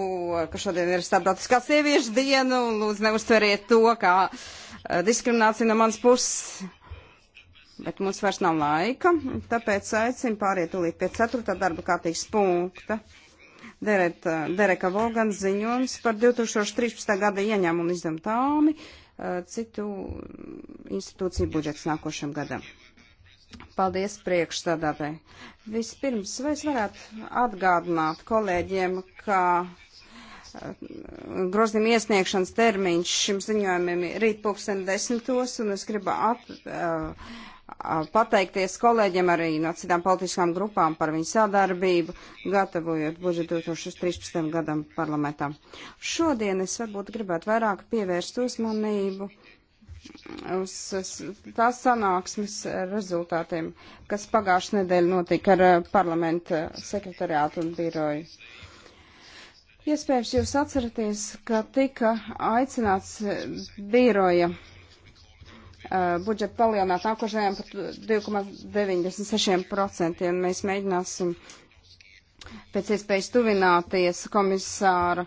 ka šodien ir starptautiskā sieviešu diena, un lūdzu neuztveriet to, kā eh, diskriminācija no manas puses. Bet mums vairs nav laika, tāpēc aicinu pāriet tūlīt pie ceturtā darba kārtīgas punkta. Dereka Vogan ziņojums par 2013. gada ieņēmumu izdevumu tāmi citu institūciju budžets nākošam gadam. Paldies priekšstādātai. Vispirms, vai es varētu atgādināt kolēģiem, ka uh, grozījuma iesniegšanas termiņš šim ziņojumam ir rīt pulksten desmitos, un es gribu at, uh, pateikties kolēģiem arī no citām politiskām grupām par viņu sadarbību, gatavojot budžetu 2013. gadam parlamentā. Šodien es varbūt gribētu vairāk pievērst uzmanību uz tās sanāksmes rezultātiem, kas pagājušajā nedēļā notika ar parlamenta sekretariātu un biroju. Iespējams, jūs atceraties, ka tika aicināts biroja Eh, budžetu palielināt nākošajam par 2,96%. Mēs mēģināsim pēc iespējas tuvināties komisāra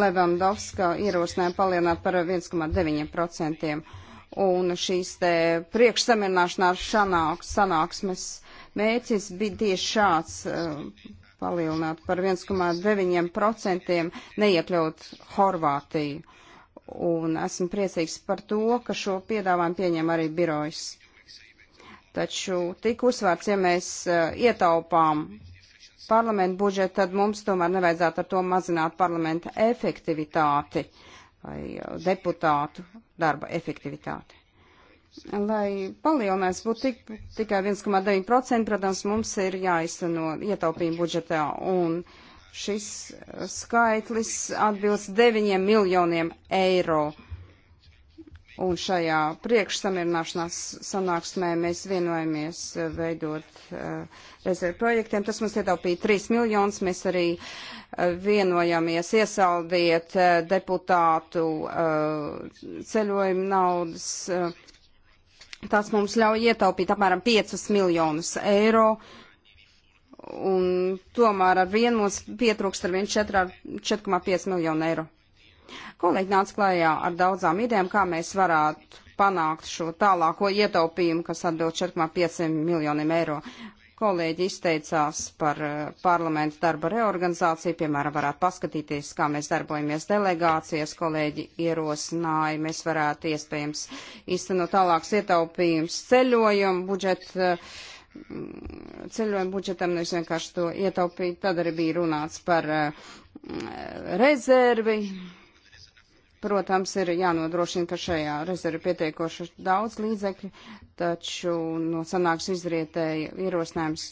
Levandovska ierosinājumu palielināt par 1,9%. Un šīs te priekšsamierināšanās sanāks, sanāksmes mērķis bija tieši šāds eh, palielināt par 1,9%, neiekļaut Horvātiju un esmu priecīgs par to, ka šo piedāvājumu pieņem arī birojas. Taču tik uzsvērts, ja mēs eh, ietaupām parlamentu budžetu, tad mums tomēr nevajadzētu ar to mazināt parlamenta efektivitāti vai eh, deputātu darba efektivitāti. Lai palielinājums būtu tik, tikai 1,9%, protams, mums ir jāizsano ietaupījumi budžetā un uh, Šis skaitlis atbilst 9 miljoniem eiro. Un šajā priekšsamierināšanās sanāksmē mēs vienojamies eh, veidot uh, rezervu projektiem. Tas mums ietaupīja 3 miljonus. Mēs arī uh, vienojamies iesaldiet uh, deputātu uh, ceļojumu naudas. Uh, tas mums ļauj ietaupīt apmēram 5 miljonus eiro. Uh, un tomēr ar vienu mums pietrūkst ar vienu 4,5 miljonu eiro. Kolēģi nāca klājā ar daudzām idejām, kā mēs varētu panākt šo tālāko ietaupījumu, kas atbild 4,5 miljoniem eiro. Kolēģi izteicās par eh, parlamentu darba reorganizāciju, piemēram, varētu paskatīties, kā mēs darbojamies delegācijas, kolēģi ierosināja, mēs varētu iespējams iztenot tālāks ietaupījums ceļojumu budžetu. Uh, ceļojuma budžetam, nevis vienkārši to ietaupīt. Tad arī bija runāts par eh, rezervi. Protams, ir jānodrošina, ka šajā rezervi pietiekoši daudz līdzekļu, taču no nu, sanāks izrietēja ierosinājums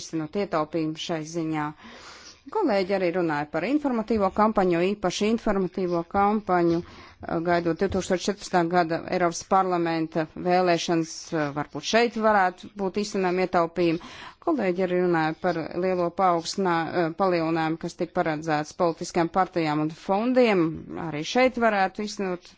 īstenot ietaupījumu šai ziņā. Uh, Kolēģi arī runāja par informatīvo kampaņu, īpaši informatīvo kampaņu, eh, gaidot 2014. gada Eiropas parlamenta vēlēšanas, eh, varbūt šeit varētu būt īstenām ietaupījumi. Kolēģi arī runāja par lielo eh, palielinājumu, kas tika paredzēts politiskajām partijām un fondiem. Arī šeit varētu īstenot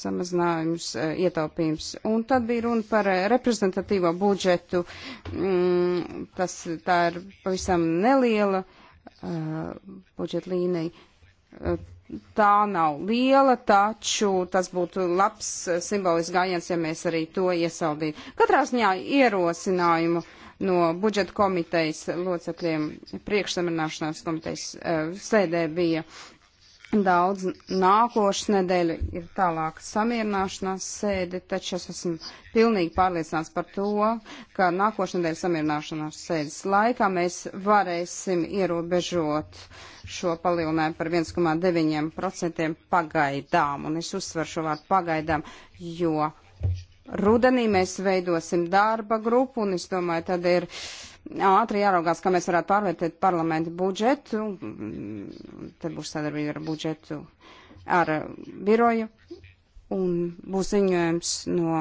samazinājums, ietaupījums. Un tad bija runa par reprezentatīvo budžetu. Mm, tas tā ir pavisam neliela uh, budžeta līnija. Uh, tā nav liela, taču tas būtu labs uh, simbolisks gājiens, ja mēs arī to iesaldītu. Katrā ziņā ierosinājumu no budžeta komitejas locekļiem priekšsamarināšanās komitejas uh, sēdē bija daudz nākošas nedēļa ir tālāk samierināšanās sēde, taču es esmu pilnīgi pārliecināts par to, ka nākošas nedēļa samierināšanās sēdes laikā mēs varēsim ierobežot šo palielinājumu par 1,9% pagaidām, un es uzsveru šo vārdu pagaidām, jo rudenī mēs veidosim darba grupu, un es domāju, tad ir. Uh, ātri jāraugās, kā mēs varētu pārvērtēt parlamentu budžetu, tad būs sadarbība ar budžetu, ar biroju, un būs ziņojums no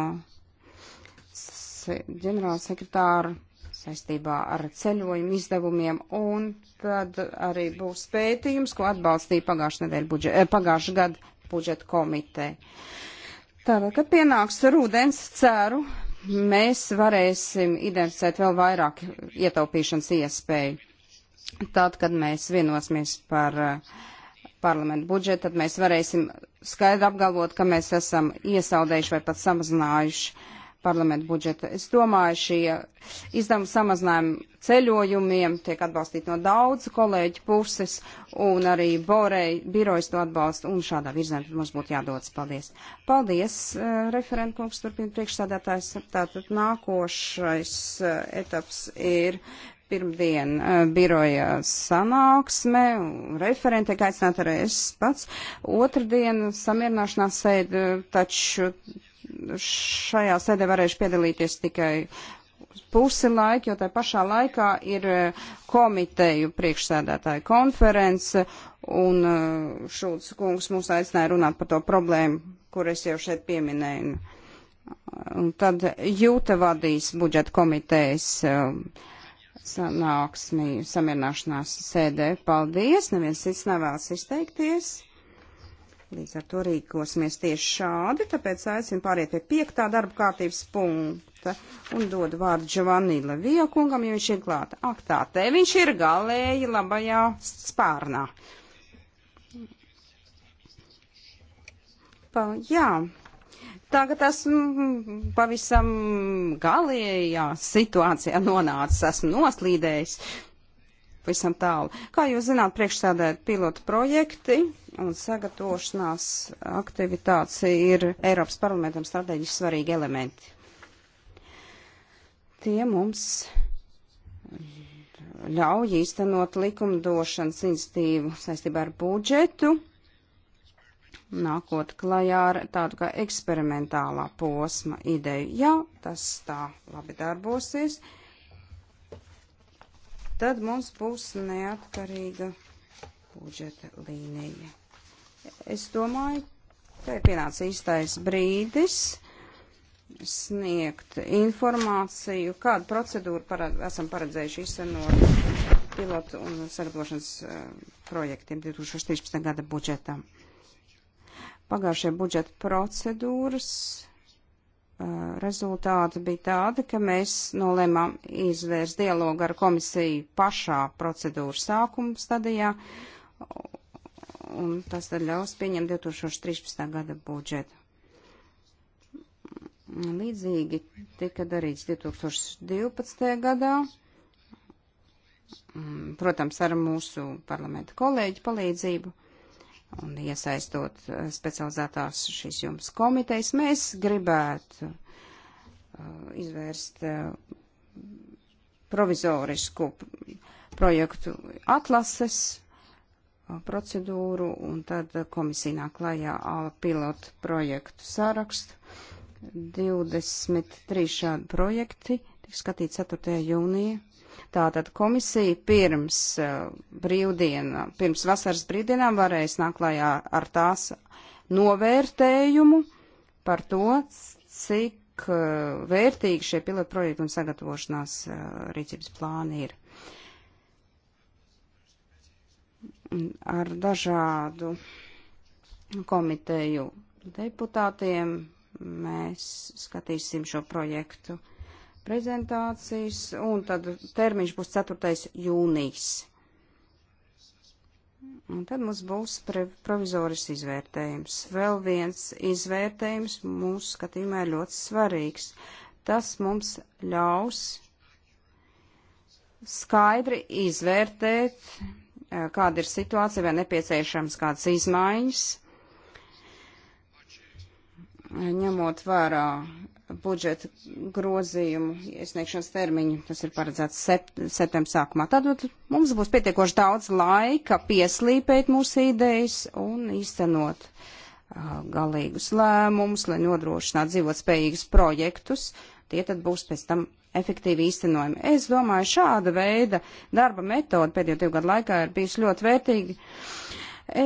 se ģenerāla sekretāra saistībā ar ceļojumu izdevumiem, un tad arī būs pētījums, ko atbalstīja pagājušā nedēļa budžeta, eh, pagājušā gada budžeta komiteja. Tātad, kad pienāks rudens, ceru, mēs varēsim identificēt vēl vairāk ietaupīšanas iespēju. Tad, kad mēs vienosimies par eh, parlamentu budžetu, tad mēs varēsim skaidri apgalvot, ka mēs esam iesaldējuši vai pat samazinājuši uh, parlamentu budžeta. Es domāju, šie izdevuma samazinājumi ceļojumiem tiek atbalstīti no daudz kolēģu puses, un arī Borei birojas to atbalsta, un šādā virzienā mums būtu jādodas. Paldies. Paldies, eh, referentkungs, turpina priekšstādātājs. Tātad nākošais eh, etaps ir pirmdien uh, biroja sanāksme, referente, kā aicināt arī es pats. Otradien samierināšanās sēde, taču šajā sēdē varēšu piedalīties tikai pusi laika, jo tajā pašā laikā ir e, komiteju priekšsēdētāja konference, un e, Šulc kungs mūs aicināja runāt par to problēmu, kur es jau šeit pieminēju. Un tad jūta vadīs budžeta komitejas e, sanāksmi samierināšanās sēdē. Paldies, neviens cits nevēlas izteikties. Līdz ar to rīkosimies tieši šādi, tāpēc aicinu pāriet pie piektā darba kārtības punkta un dodu vārdu Giovanni Levija kungam, jo viņš ir klāta. Ak, tā te viņš ir galēji labajā spārnā. Pa, jā, tagad esmu pavisam galējā situācijā nonācis, esmu noslīdējis. Uh, pavisam tālu. Kā jūs zināt, priekšstādēt pilotu projekti un sagatavošanās aktivitātes ir Eiropas parlamentam strateģiski svarīgi elementi. Tie mums ļauj īstenot likumdošanas institīvu saistībā ar budžetu, nākot klajā ar tādu kā eksperimentālā posma ideju. Ja tas tā labi darbosies, tad mums būs neatkarīga budžeta līnija. Es domāju, ka ir pienācis īstais brīdis sniegt informāciju, kādu procedūru parad, esam paredzējuši izsenot pilotu un sagatavošanas uh, projektiem 2013. gada budžetam. Pagājušajā budžeta procedūras rezultāti bija tādi, ka mēs nolēmām izvērst dialogu ar komisiju pašā procedūras sākuma stadijā, un tas tad ļaus pieņemt 2013. gada budžetu. Līdzīgi tika darīts 2012. gadā, mm, protams, ar mūsu parlamenta kolēģu palīdzību un iesaistot eh, specializētās šīs jums komitejas, mēs gribētu eh, izvērst eh, provizorisku projektu atlases procedūru, un tad komisija nāk klajā pilotu projektu sārakstu. 23 šādi projekti tiks skatīti 4. jūnija Tātad komisija pirms uh, brīvdiena, pirms vasaras brīvdienām varēs nākt klājā ar tās novērtējumu par to, cik uh, vērtīgi šie pilotprojekti un sagatavošanās uh, rīcības plāni ir. Ar dažādu komiteju deputātiem mēs skatīsim šo projektu prezentācijas, un tad termiņš būs 4. jūnijas. Un tad mums būs provizoris izvērtējums. Vēl viens izvērtējums mūsu skatījumā ir ļoti svarīgs. Tas mums ļaus skaidri izvērtēt, eh, kāda ir situācija, vai nepieciešams kādas izmaiņas, ņemot vērā budžeta grozījumu iesniegšanas termiņu. Tas ir paredzēts sept, septembra sākumā. Tātad nu, mums būs pietiekoši daudz laika pieslīpēt mūsu idejas un īstenot uh, galīgus lēmumus, lai nodrošinātu dzīvotspējīgus projektus. Tie tad būs pēc tam efektīvi īstenojami. Es domāju, šāda veida darba metode pēdējo divu gadu laikā ir bijusi ļoti vērtīga. Uh, E,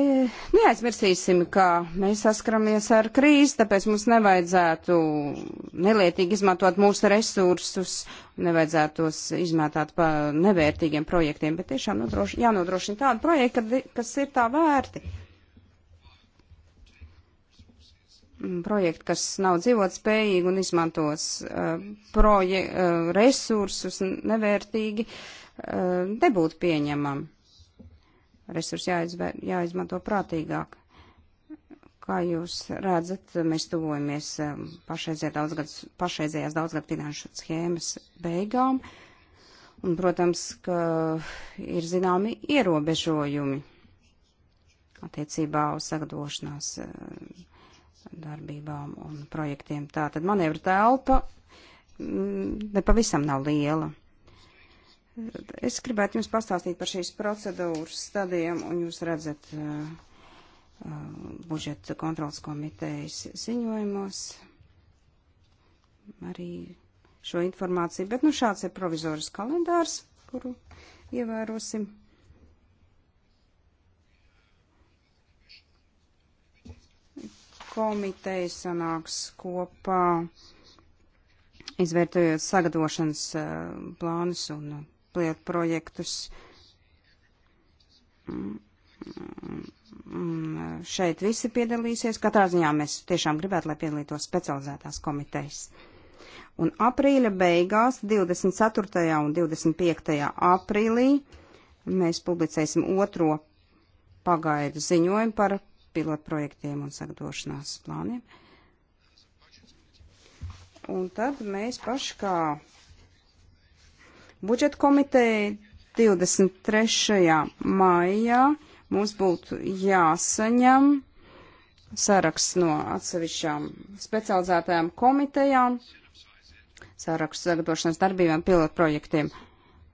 neaizmirsīsim, ka mēs saskaramies ar krīzi, tāpēc mums nevajadzētu nelietīgi izmantot mūsu resursus, nevajadzētu tos izmētāt pa nevērtīgiem projektiem, bet tiešām nodroši, jānodrošina tādu projektu, kas ir tā vērti. Mm, projekti, kas nav dzīvot spējīgi un izmantos uh, proje, uh, resursus nevērtīgi, uh, nebūtu pieņemami resursi jāizver, jāizmanto prātīgāk. Kā jūs redzat, mēs tuvojamies um, pašreizē daudzgads, pašreizējās daudzgad finanšu schēmas beigām, un, protams, ka ir zināmi ierobežojumi attiecībā uz sagatavošanās uh, darbībām un projektiem. Tātad manevra telpa mm, nepavisam nav liela. Es gribētu jums pastāstīt par šīs procedūras stadiem, un jūs redzat uh, uh, budžeta kontrols komitejas ziņojumos arī šo informāciju. Bet nu šāds ir provizoris kalendārs, kuru ievērosim. Komiteja sanāks kopā, izvērtējot sagatavošanas uh, plānus un pilotu projektus. Šeit visi piedalīsies. Katrā ziņā mēs tiešām gribētu, lai piedalītos specializētās komitejas. Un aprīļa beigās, 24. un 25. aprīlī, mēs publicēsim otro pagaidu ziņojumu par pilotprojektiem un sagatavošanās plāniem. Un tad mēs paši kā Budžeta komiteja 23. maijā mums būtu jāsaņem saraksts no atsevišķām specializētajām komitejām, saraksts sagatavošanas darbībām, pilotprojektiem.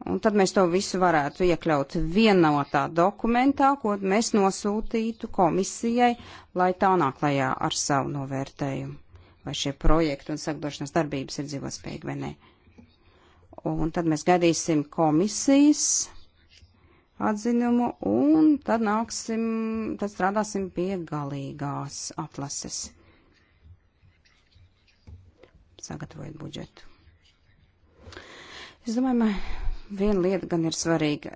Un tad mēs to visu varētu iekļaut vienotā dokumentā, ko mēs nosūtītu komisijai, lai tā nāklajā ar savu novērtējumu. Vai šie projekti un sagatavošanas darbības ir dzīvospējīgi vai nē. Un tad mēs gaidīsim komisijas atzinumu un tad nāksim, tad strādāsim pie galīgās atlases. Sagatavojiet budžetu. Es domāju, viena lieta gan ir svarīga.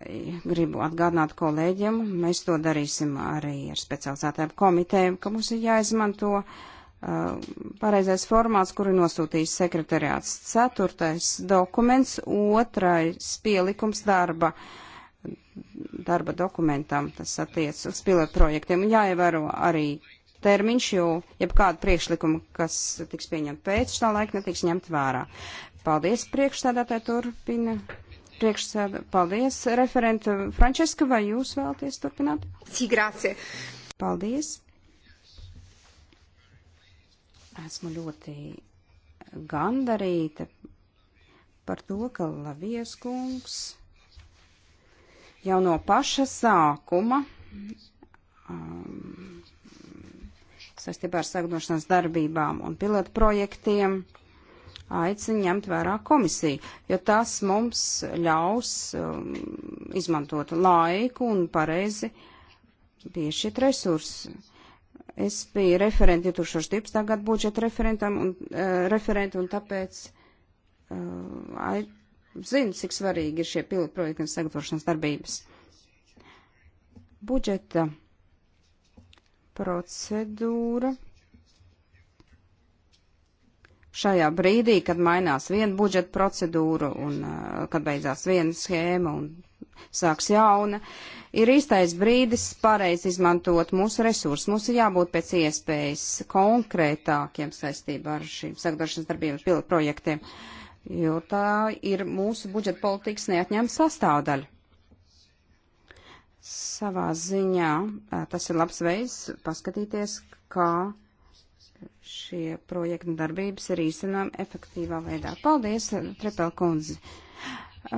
Gribu atgādināt kolēģiem, mēs to darīsim arī ar specializētām komitēm, ka mums ir jāizmanto uh, Uh, pareizais formāts, kuru nosūtīs sekretariāts. Ceturtais dokuments, otrais pielikums darba darba dokumentam, tas attiec uz pilotprojektiem. Jāievēro arī termiņš, jo jebkāda priekšlikuma, kas tiks pieņemta pēc tā laika, netiks ņemt vērā. Paldies, priekšstādātāji turpina. Priekšstādā, paldies, referenta Frančeska, vai jūs vēlaties turpināt? Cik grācie. Paldies. Esmu ļoti gandarīta par to, ka Lavijas kungs jau no paša sākuma um, saistībā ar sagatavošanās darbībām un pilotu projektiem aicina ņemt vērā komisiju, jo tas mums ļaus um, izmantot laiku un pareizi piešķirt resursus Es biju referenti 2012. gadu budžeta referentam un, uh, referenti, un tāpēc uh, zinu, cik svarīgi ir šie pilotprojekti un sagatavošanas darbības. Budžeta procedūra. Šajā brīdī, kad mainās viena budžeta procedūra un uh, kad beidzās viena schēma un sāks jauna. Ir īstais brīdis pareizi izmantot mūsu resursus. Mums ir jābūt pēc iespējas konkrētākiem saistībā ar šīm sagatavošanas darbiem pilotu projektiem, jo tā ir mūsu budžeta politikas neatņēma sastāvdaļa. Savā ziņā tas ir labs veids paskatīties, kā šie projekta darbības ir īstenām efektīvā veidā. Paldies, Trepelkundze!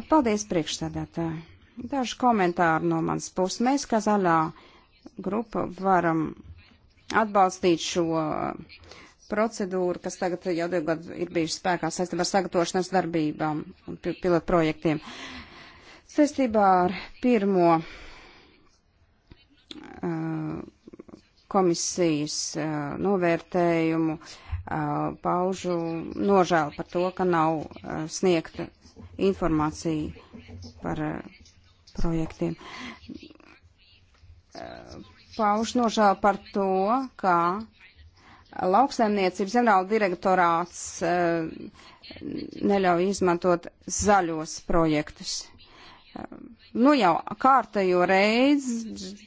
Paldies, priekšstādātāji! Daži komentāri no manas puses. Mēs, kā zaļā grupa, varam atbalstīt šo uh, procedūru, kas tagad jau divu gadu ir bijuši spēkā saistībā ar sagatavošanās darbībām un pilotprojektiem. Saistībā ar pirmo uh, komisijas uh, novērtējumu uh, paužu uh, nožēlu par to, ka nav uh, sniegta informācija par projektiem. Pauž nožēlu par to, ka lauksaimniecības ģenerāla direktorāts eh, neļauj izmantot zaļos projektus. Nu jau kārtējo reizi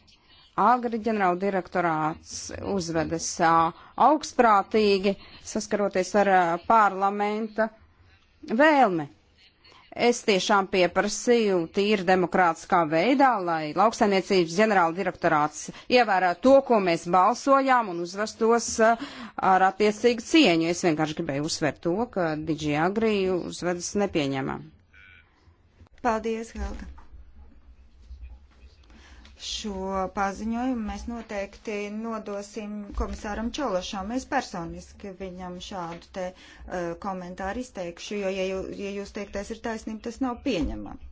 Agri ģenerāla direktorāts uzvedas augstprātīgi, saskaroties ar parlamenta vēlme Es tiešām pieprasīju tīri demokrātiskā veidā, lai lauksainiecības ģenerāla direktorāts ievērētu to, ko mēs balsojām un uzvestos uh, ar attiecīgu cieņu. Es vienkārši gribēju uzsvērt to, ka Digijagri uzvedas nepieņemam. Paldies, Helga. Šo paziņojumu mēs noteikti nodosim komisāram Čološam. Es personiski viņam šādu te uh, komentāru izteikšu, jo, ja, jū, ja jūs teiktais ir taisnība, tas nav pieņemami.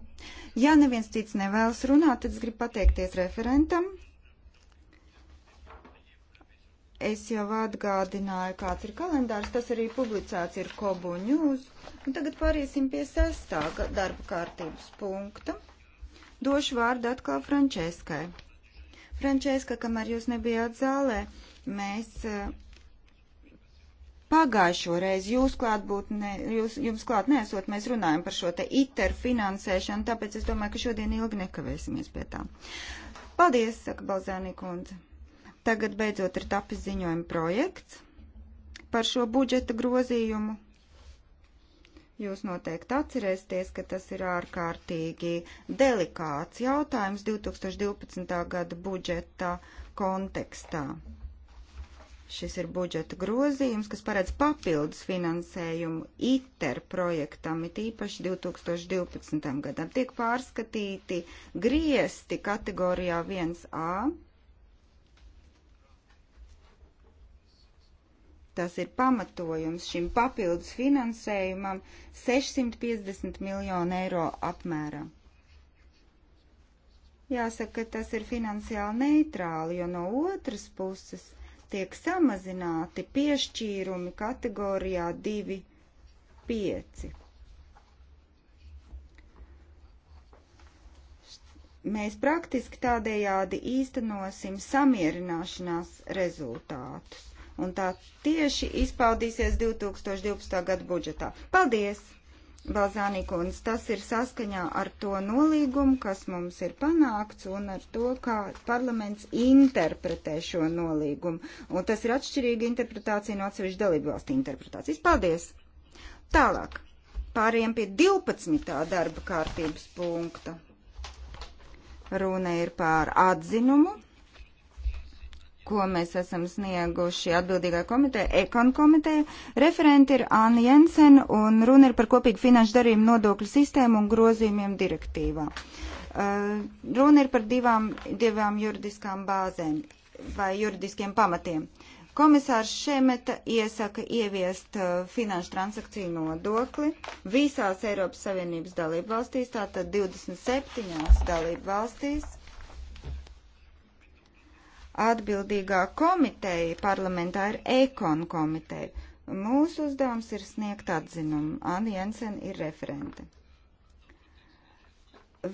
Ja neviens cits nevēlas runāt, tad es gribu pateikties referentam. Es jau atgādināju, kāds ir kalendārs, tas arī publicēts ir Kobu News. Un tagad pāriesim pie sestā darba kārtības punkta. Došu vārdu atkal Frančēskai. Frančēska, kamēr jūs nebijāt zālē, mēs eh, pagājušo reizi jūs klātbūtne, jūs, jums klāt nesot, mēs runājam par šo te ITER finansēšanu, tāpēc es domāju, ka šodien ilgi nekavēsimies pie tā. Paldies, saka Balzānī kundze. Tagad beidzot ir tapis ziņojuma projekts par šo budžeta grozījumu. Jūs noteikti atcerēsieties, ka tas ir ārkārtīgi delikāts jautājums 2012. gada budžeta kontekstā. Šis ir budžeta grozījums, kas paredz papildus finansējumu ITER projektam, it īpaši 2012. gadam. Tiek pārskatīti griesti kategorijā 1A Tas ir pamatojums šim papildus finansējumam 650 miljonu eiro apmērā. Jāsaka, ka tas ir finansiāli neitrāli, jo no otras puses tiek samazināti piešķīrumi kategorijā 2,5. Mēs praktiski tādējādi īstenosim samierināšanās rezultātus un tā tieši izpaudīsies 2012. gada budžetā. Paldies, Balzānī kundze! Tas ir saskaņā ar to nolīgumu, kas mums ir panākts, un ar to, kā parlaments interpretē šo nolīgumu. Un tas ir atšķirīga interpretācija no atsevišķu dalību valstu interpretācijas. Paldies! Tālāk pāriem pie 12. darba kārtības punkta. Runa ir pār atzinumu ko mēs esam snieguši atbildīgā komiteja, ekon komiteja. Referenti ir Anna Jensen un runa ir par kopīgu finanšu darījumu nodokļu sistēmu un grozījumiem direktīvā. Uh, runa ir par divām, divām juridiskām bāzēm vai juridiskiem pamatiem. Komisārs Šemeta iesaka ieviest uh, finanšu transakciju nodokli visās Eiropas Savienības dalību valstīs, tātad 27 dalību valstīs Atbildīgā komiteja parlamentā ir ekon komiteja. Mūsu uzdevums ir sniegt atzinumu. Anna Jensen ir referente.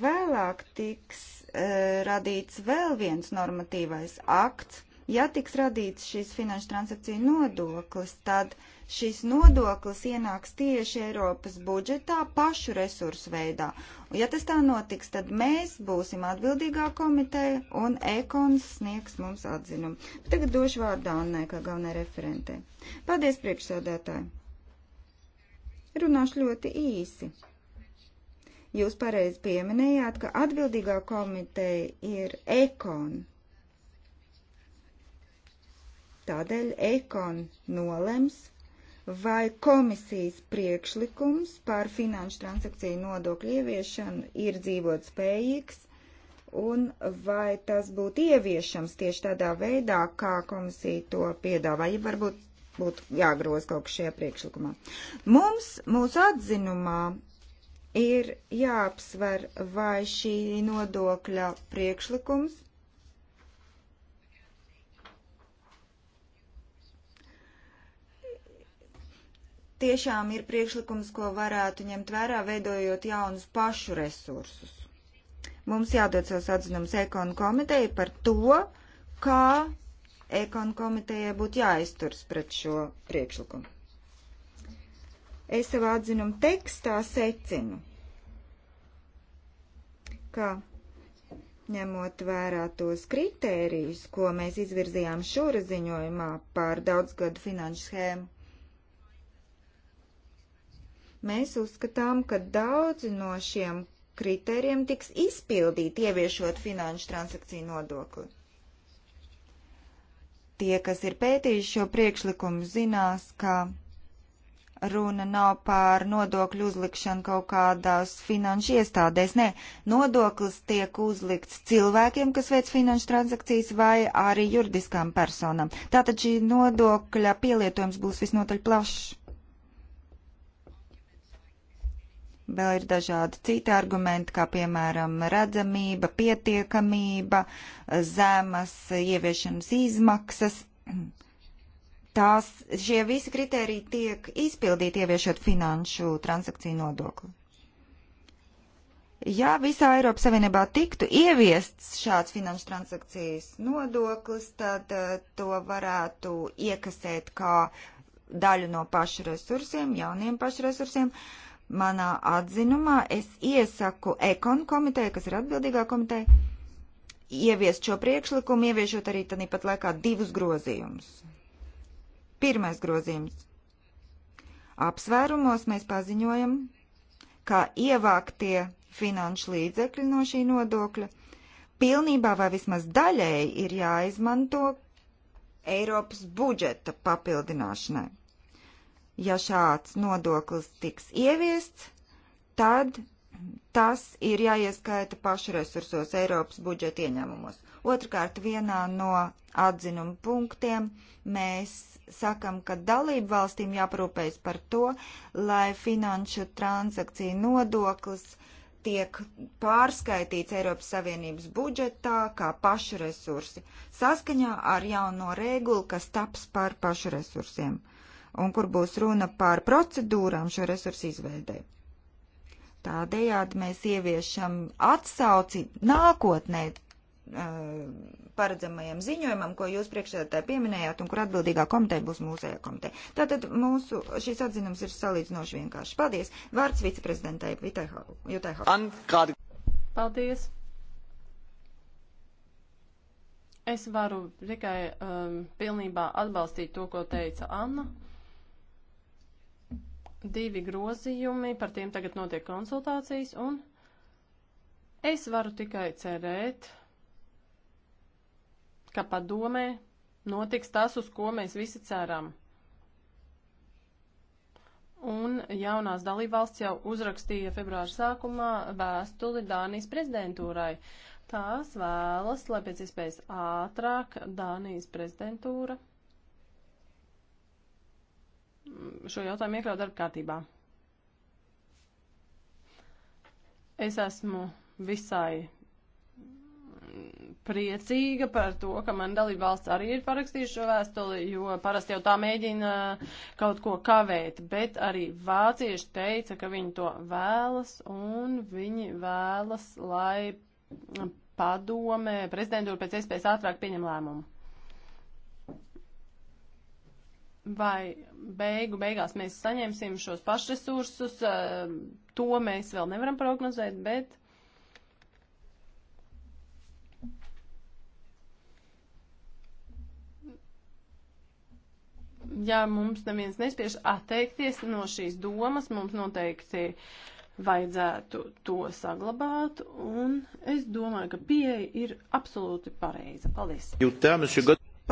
Vēlāk tiks uh, radīts vēl viens normatīvais akts, Ja tiks radīts šīs finanšu transakciju nodoklis, tad šis nodoklis ienāks tieši Eiropas budžetā pašu resursu veidā. Un, ja tas tā notiks, tad mēs būsim atbildīgā komiteja un ekons sniegs mums atzinumu. Tagad došu vārdu Annai, kā galvenai referentē. Paldies, priekšsēdētāji! Runāšu ļoti īsi. Jūs pareizi pieminējāt, ka atbildīgā komiteja ir ekona. Tādēļ Ekon nolems, vai komisijas priekšlikums par finanšu transakciju nodokļu ieviešanu ir dzīvot spējīgs, un vai tas būtu ieviešams tieši tādā veidā, kā komisija to piedāvā, ja varbūt būtu jāgroz kaut kas šajā priekšlikumā. Mums, mūsu atzinumā, ir jāapsver, vai šī nodokļa priekšlikums tiešām ir priekšlikums, ko varētu ņemt vērā, veidojot jaunus pašu resursus. Mums jādod savs atzinums ekonu komiteja par to, kā ekonu komitejai būtu jāizturs pret šo priekšlikumu. Es savā atzinuma tekstā secinu, ka ņemot vērā tos kritērijus, ko mēs izvirzījām šura ziņojumā par daudzgadu finanšu schēmu, Mēs uzskatām, ka daudzi no šiem kritērijiem tiks izpildīti, ieviešot finanšu transakciju nodokli. Tie, kas ir pētījuši šo priekšlikumu, zinās, ka runa nav par nodokļu uzlikšanu kaut kādās finanšu iestādēs. Nē, nodoklis tiek uzlikts cilvēkiem, kas veic finanšu transakcijas, vai arī juridiskām personām. Tātad šī nodokļa pielietojums būs visnotaļ plašs. Vēl ir dažādi citi argumenti, kā piemēram redzamība, pietiekamība, zemas ieviešanas izmaksas. *clears throat* Tās, šie visi kriteriji tiek izpildīti ieviešot finanšu transakciju nodokli. Ja visā Eiropas Savienībā tiktu ieviests šāds finanšu transakcijas nodoklis, tad uh, to varētu iekasēt kā daļu no pašu resursiem, jauniem pašu resursiem. Uh, Manā atzinumā es iesaku ekonu komiteju, kas ir atbildīgā komiteja, ieviest šo priekšlikumu, ieviešot arī tāpat laikā divus grozījumus. Pirmais grozījums. Apsvērumos mēs paziņojam, ka ievāktie finanšu līdzekļi no šī nodokļa pilnībā vai vismaz daļēji ir jāizmanto Eiropas budžeta papildināšanai ja šāds nodoklis tiks ieviests, tad tas ir jāieskaita pašu resursos Eiropas budžeta ieņēmumos. Otrakārt, vienā no atzinuma punktiem mēs sakam, ka dalību valstīm jāparūpējas par to, lai finanšu transakciju nodoklis tiek pārskaitīts Eiropas Savienības budžetā kā pašu resursi, saskaņā ar jauno regulu, kas taps par pašu resursiem un kur būs runa par procedūrām šo resursu izveidē. Tādējādi mēs ieviešam atsauci nākotnē paredzamajam ziņojumam, ko jūs priekšsēdētāji pieminējāt un kur atbildīgā komiteja būs mūsējā komiteja. Tātad mūsu šis atzinums ir salīdzinoši vienkārši. Paldies. Vārds viceprezidentai Jutai Hau. Paldies. Es varu tikai um, pilnībā atbalstīt to, ko teica Anna divi grozījumi, par tiem tagad notiek konsultācijas, un es varu tikai cerēt, ka padomē notiks tas, uz ko mēs visi ceram. Un jaunās dalībvalsts jau uzrakstīja februāra sākumā vēstuli Dānijas prezidentūrai. Tās vēlas, lai pēc iespējas ātrāk Dānijas prezidentūra šo jautājumu iekļaut darba kārtībā. Es esmu visai priecīga par to, ka man dalība valsts arī ir parakstījuši šo vēstuli, jo parasti jau tā mēģina kaut ko kavēt, bet arī vācieši teica, ka viņi to vēlas un viņi vēlas, lai padomē prezidentūra pēc iespējas ātrāk pieņem lēmumu vai beigu beigās mēs saņemsim šos pašresursus, eh, to mēs vēl nevaram prognozēt, bet. Ja mums neviens nespiež atteikties no šīs domas, mums noteikti vajadzētu to saglabāt, un es domāju, ka pieeja ir absolūti pareiza. Paldies! Jūtā,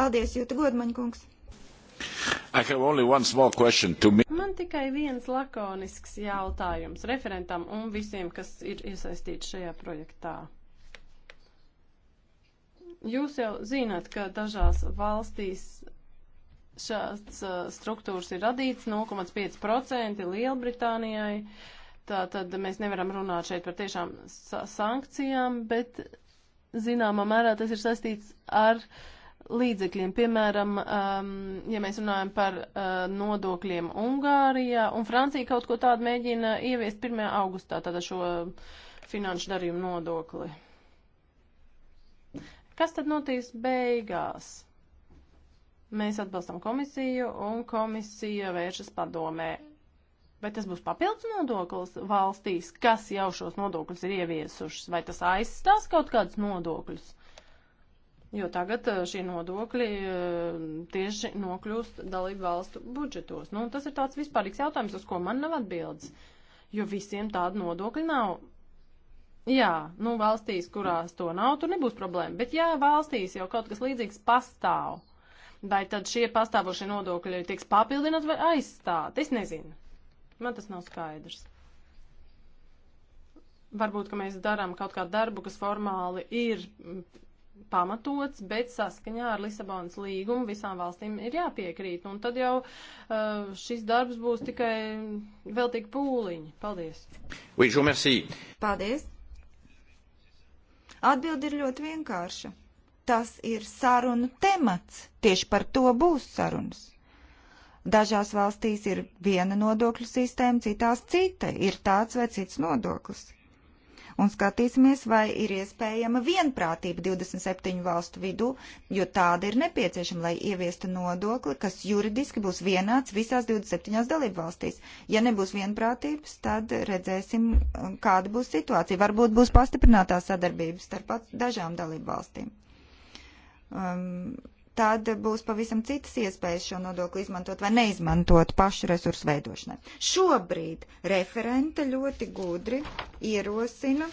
Paldies, Jūta Godmaņkungs! Man tikai viens lakonisks jautājums referentam un visiem, kas ir iesaistīti šajā projektā. Jūs jau zināt, ka dažās valstīs šāds uh, struktūras ir radīts 0,5% Lielbritānijai. Tātad mēs nevaram runāt šeit par tiešām sa sankcijām, bet zināmā mērā tas ir saistīts ar uh, līdzekļiem. Piemēram, um, ja mēs runājam par uh, nodokļiem Ungārijā, un Francija kaut ko tādu mēģina ieviest 1. augustā, tāda šo finanšu darījumu nodokli. Kas tad notiks beigās? Mēs atbalstam komisiju, un komisija vēršas padomē. Vai tas būs papildus nodoklis valstīs, kas jau šos nodokļus ir ieviesušas, vai tas aizstās kaut kādus nodokļus? jo tagad eh, šie nodokļi eh, tieši nokļūst dalību valstu budžetos. Nu, tas ir tāds vispārīgs jautājums, uz ko man nav atbildes, jo visiem tāda nodokļa nav. Jā, nu valstīs, kurās to nav, tur nebūs problēma, bet jā, valstīs jau kaut kas līdzīgs pastāv. Vai tad šie pastāvošie nodokļi tiks papildināt vai aizstāt? Es nezinu. Man tas nav skaidrs varbūt mēs darām kaut kādu darbu, kas formāli ir pamatots, bet saskaņā ar Lisabonas līgumu visām valstīm ir jāpiekrīt. Un tad jau uh, šis darbs būs tikai vēl tik pūliņi. Paldies! Oui, Paldies! Atbildi ir ļoti vienkārša. Tas ir sarunu temats. Tieši par to būs sarunas. Dažās valstīs ir viena nodokļu sistēma, citās cita. Ir tāds vai cits nodoklis un skatīsimies, vai ir iespējama vienprātība 27 valstu vidū, jo tāda ir nepieciešama, lai ieviestu nodokli, kas juridiski būs vienāds visās 27 dalību valstīs. Ja nebūs vienprātības, tad redzēsim, um, kāda būs situācija. Varbūt būs pastiprinātā sadarbības starp dažām dalību valstīm. Um, tad būs pavisam citas iespējas šo nodokli izmantot vai neizmantot pašu resursu veidošanai. Šobrīd referente ļoti gudri ierosina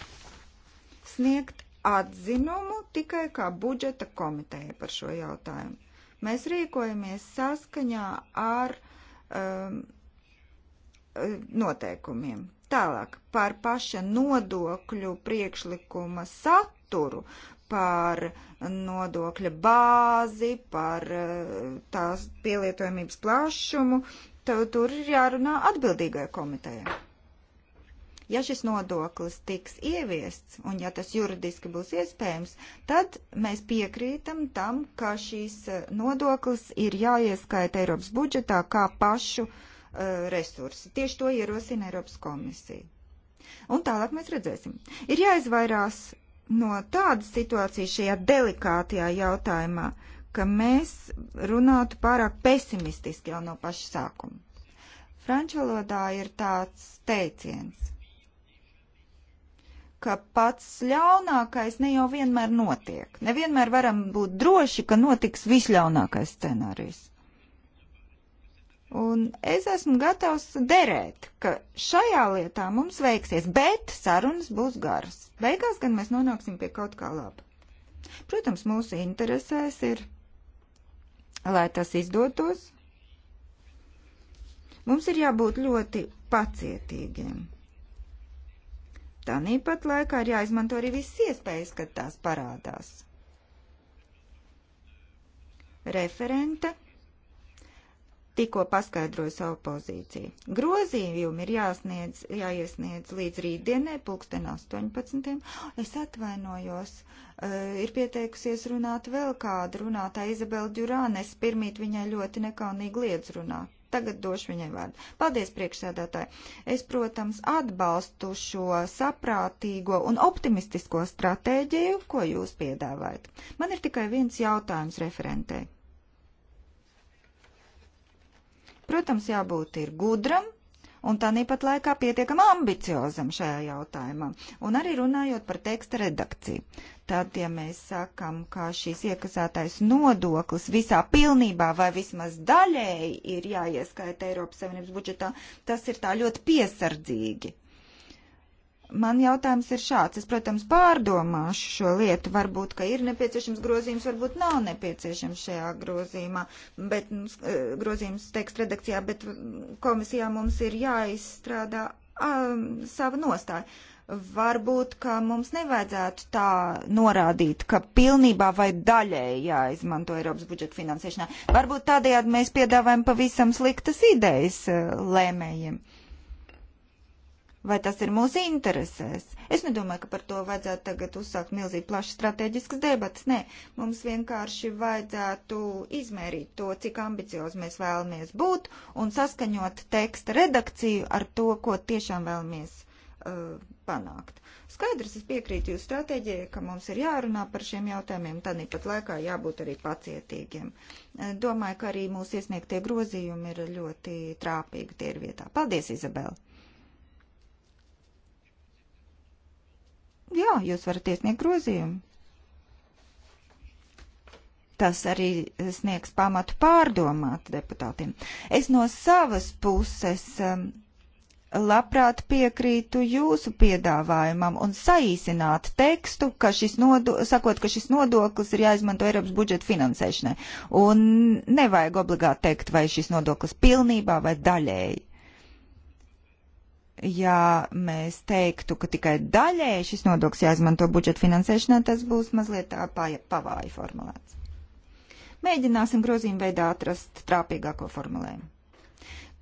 sniegt atzinumu tikai kā budžeta komiteja par šo jautājumu. Mēs rīkojamies saskaņā ar um, noteikumiem. Tālāk par paša nodokļu priekšlikuma saturu par nodokļa bāzi, par eh, tās pielietojamības plašumu, tad tur ir jārunā atbildīgajai komitejai. Ja šis nodoklis tiks ieviests, un ja tas juridiski būs iespējams, tad mēs piekrītam tam, ka šīs eh, nodoklis ir jāieskaita Eiropas budžetā kā pašu uh, resursi. Tieši to ierosina Eiropas komisija. Un tālāk mēs redzēsim. Ir jāizvairās no tādas situācijas šajā delikātajā jautājumā, ka mēs runātu pārāk pesimistiski jau no paša sākuma. Franču valodā ir tāds teiciens, ka pats ļaunākais ne jau vienmēr notiek. Nevienmēr varam būt droši, ka notiks visļaunākais scenārijs. Un es esmu gatavs derēt, ka šajā lietā mums veiksies, bet sarunas būs garas. Beigās gan mēs nonāksim pie kaut kā laba. Protams, mūsu interesēs ir, lai tas izdotos. Mums ir jābūt ļoti pacietīgiem. Tāpat laikā ir jāizmanto arī visas iespējas, kad tās parādās. Referente tikko paskaidroju savu pozīciju. Grozījumi ir jāsniedz, jāiesniedz līdz rītdienai, pulksten 18. Es atvainojos, uh, ir pieteikusies runāt vēl kāda runātāja Izabela Džurāna, es pirmīt viņai ļoti nekaunīgi liedz runāt. Tagad došu viņai vārdu. Paldies, priekšsēdētāji. Es, protams, atbalstu šo saprātīgo un optimistisko stratēģiju, ko jūs piedāvājat. Man ir tikai viens jautājums referentei. Protams, jābūt ir gudram un tāpat laikā pietiekam ambiciozam šajā jautājumā. Un arī runājot par teksta redakciju. Tad, ja mēs sakam, ka šīs iekasētais nodoklis visā pilnībā vai vismaz daļēji ir jāieskaita Eiropas Savienības budžetā, tas ir tā ļoti piesardzīgi. Man jautājums ir šāds. Es, protams, pārdomāšu šo lietu. Varbūt, ka ir nepieciešams grozījums, varbūt nav nepieciešams šajā grozījumā, bet nu, e, grozījums teksta redakcijā, bet komisijā mums ir jāizstrādā um, sava nostāja. Varbūt, ka mums nevajadzētu tā norādīt, ka pilnībā vai daļēji jāizmanto Eiropas budžeta finansēšanā. Varbūt tādējādi mēs piedāvājam pavisam sliktas idejas e, lēmējiem. Uh, Vai tas ir mūsu interesēs? Es nedomāju, ka par to vajadzētu tagad uzsākt milzīgi plašas strateģiskas debatas. Nē, mums vienkārši vajadzētu izmērīt to, cik ambiciozi mēs vēlamies būt un saskaņot teksta redakciju ar to, ko tiešām vēlamies uh, panākt. Skaidrs, es piekrītu jūsu stratēģijai, ka mums ir jārunā par šiem jautājumiem, tad pat laikā jābūt arī pacietīgiem. Uh, domāju, ka arī mūsu iesniegtie grozījumi ir ļoti trāpīgi, tie ir vietā. Paldies, Izabela! Jā, jūs varat iesniegt grozījumu. Tas arī sniegs pamatu pārdomāt deputātiem. Es no savas puses um, labprāt piekrītu jūsu piedāvājumam un saīsināt tekstu, ka šis nodo, sakot, ka šis nodoklis ir jāizmanto Eiropas budžeta finansēšanai. Un nevajag obligāti teikt, vai šis nodoklis pilnībā vai daļēji ja mēs teiktu, ka tikai daļēji šis nodoklis jāizmanto budžeta finansēšanā, tas būs mazliet tā pavāji formulēts. Mēģināsim grozījuma veidā atrast trāpīgāko formulējumu.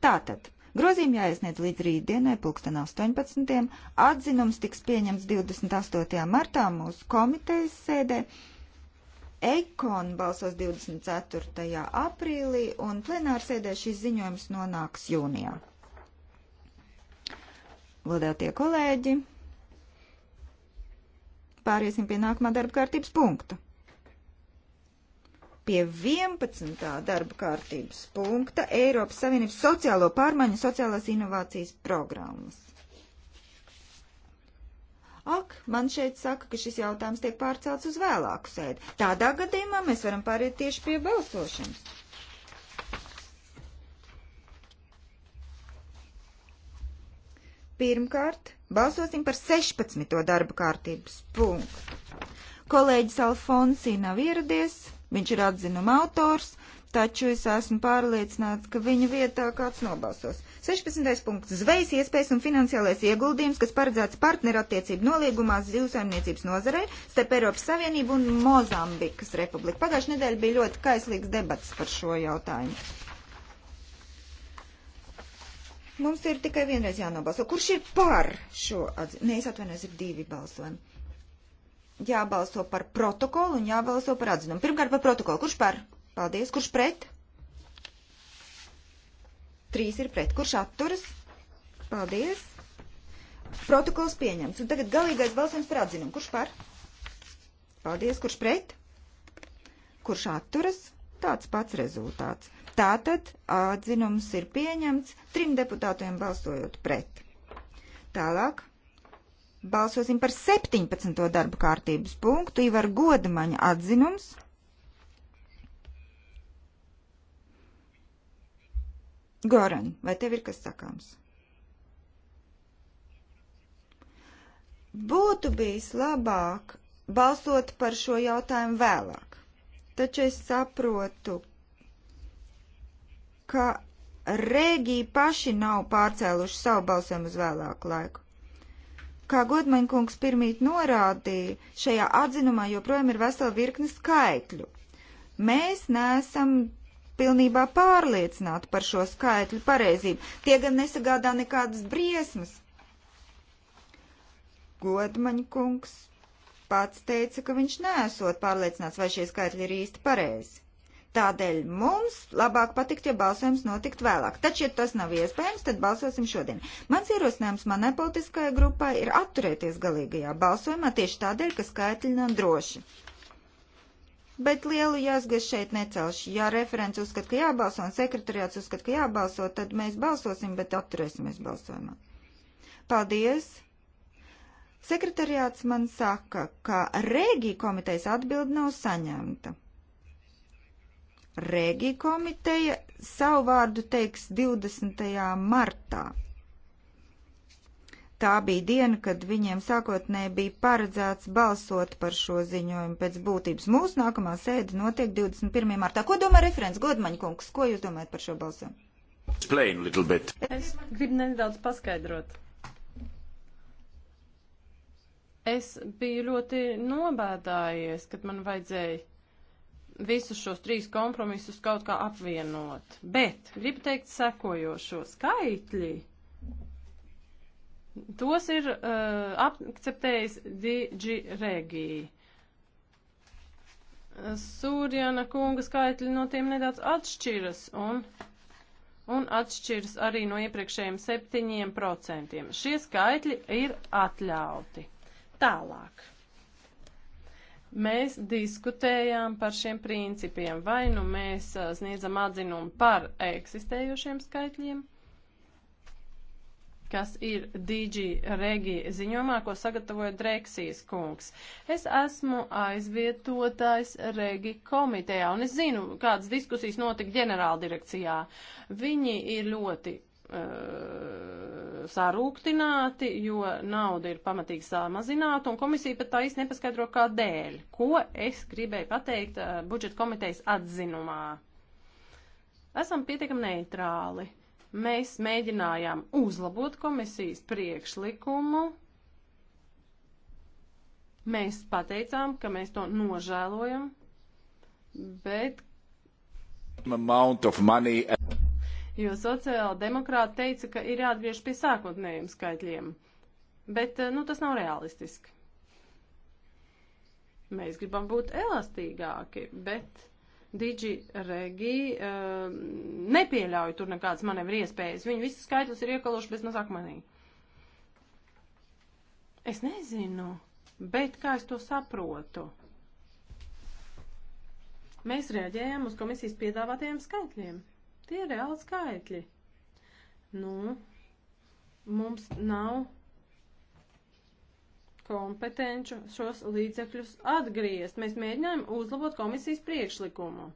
Tātad, grozījumi jāiesniedz līdz rītdienai, pulksten 18. Atzinums tiks pieņemts 28. martā mūsu komitejas sēdē. Ekon balsos 24. aprīlī un plenārsēdē šis ziņojums nonāks jūnijā. Godētie kolēģi, pāriesim pie nākamā darba kārtības punkta. Pie 11. darba kārtības punkta Eiropas Savienības sociālo pārmaiņu sociālās inovācijas programmas. Ak, man šeit saka, ka šis jautājums tiek pārcelts uz vēlāku sēdi. Tādā gadījumā mēs varam pāriet tieši pie balsošanas. Pirmkārt, balsosim par 16. darba kārtības punktu. Kolēģis Alfonsī nav ieradies, viņš ir atzinuma autors, taču es esmu pārliecināts, ka viņa vietā kāds nobalsos. 16. punkts - zvejas iespējas un finansiālais ieguldījums, kas paredzēts partnerattiecību noliegumās zivsaimniecības nozarē starp Eiropas Savienību un Mozambikas republiku. Pagājušajā nedēļā bija ļoti kaislīgs debats par šo jautājumu. Mums ir tikai vienreiz jānobalso. Kurš ir par šo atzinumu? Nē, es atvainojos, ir divi balsojumi. Jābalso par protokolu un jābalso par atzinumu. Pirmkārt par protokolu. Kurš par? Paldies. Kurš pret? Trīs ir pret. Kurš atturas? Paldies. Protokols pieņemts. Un tagad galīgais balsojums par atzinumu. Kurš par? Paldies. Kurš pret? Kurš atturas? Tāds pats rezultāts. Tātad atzinums ir pieņemts trim deputātiem balsojot pret. Tālāk balsosim par 17. darba kārtības punktu Ivar Godamaņa atzinums. Goran, vai tev ir kas sakāms? Būtu bijis labāk balsot par šo jautājumu vēlāk, taču es saprotu, ka Rēgija paši nav pārcēluši savu balsojumu uz vēlāku laiku. Kā Godmaņkungs pirmīt norādīja, šajā atzinumā joprojām ir vesela virkne skaitļu. Mēs neesam pilnībā pārliecināti par šo skaitļu pareizību. Tie gan nesagādā nekādas briesmas. Godmaņkungs pats teica, ka viņš nesot pārliecināts, vai šie skaitļi ir īsti pareizi. Tādēļ mums labāk patikt, ja balsojums notikt vēlāk. Taču, ja tas nav iespējams, tad balsosim šodien. Mans ierosinājums manai politiskajai grupai ir atturēties galīgajā balsojumā tieši tādēļ, ka skaitļi nav droši. Bet lielu jāsgas šeit necelšu. Ja referents uzskata, ka jābalso un sekretariāts uzskata, ka jābalso, tad mēs balsosim, bet atturēsimies balsojumā. Paldies! Sekretariāts man saka, ka Rēgī komitejas atbildi nav saņemta. Rēgī komiteja savu vārdu teiks 20. martā. Tā bija diena, kad viņiem sākotnēji bija paredzēts balsot par šo ziņojumu pēc būtības. Mūsu nākamā sēde notiek 21. martā. Ko domā referents Godmaņkungs? Ko jūs domājat par šo balsojumu? Es gribu nedaudz paskaidrot. Es biju ļoti nobēdājies, kad man vajadzēja visus šos trīs kompromisus kaut kā apvienot. Bet gribu teikt sekojošo skaitļi. Tos ir uh, akceptējis Digi Regija. Sūrjana kunga skaitļi no tiem nedaudz atšķiras un, un atšķiras arī no iepriekšējiem septiņiem procentiem. Šie skaitļi ir atļauti. Tālāk mēs diskutējām par šiem principiem. Vai nu mēs sniedzam atzinumu par eksistējošiem skaitļiem, kas ir DG Regi ziņojumā, ko sagatavoja Dreksijas kungs. Es esmu aizvietotājs Regi komitejā, un es zinu, kādas diskusijas notika ģenerāldirekcijā. Viņi ir ļoti Eh, sarūktināti, jo nauda ir pamatīgi samazināta, un komisija pat tā īsti nepaskaidro, kādēļ. Ko es gribēju pateikt eh, budžeta komitejas atzinumā? Esam pietiekami neitrāli. Mēs mēģinājām uzlabot komisijas priekšlikumu. Mēs pateicām, ka mēs to nožēlojam, bet amount of money jo sociāla demokrāta teica, ka ir jāatgriež pie sākotnējiem skaitļiem. Bet, eh, nu, tas nav realistiski. Mēs gribam būt elastīgāki, bet Digi Regi uh, nepieļauj tur nekādas manevri iespējas. Viņi visus skaitļus ir iekaluši bez mazāk manī. Es nezinu, bet kā es to saprotu? Mēs reaģējam uz komisijas piedāvātajiem skaitļiem. Tie ir reāli skaitļi. Nu, mums nav kompetenču šos līdzekļus atgriezt. Mēs mēģinājām uzlabot komisijas priekšlikumu.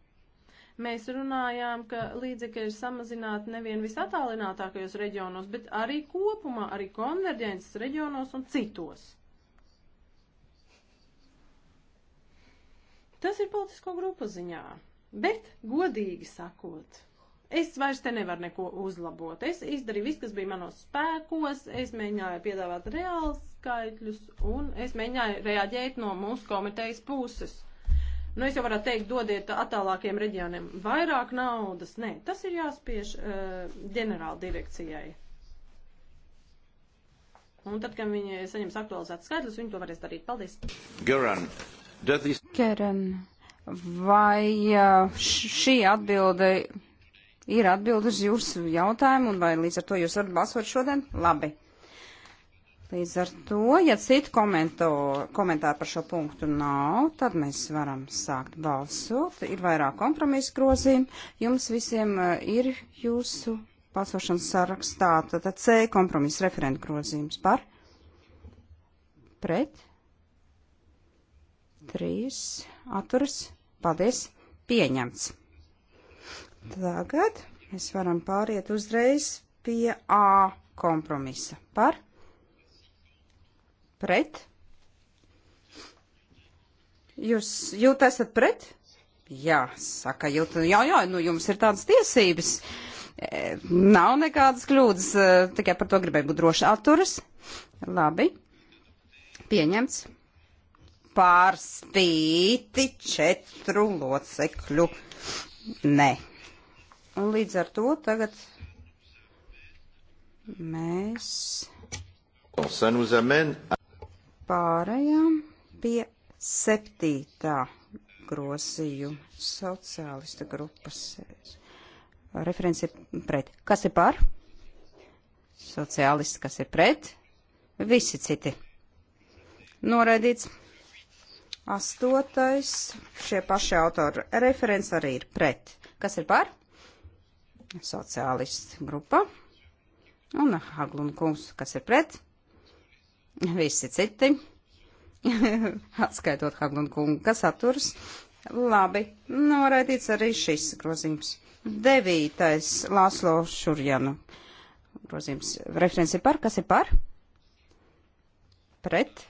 Mēs runājām, ka līdzekļi ir samazināti nevien visatālinātākajos reģionos, bet arī kopumā, arī konverģences reģionos un citos. Tas ir politisko grupu ziņā. Bet, godīgi sakot, Es vairs te nevaru neko uzlabot. Es izdarīju visu, kas bija manos spēkos, es mēģināju piedāvāt reāls skaitļus un es mēģināju reaģēt no mūsu komitejas puses. Nu, es jau varētu teikt, dodiet attālākiem reģioniem vairāk naudas. Nē, tas ir jāspiež uh, eh, ģenerāla direkcijai. Un tad, kad viņi saņems aktualizētas skaidrs, viņi to varēs darīt. Paldies! Geran, this... Keren, vai eh, šī atbilde ir atbild uz jūsu jautājumu, un vai līdz ar to jūs varat balsot šodien? Labi. Līdz ar to, ja citu komentāru par šo punktu nav, tad mēs varam sākt balsot. Ir vairāk kompromisu grozījumi. Jums visiem eh, ir jūsu balsošanas sarakstā. Tātad C kompromisu referentu grozījums par. Pret. Trīs. Atturas. Paldies. Pieņemts. Tagad mēs varam pāriet uzreiz pie A kompromisa par pret. Jūs jūt esat pret? Jā, saka, jūt, jā, jā, nu jums ir tādas tiesības. E, nav nekādas kļūdas, e, tikai par to gribēju būt droši atturas. Labi, pieņemts. Pārspīti četru locekļu. Nē. Un līdz ar to tagad mēs pārējām pie septītā grozījuma sociālista grupas. Referents ir pret. Kas ir par? Sociālisti, kas ir pret? Visi citi. Noraidīts. Astotais. Šie paši autori referents arī ir pret. Kas ir par? sociālists grupa un Haglund kungs, kas ir pret. Visi citi, *laughs* atskaitot Haglund kungu, kas atturas. Labi, noraidīts nu, arī šis grozījums. Devītais Lāslo Šurjanu grozījums. Referents ir par, kas ir par? Pret.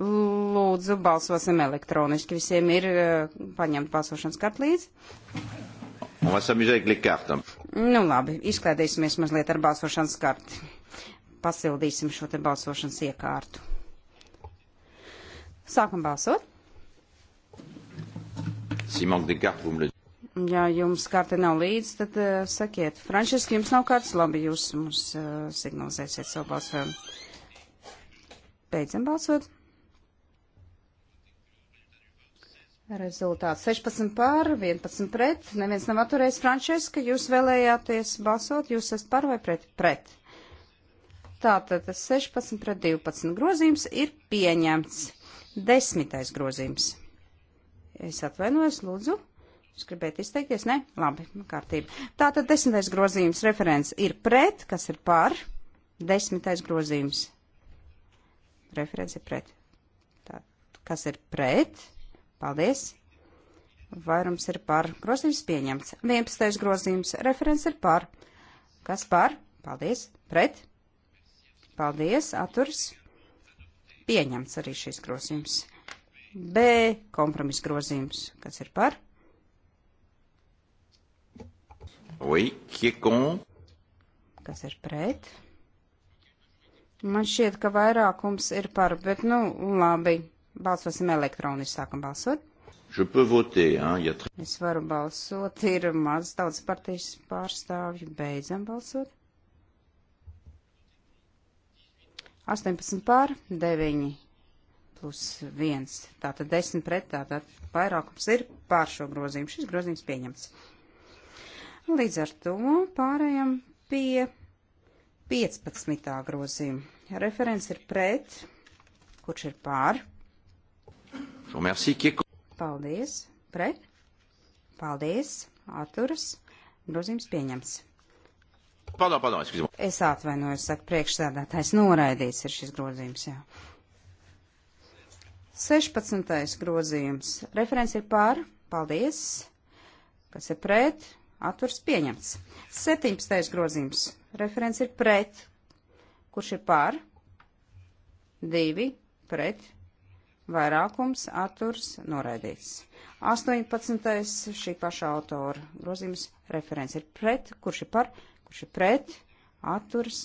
Lūdzu, balsosim elektroniski. Visiem ir eh, paņemt balsošanas kartu līdzi. Nu labi, izklaidēsimies mazliet ar balsošanas karti. Pasildīsim šo te balsošanas iekārtu. Sākam balsot. Ja jums karte nav līdzi, tad uh, sakiet, Frančiski, jums nav kartes, labi, jūs mums uh, signalizēsiet savu balsojumu. Beidzam balsot. Rezultāts 16 pār, 11 pret, neviens nav atturējis. Frančeska, jūs vēlējāties balsot, jūs esat par vai pret? Pret. Tātad 16 pret 12 grozījums ir pieņemts. Desmitais grozījums. Es atvainojos, lūdzu. Jūs gribētu izteikties? Nē, labi, kārtība. Tātad desmitais grozījums referents ir pret, kas ir par. Desmitais grozījums. Referents ir pret. Tā, kas ir pret? Paldies! Vairums ir par. Grozījums pieņemts. 11. grozījums. Referents ir par. Kas par? Paldies. Pret. Paldies. Aturs. Pieņemts arī šis grozījums. B. Kompromis grozījums. Kas ir par? Oui, qui est con? Kas ir pret? Man šķiet, ka vairākums ir par, bet nu labi. Balsosim elektroniski, sākam balsot. Voter, hein, ja... Es varu balsot, ir maz tautas partijas pārstāvju, beidzam balsot. 18 pār, 9 plus 1, tātad 10 pret, tātad vairākums ir pār šo grozījumu. Šis grozījums pieņemts. Līdz ar to pārējām pie 15. grozījuma. Referents ir pret, kurš ir pār. Paldies. Pret. Paldies. Atturas. Grozījums pieņems. Padā, padā, es atvainojos, saka priekšsēdētājs, noraidīts ir šis grozījums, jā. 16. grozījums. Referents ir pār. Paldies. Kas ir pret? Atturs pieņemts. 17. grozījums. Referents ir pret. Kurš ir pār? Divi pret vairākums atturs noraidīts. 18. šī paša autora grozījums referents ir pret, kurš ir par, kurš ir pret, atturs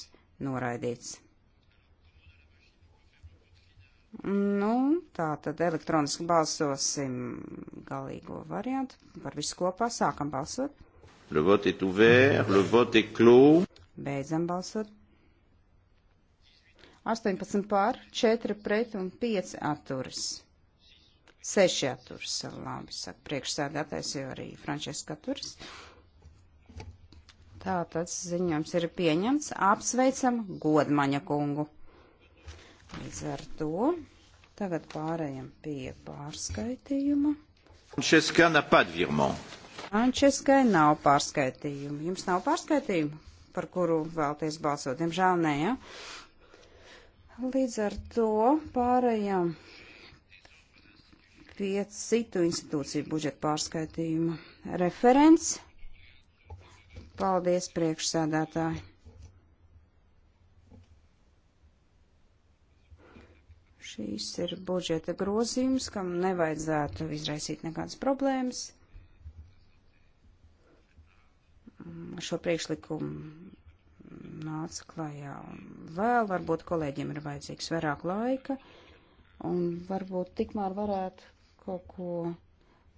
noraidīts. Nu, tā tad elektroniski balsosim galīgo variantu. Par visu kopā sākam balsot. Le vote est ouvert, le vote est clos. Beidzam balsot. 18 pār, 4 pret un 5 atturas. 6 atturas, labi, saka priekšsēdētājs, jo arī Frančeska atturas. Tātad ziņojums ir pieņemts. Apsveicam Godmaņa kungu. Līdz ar to tagad pārējam pie pārskaitījuma. Frančeska nav padvirmont. Frančeskai nav pārskaitījumu. Jums nav pārskaitījumu, par kuru vēlties balsot? Diemžēl nē, ja? Līdz ar to pārējām pie citu institūciju budžeta pārskaitījuma. Referents. Paldies, priekšsēdētāji. Šīs ir budžeta grozījums, kam nevajadzētu izraisīt nekādas problēmas. Šo priekšlikumu nāca klajā. Vēl varbūt kolēģiem ir vajadzīgs vairāk laika, un varbūt tikmēr varētu kaut ko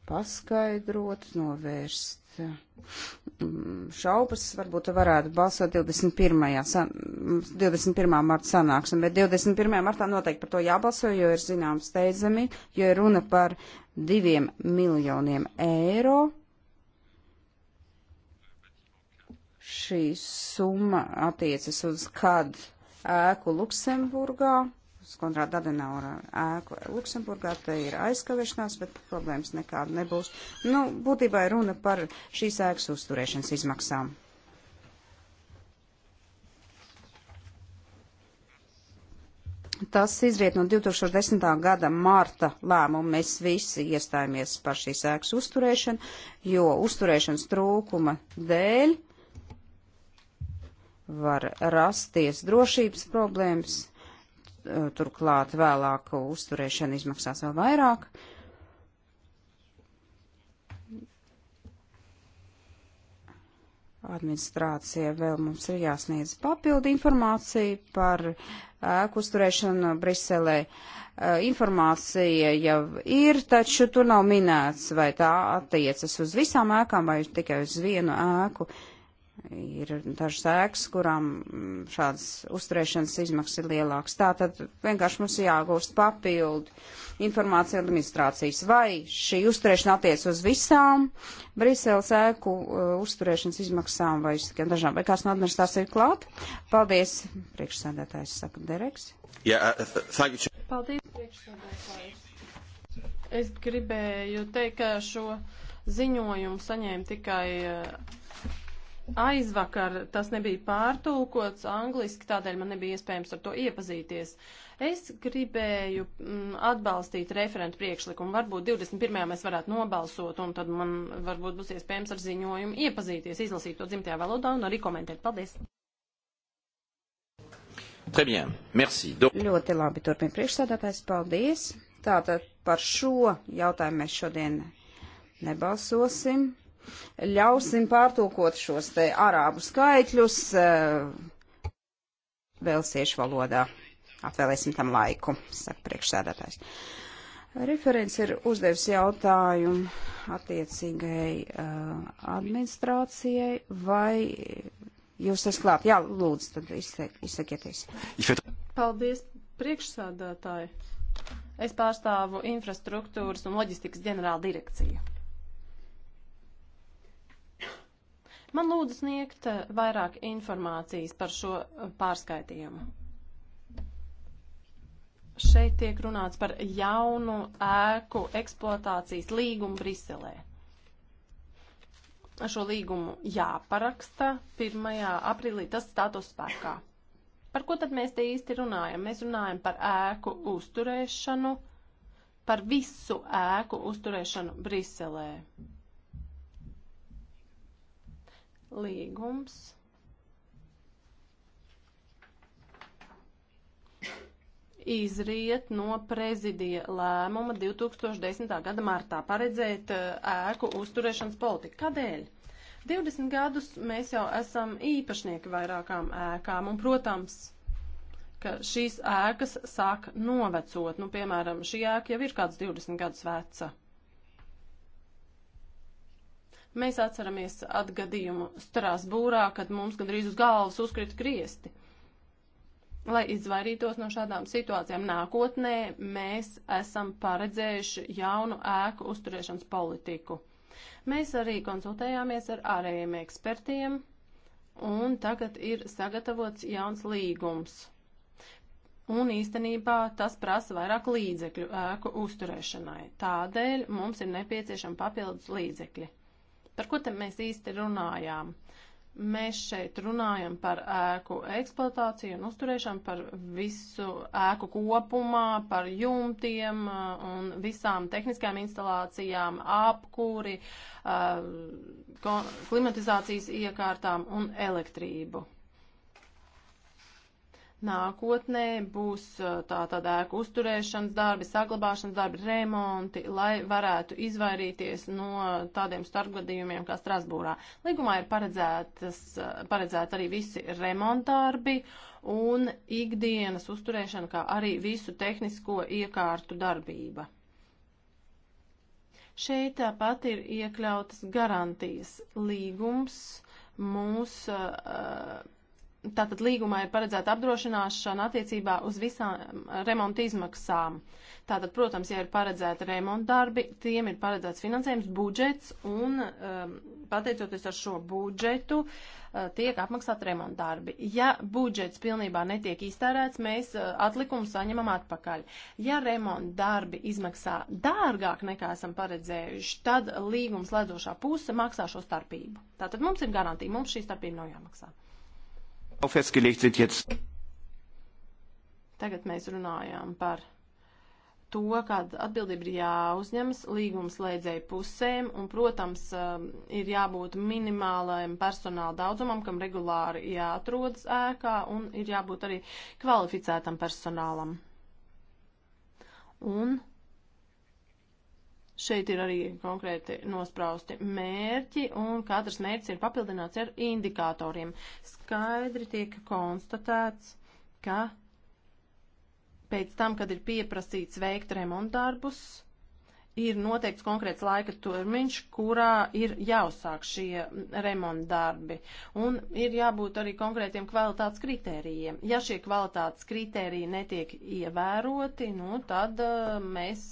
paskaidrot, novērst mm, šaubas. Varbūt varētu balsot 21. San, 21. marta sanāksmē, bet 21. martā noteikti par to jābalso, jo ir zināms steidzami, jo ir runa par diviem miljoniem eiro Šī summa attiecas uz kad ēku Luksemburgā, uz kontrāta Adenaura ēku Luksemburgā, te ir aizkavēšanās, bet problēmas nekāda nebūs. Nu, būtībā ir runa par šīs ēkas uzturēšanas izmaksām. Tas izriet no 2010. gada mārta lēmuma. Mēs visi iestājāmies par šīs ēkas uzturēšanu, jo uzturēšanas trūkuma dēļ var rasties drošības problēmas, turklāt vēlāk uzturēšana izmaksās vēl vairāk. Administrācija vēl mums ir jāsniedz papildu informāciju par ēku uzturēšanu Briselē. Informācija jau ir, taču tur nav minēts, vai tā attiecas uz visām ēkām vai tikai uz vienu ēku. Uh, ir dažas ēkas, kurām šādas uzturēšanas izmaksas ir lielākas. Tātad vienkārši mums jāgūst papildu informācija administrācijas. Vai šī uzturēšana attiec uz visām Briseles ēku uh, uzturēšanas izmaksām vai tikai dažām? Vai kāds no administrācijas ir klāt? Paldies, priekšsēdētājs, saka Dereks. Yeah, uh, Paldies, priekšsēdētājs. Es gribēju teikt, ka šo ziņojumu saņēmu tikai. Uh, aizvakar tas nebija pārtulkots angliski, tādēļ man nebija iespējams ar to iepazīties. Es gribēju mm, atbalstīt referentu priekšlikumu. Varbūt 21. mēs varētu nobalsot, un tad man varbūt būs iespējams ar ziņojumu iepazīties, izlasīt to dzimtajā valodā un arī komentēt. Paldies! Très bien, merci. Do... Ļoti labi, turpina priekšsādātājs, paldies. Tātad par šo jautājumu mēs šodien nebalsosim ļausim pārtulkot šos te arābu skaitļus eh, vēl siešu valodā. Atvēlēsim tam laiku, saka priekšsēdētājs. Referents ir uzdevis jautājumu attiecīgai uh, eh, administrācijai, vai jūs esat klāt? Jā, lūdzu, tad izsakieties. Paldies, priekšsādātāji. Es pārstāvu infrastruktūras un loģistikas ģenerāla direkciju. Man lūdzu sniegt eh, vairāk informācijas par šo eh, pārskaitījumu. Šeit tiek runāts par jaunu ēku eksploatācijas līgumu Briselē šo līgumu jāparaksta 1. aprīlī, tas status spēkā. Par ko tad mēs te īsti runājam? Mēs runājam par ēku uzturēšanu, par visu ēku uzturēšanu Briselē līgums izriet no prezidija lēmuma 2010. gada martā paredzēt uh, ēku uzturēšanas politiku. Kādēļ? 20 gadus mēs jau esam īpašnieki vairākām ēkām, un, protams, ka šīs ēkas sāk novecot. Nu, piemēram, šī ēka jau ir kāds 20 gadus veca. Mēs atceramies atgadījumu Strasbūrā, kad mums gandrīz uz galvas uzkrita griesti. Lai izvairītos no šādām situācijām nākotnē, mēs esam paredzējuši jaunu ēku uzturēšanas politiku. Mēs arī konsultējāmies ar ārējiem ekspertiem, un tagad ir sagatavots jauns līgums un īstenībā tas prasa vairāk līdzekļu ēku uzturēšanai. Tādēļ mums ir nepieciešama papildus līdzekļi. Par ko te mēs īsti runājām? Mēs šeit runājam par ēku eksploatāciju un uzturēšanu, par visu ēku kopumā, par jumtiem uh, un visām tehniskajām instalācijām, apkūri, uh, klimatizācijas iekārtām un elektrību nākotnē būs tā tāda ēku uzturēšanas darbi, saglabāšanas darbi, remonti, lai varētu izvairīties no tādiem starpgadījumiem kā Strasbūrā. Līgumā ir paredzēta arī visi remontdarbi un ikdienas uzturēšana, kā arī visu tehnisko iekārtu darbība. Šeit tāpat ir iekļautas garantijas līgums mūs uh, Tātad līgumā ir paredzēta apdrošināšana attiecībā uz visām um, remonta izmaksām. Tātad, protams, ja ir paredzēta remonta darbi, tiem ir paredzēts finansējums, budžets, un um, pateicoties ar šo budžetu uh, tiek apmaksāt remonta darbi. Ja budžets pilnībā netiek iztērēts, mēs uh, atlikumu saņemam atpakaļ. Ja remonta darbi izmaksā dārgāk nekā esam paredzējuši, tad līgums ledošā puse maksā šo starpību. Tātad mums ir garantija, mums šī starpība nav jāmaksā. Tagad mēs runājām par to, kāda atbildība ir jāuzņemas līgumslēdzēju pusēm, un, protams, um, ir jābūt minimālajam personāla daudzumam, kam regulāri jāatrodas ēkā, un ir jābūt arī kvalificētam personālam. Un Šeit ir arī konkrēti nosprausti mērķi, un katrs mērķis ir papildināts ar indikatoriem. Skaidri tiek konstatēts, ka pēc tam, kad ir pieprasīts veikt remontdarbus, ir noteikts konkrēts laika termiņš, kurā ir jāuzsāk šie remonta darbi. Un ir jābūt arī konkrētiem kvalitātes kritērijiem. Ja šie kvalitātes kritēriji netiek ievēroti, nu, tad uh, mēs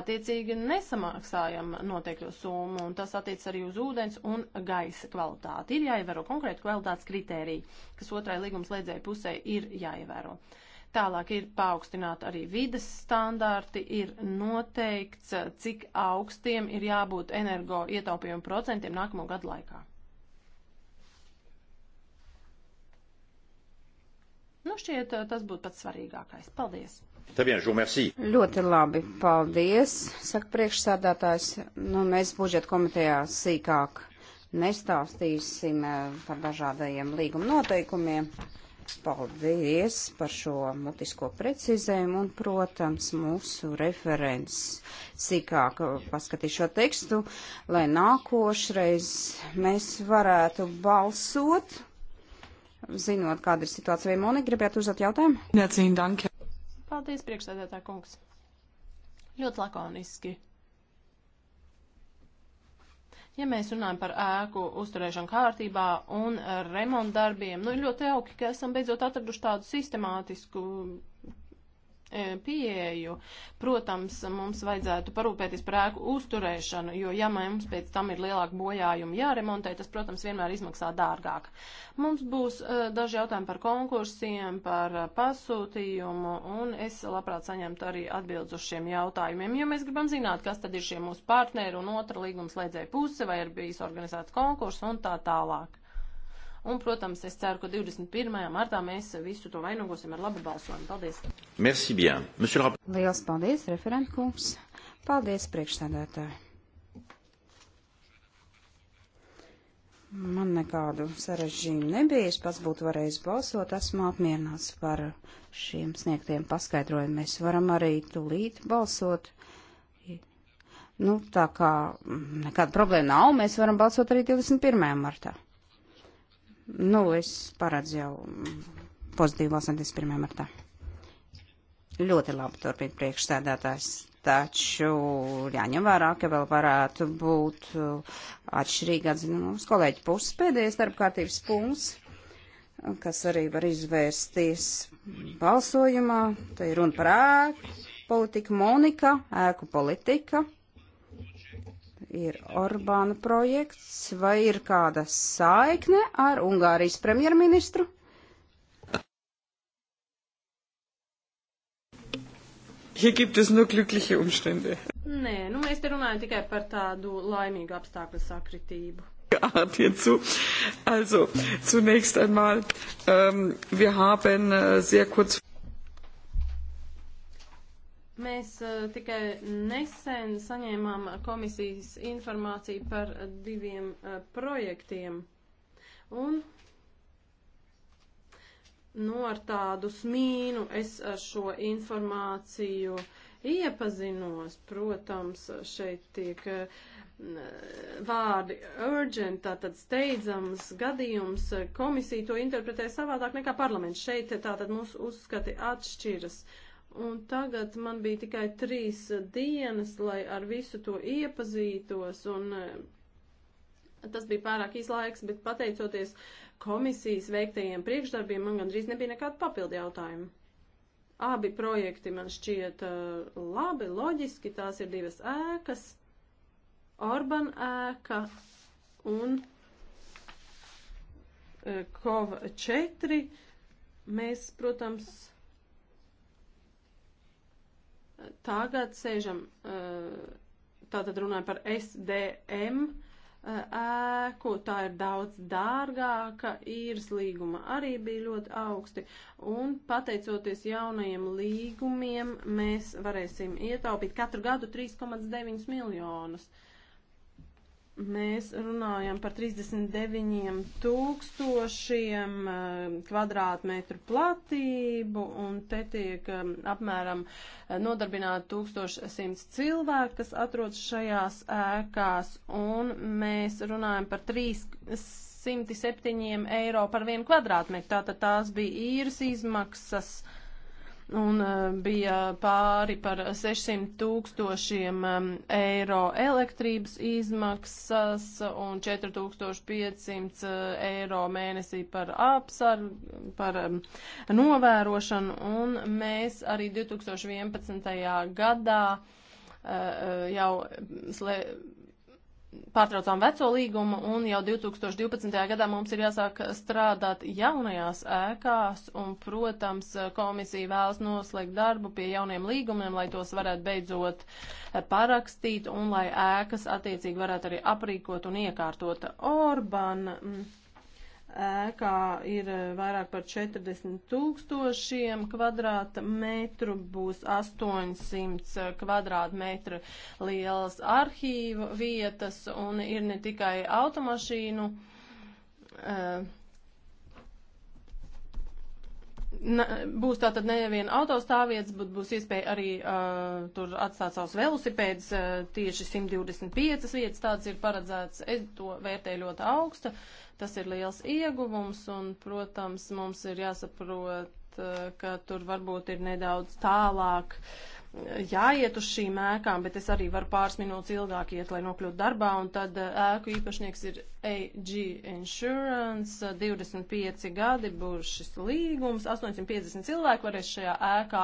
attiecīgi nesamaksājam noteikto summu, un tas attiec arī uz ūdens un gaisa kvalitāti. Ir jāievēro konkrēti kvalitātes kritēriji, kas otrai līgums lēdzēju pusē ir jāievēro. Uh, Tālāk ir paaugstināti arī vides standarti, ir noteikts, cik augstiem ir jābūt energo ietaupījumu procentiem nākamo gadu laikā. Nu, šķiet, tas būtu pats svarīgākais. Paldies! Bien, Ļoti labi, paldies, saka priekšsādātājs. Nu, mēs budžeta komitejā sīkāk nestāstīsim eh, par dažādajiem līguma noteikumiem kungs, paldies par šo mutisko precizējumu un, protams, mūsu referents sīkāk paskatīs šo tekstu, lai nākošreiz mēs varētu balsot, zinot, kāda ir situācija. Vai Monika gribētu uzdot jautājumu? Paldies, priekšsēdētā kungs. Ļoti lakoniski Ja mēs runājam par ēku uzturēšanu kārtībā un remontdarbiem, nu ir ļoti jauki, ka esam beidzot atraduši tādu sistemātisku E, pieeju. Protams, mums vajadzētu parūpēties par ēku uzturēšanu, jo ja mums pēc tam ir lielāka bojājuma jāremontē, tas, protams, vienmēr izmaksā dārgāk. Mums būs uh, daži jautājumi par konkursiem, par uh, pasūtījumu, un es labprāt saņemtu arī atbildes uz šiem jautājumiem, jo mēs gribam zināt, kas tad ir šie mūsu partneri un otra līgums lēdzēja puse, vai ir bijis organizēts konkurss un tā tālāk. Un, protams, es ceru, ka 21. martā mēs visu to vainagosim ar labu balsojumu. Paldies! Merci bien. Monsieur le rapporteur. Liels paldies, referentkungs. Paldies, priekšsēdētāji. Man nekādu sarežģījumu nebija, es pats būtu varējis balsot, esmu apmierināts par šiem sniegtiem paskaidrojumiem. Mēs varam arī tūlīt balsot. Nu, tā kā nekāda problēma nav, mēs varam balsot arī 21. martā. Nu, es paredzu jau pozitīvu balsoties 1. martā. Ļoti labi turpina priekšsēdētājs. Taču jāņem vērā, ka vēl varētu būt uh, atšķirīgi atzinums kolēģi puses pēdējais darbkārtības punkts kas arī var izvērsties balsojumā. Te ir runa par ēku politiku, Monika, ēku politika. Ir Orbāna projekts, vai ir kāda saikne ar Ungārijas premjerministru? Hier gibt es nur glückliche Umstände. Nē, nu mēs te runājam tikai par tādu laimīgu apstākļu sakritību. Art hierzu. Also, zunächst einmal, ähm, wir haben äh, sehr kurz. Mēs uh, tikai nesen saņēmām komisijas informāciju par diviem uh, projektiem. Un nu, ar tādu smīnu es ar šo informāciju iepazinos. Protams, šeit tiek eh, vārdi urgent, tātad steidzams gadījums. Komisija to interpretē savādāk nekā parlaments. Šeit tātad mūsu uzskati atšķiras. Un tagad man bija tikai trīs dienas, lai ar visu to iepazītos, un eh, tas bija pārāk īslaiks, bet pateicoties uh, komisijas veiktajiem priekšdarbiem man gandrīz nebija nekāda papildu jautājuma. Abi projekti man šķiet uh, labi, loģiski, tās ir divas ēkas, Orban ēka un uh, Kov 4. Mēs, protams, tagad sēžam, uh, tātad runājam par SDM. Uh, ēku, tā ir daudz dārgāka, īres līguma arī bija ļoti augsti, un pateicoties jaunajiem līgumiem mēs varēsim ietaupīt katru gadu 3,9 miljonus. Uh, mēs runājam par 39 tūkstošiem eh, kvadrātmetru platību, un te tiek eh, apmēram eh, nodarbināti 1100 cilvēki, kas atrodas šajās ēkās, un mēs runājam par 307 eiro par vienu kvadrātmetru. Tātad tās bija īres izmaksas. Uh, un eh, bija pāri par 600 tūkstošiem eh, eiro elektrības izmaksas un 4500 eh, eiro mēnesī par apsargu, par novērošanu, un mēs arī 2011. gadā jau slē, pārtraucām veco līgumu un jau 2012. gadā mums ir jāsāk strādāt jaunajās ēkās un, protams, komisija vēlas noslēgt darbu pie jauniem līgumiem, lai tos varētu beidzot parakstīt un lai ēkas attiecīgi varētu arī aprīkot un iekārtot. Orban. Mm ēkā ir eh, vairāk par 40 tūkstošiem kvadrātmetru, būs 800 eh, kvadrātmetru lielas arhīva vietas un ir ne tikai automašīnu. Uh, eh, Na, būs tātad neviena autostāvvietas, bet būs iespēja arī uh, tur atstāt savus velosipēdus. Uh, tieši 125 vietas tāds ir paredzēts. Es to vērtēju ļoti augsta. Uh, Tas ir liels ieguvums un, protams, mums ir jāsaprot, eh, ka tur varbūt ir nedaudz tālāk eh, jāiet uz šīm ēkām, bet es arī varu pāris minūtes ilgāk iet, lai nokļūtu darbā, un tad eh, ēku īpašnieks ir AG Insurance, 25 gadi būs šis līgums, 850 cilvēku varēs šajā ēkā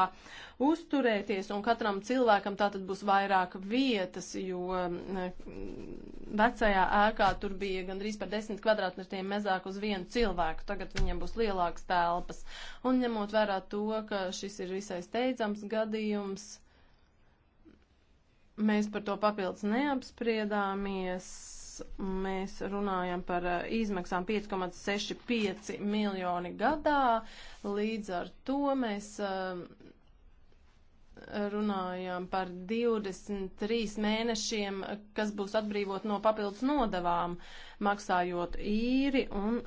uzturēties, un katram cilvēkam tātad būs vairāk vietas, jo vecajā ēkā tur bija gandrīz par 10 kvadrātmetriem mazāk uz vienu cilvēku, tagad viņiem būs lielākas telpas. Un ņemot vērā to, ka šis ir visai steidzams gadījums, mēs par to papildus neapspriedāmies mēs runājam par eh, izmaksām 5,65 miljoni gadā, līdz ar to mēs eh, runājam par 23 mēnešiem, kas būs atbrīvot no papildus nodavām, maksājot īri un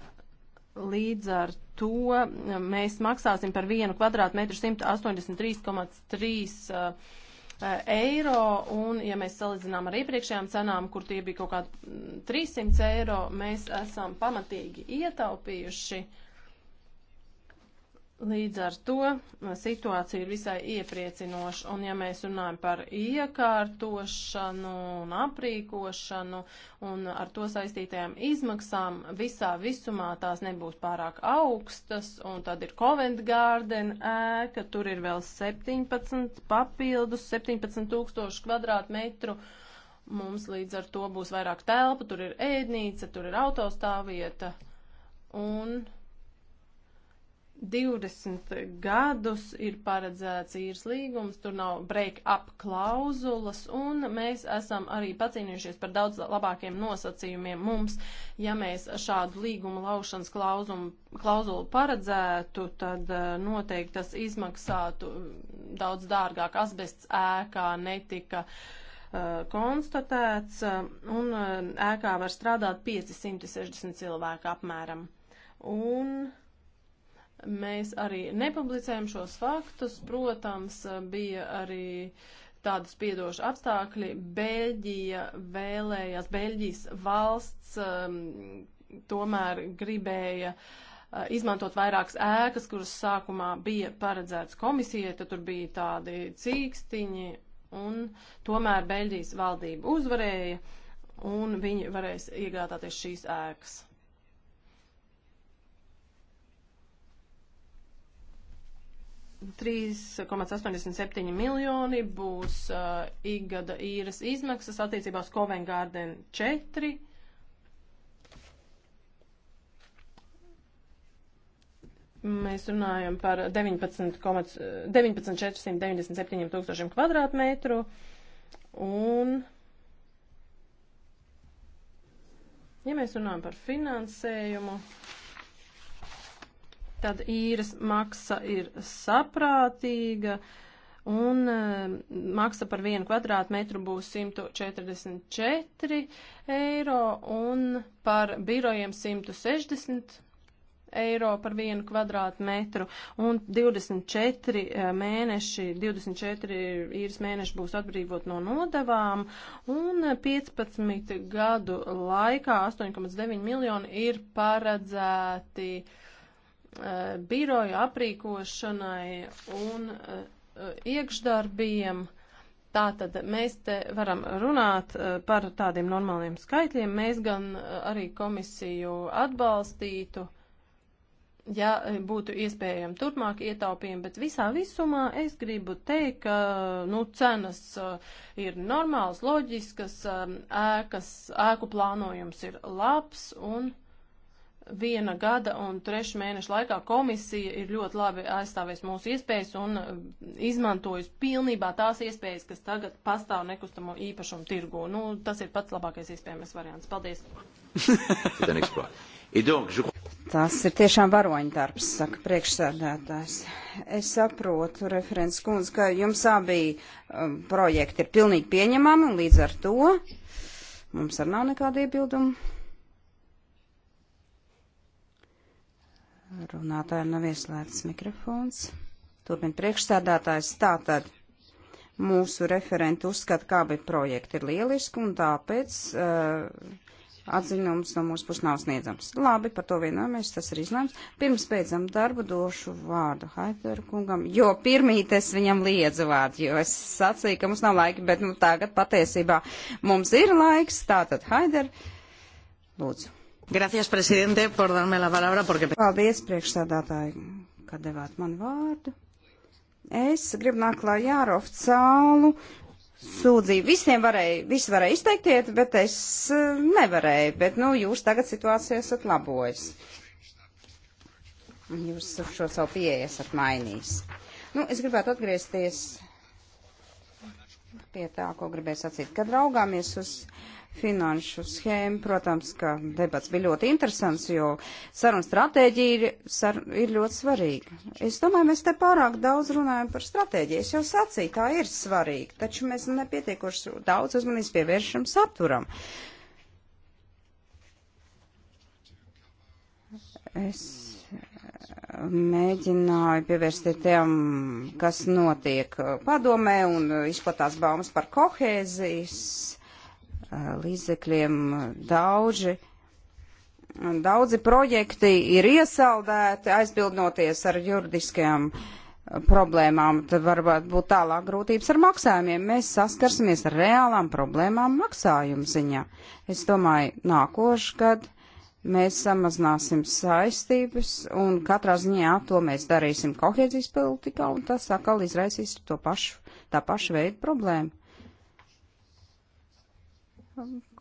līdz ar to eh, mēs maksāsim par vienu kvadrātmetru 183,3 uh, Eh, eiro, un ja mēs salīdzinām ar iepriekšējām cenām, kur tie bija kaut kādi mm, 300 eiro, mēs esam pamatīgi ietaupījuši uh, Līdz ar to uh, situācija ir visai iepriecinoša, un ja mēs runājam par iekārtošanu un aprīkošanu un ar to saistītajām izmaksām, visā visumā tās nebūs pārāk augstas, un tad ir Covent Garden ēka, tur ir vēl 17 papildus, 17 tūkstošu kvadrātmetru. Mums līdz ar to būs vairāk telpa, tur ir ēdnīca, tur ir autostāvvieta, un 20 gadus ir paredzēts īres līgums, tur nav break-up klauzulas, un mēs esam arī pacīnījušies par daudz labākiem nosacījumiem mums. Ja mēs šādu līgumu laušanas klauzumu, klauzulu paredzētu, tad eh, noteikti tas izmaksātu mm, daudz dārgāk. Asbests ēkā netika uh, konstatēts, eh, un ēkā var strādāt 560 cilvēku apmēram. Un Mēs arī nepublicējam šos faktus, protams, bija arī tādi spiedoši apstākļi. Beļģija vēlējās, Beļģijas valsts um, tomēr gribēja uh, izmantot vairākas ēkas, kuras sākumā bija paredzētas komisijai, tad tur bija tādi cīkstiņi, un tomēr Beļģijas valdība uzvarēja, un viņi varēs iegādāties šīs ēkas. 3,87 miljoni būs uh, ikgada īres izmaksas attiecībā uz Covent Garden 4. Mēs runājam par 19,497 19, uh, tūkstošiem kvadrātmetru un. Ja mēs runājam par finansējumu, tad īres maksa ir saprātīga. Un uh, maksa par vienu kvadrātmetru būs 144 eiro un par birojiem 160 eiro par vienu kvadrātmetru un 24 eh, mēneši, 24 īres mēneši būs atbrīvot no nodevām un 15 gadu laikā 8,9 miljoni ir paredzēti uh, Eh, biroju aprīkošanai un eh, iekšdarbiem. Tātad mēs te varam runāt eh, par tādiem normāliem skaitļiem. Mēs gan arī komisiju atbalstītu, ja būtu iespējami turpmāk ietaupījumi, bet visā visumā es gribu teikt, ka nu, cenas ir normālas, loģiskas, ēkas, ēku plānojums ir labs un. Uh, viena gada un trešu mēnešu laikā komisija ir ļoti labi aizstāvējusi mūsu iespējas un eh, izmantojusi pilnībā tās iespējas, kas tagad pastāv nekustamo īpašumu tirgu. Nu, tas ir pats labākais iespējamais variants. Paldies! *laughs* Tas ir tiešām varoņdarbs, saka priekšsēdētājs. Es saprotu, referents kundze, ka jums abi um, projekti ir pilnīgi pieņemami un līdz ar to mums ar nav nekāda iebilduma. Runātājiem nav ieslēgts mikrofons. Turpin priekšstādātājs tātad mūsu referenti uzskata, kā bija projekti ir lieliski un tāpēc uh, atziņums no mūsu puses nav sniedzams. Labi, par to vienojamies, tas ir izlēms. Pirms beidzam darbu došu vārdu Haidera kungam, jo pirmīt es viņam liedzu vārdu, jo es sacīju, ka mums nav laika, bet nu tagad patiesībā mums ir laiks, tātad Haider, lūdzu. Gracias, prezidente, por darme la palabra, porque... Paldies, priekšsādātāji, ka devāt man vārdu. Es gribu nākt klājā ar oficiālu sūdzību. Visiem varēja, visi varēja izteikties, bet es eh, nevarēju. Bet, nu, jūs tagad situācija esat labojis. Jūs šo savu pieeju esat mainījis. Nu, es gribētu atgriezties pie tā, ko gribēju sacīt. Kad raugāmies uz finanšu schēmu. Protams, ka debats bija ļoti interesants, jo saruna stratēģija ir, sar, ir ļoti svarīga. Es domāju, mēs te pārāk daudz runājam par stratēģiju. Es jau sacīju, tā ir svarīga, taču mēs nepietiekoši daudz uzmanības pievēršam saturam. Es mēģināju pievērsties tiem, kas notiek padomē un izplatās baumas par kohēzijas Eh, līdzekļiem eh, daudzi, eh, daudzi projekti ir iesaldēti, aizbildnoties ar juridiskajām problēmām, tad varbūt būtu tālāk grūtības ar maksājumiem. Mēs saskarsimies ar reālām problēmām maksājumu ziņā. Es domāju, nākošgad mēs samazināsim saistības un katrā ziņā to mēs darīsim kohēdzijas politikā un tas atkal izraisīs to pašu, tā pašu veidu problēmu.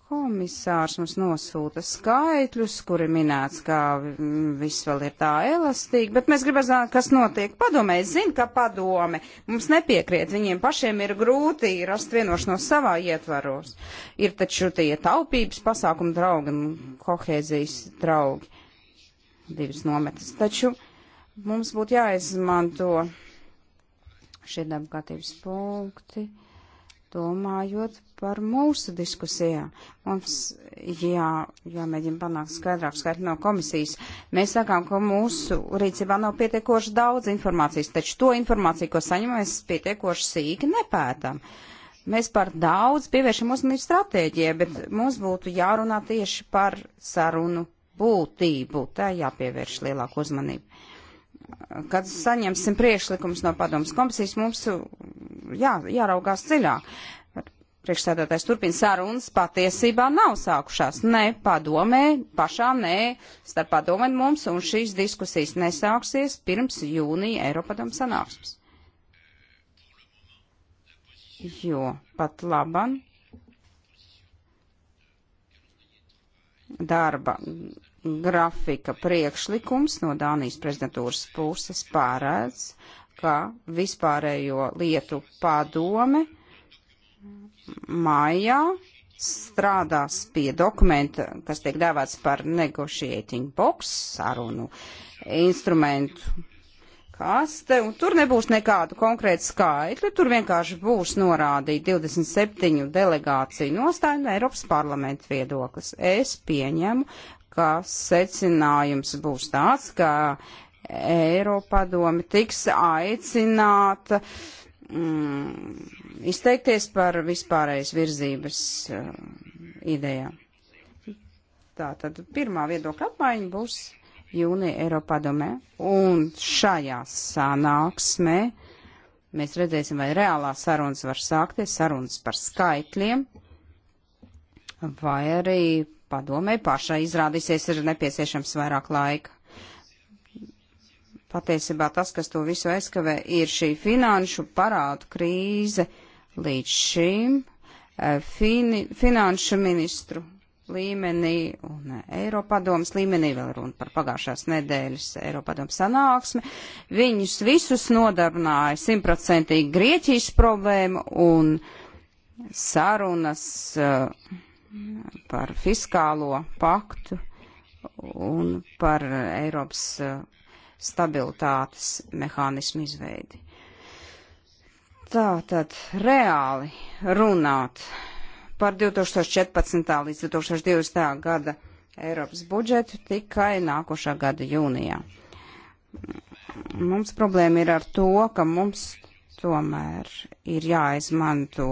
Komisārs mums nosūta skaitļus, kuri minēts, kā viss vēl ir tā elastīgi, bet mēs gribam zināt, kas notiek padomē. Es zinu, ka padome mums nepiekrīt, viņiem pašiem ir grūti rast vienošanos savā ietvaros. Ir taču tie taupības pasākumu draugi un kohēzijas draugi, divas nometas. Taču mums būtu jāizmanto šie darbkārtības punkti. Uh, domājot par mūsu diskusijā. Mums jā, jāmēģina panākt skaidrāk skaitu no komisijas. Mēs sakām, ka mūsu rīcībā nav pietiekoši daudz informācijas, taču to informāciju, ko saņemam, mēs pietiekoši sīki nepētām. Mēs par daudz pievēršam uzmanību stratēģijai, bet mums būtu jārunā tieši par sarunu būtību. Tā jāpievērš lielāku uzmanību kad saņemsim priekšlikums no padomas komisijas, mums uh, jā, jāraugās dziļāk. Priekšsēdētājs turpina sarunas patiesībā nav sākušās. Ne padomē, pašā nē, starp padomē mums, un šīs diskusijas nesāksies pirms jūnija Eiropadam sanāksmes. Jo pat laban darba grafika priekšlikums no Dānijas prezidentūras puses pārēdz, ka vispārējo lietu padome mājā strādās pie dokumenta, kas tiek dēvēts par negotiating box sarunu instrumentu kaste, un tur nebūs nekādu konkrētu skaitļu, tur vienkārši būs norādīti 27 delegāciju nostāju un Eiropas parlamenta viedoklis. Es pieņemu, ka secinājums būs tāds, ka Eiropadome tiks aicināta mm, izteikties par vispārējais virzības uh, idejām. Tā tad pirmā viedokļa apmaiņa būs jūnija Eiropadomē, un šajā sanāksmē mēs redzēsim, vai reālā sarunas var sākties, sarunas par skaitļiem, vai arī padomē pašai izrādīsies ir nepieciešams vairāk laika. Patiesībā tas, kas to visu aizkavē, ir šī finanšu parādu krīze līdz šim eh, fini, finanšu ministru līmenī un eh, Eiropadomas līmenī, vēl runa par pagājušās nedēļas Eiropadomas sanāksmi. Viņus visus nodarināja simtprocentīgi Grieķijas problēma un sarunas uh, par fiskālo paktu un par Eiropas eh, stabilitātes mehānismu izveidi. Tā tad reāli runāt par 2014. līdz 2020. gada Eiropas budžetu tikai nākošā gada jūnijā. Mums problēma ir ar to, ka mums tomēr ir jāizmanto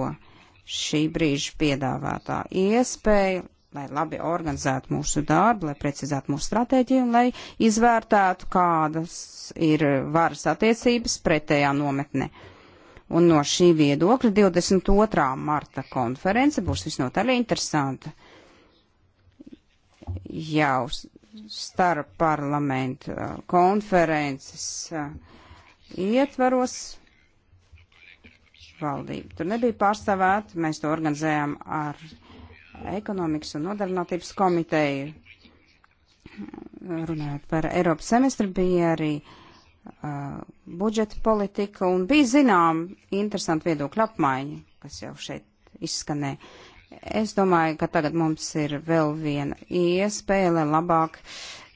šī brīža piedāvātā iespēja, lai labi organizētu mūsu darbu, lai precizētu mūsu stratēģiju un lai izvērtētu, kādas ir varas attiecības pretējā nometnē. Un no šī viedokļa 22. marta konference būs visnotaļ interesanta. Jau starp parlamentu konferences ietvaros valdība. Tur nebija pārstāvēta, mēs to organizējām ar ekonomikas un nodarbinātības komiteju. Runājot par Eiropas semestru, bija arī uh, budžeta politika un bija zinām interesanti viedokļu apmaiņa, kas jau šeit izskanē. Es domāju, ka tagad mums ir vēl viena iespēja, lai labāk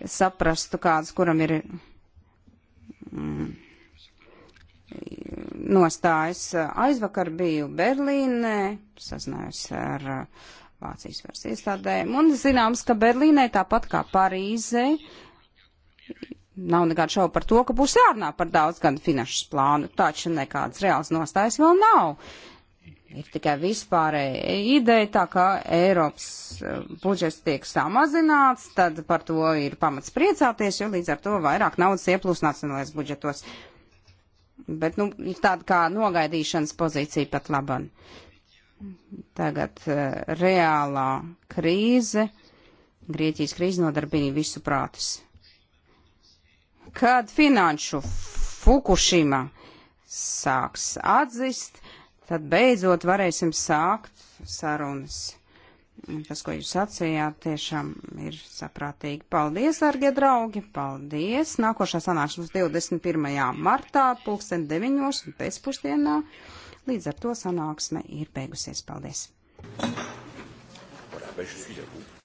saprastu, kāds kuram ir. Mm, nostājas. Eh, aizvakar biju Berlīnē, sazinājos ar eh, Vācijas varas iestādēm, un zināms, ka Berlīnē tāpat kā Parīzē nav nekāda šauba par to, ka būs jārunā par daudz gan finanšu plānu, taču nekādas reāls nostājas vēl nav. Ir tikai vispārēja ideja, tā kā Eiropas eh, budžets tiek samazināts, tad par to ir pamats priecāties, jo līdz ar to vairāk naudas ieplūst nacionālais budžetos. Uh, Bet, nu, tāda kā nogaidīšanas pozīcija pat laban. Tagad uh, reālā krīze, Grieķijas krīze nodarbina visu prātus. Kad finanšu Fukushima sāks atzist, tad beidzot varēsim sākt sarunas Tas, ko jūs sacījāt, tiešām ir saprātīgi. Paldies, dargie draugi, paldies. Nākošā sanāks mums 21. martā, pulksten 9. un pēcpusdienā. Līdz ar to sanāksme ir beigusies. Paldies! Voilà, ben je suis à vous.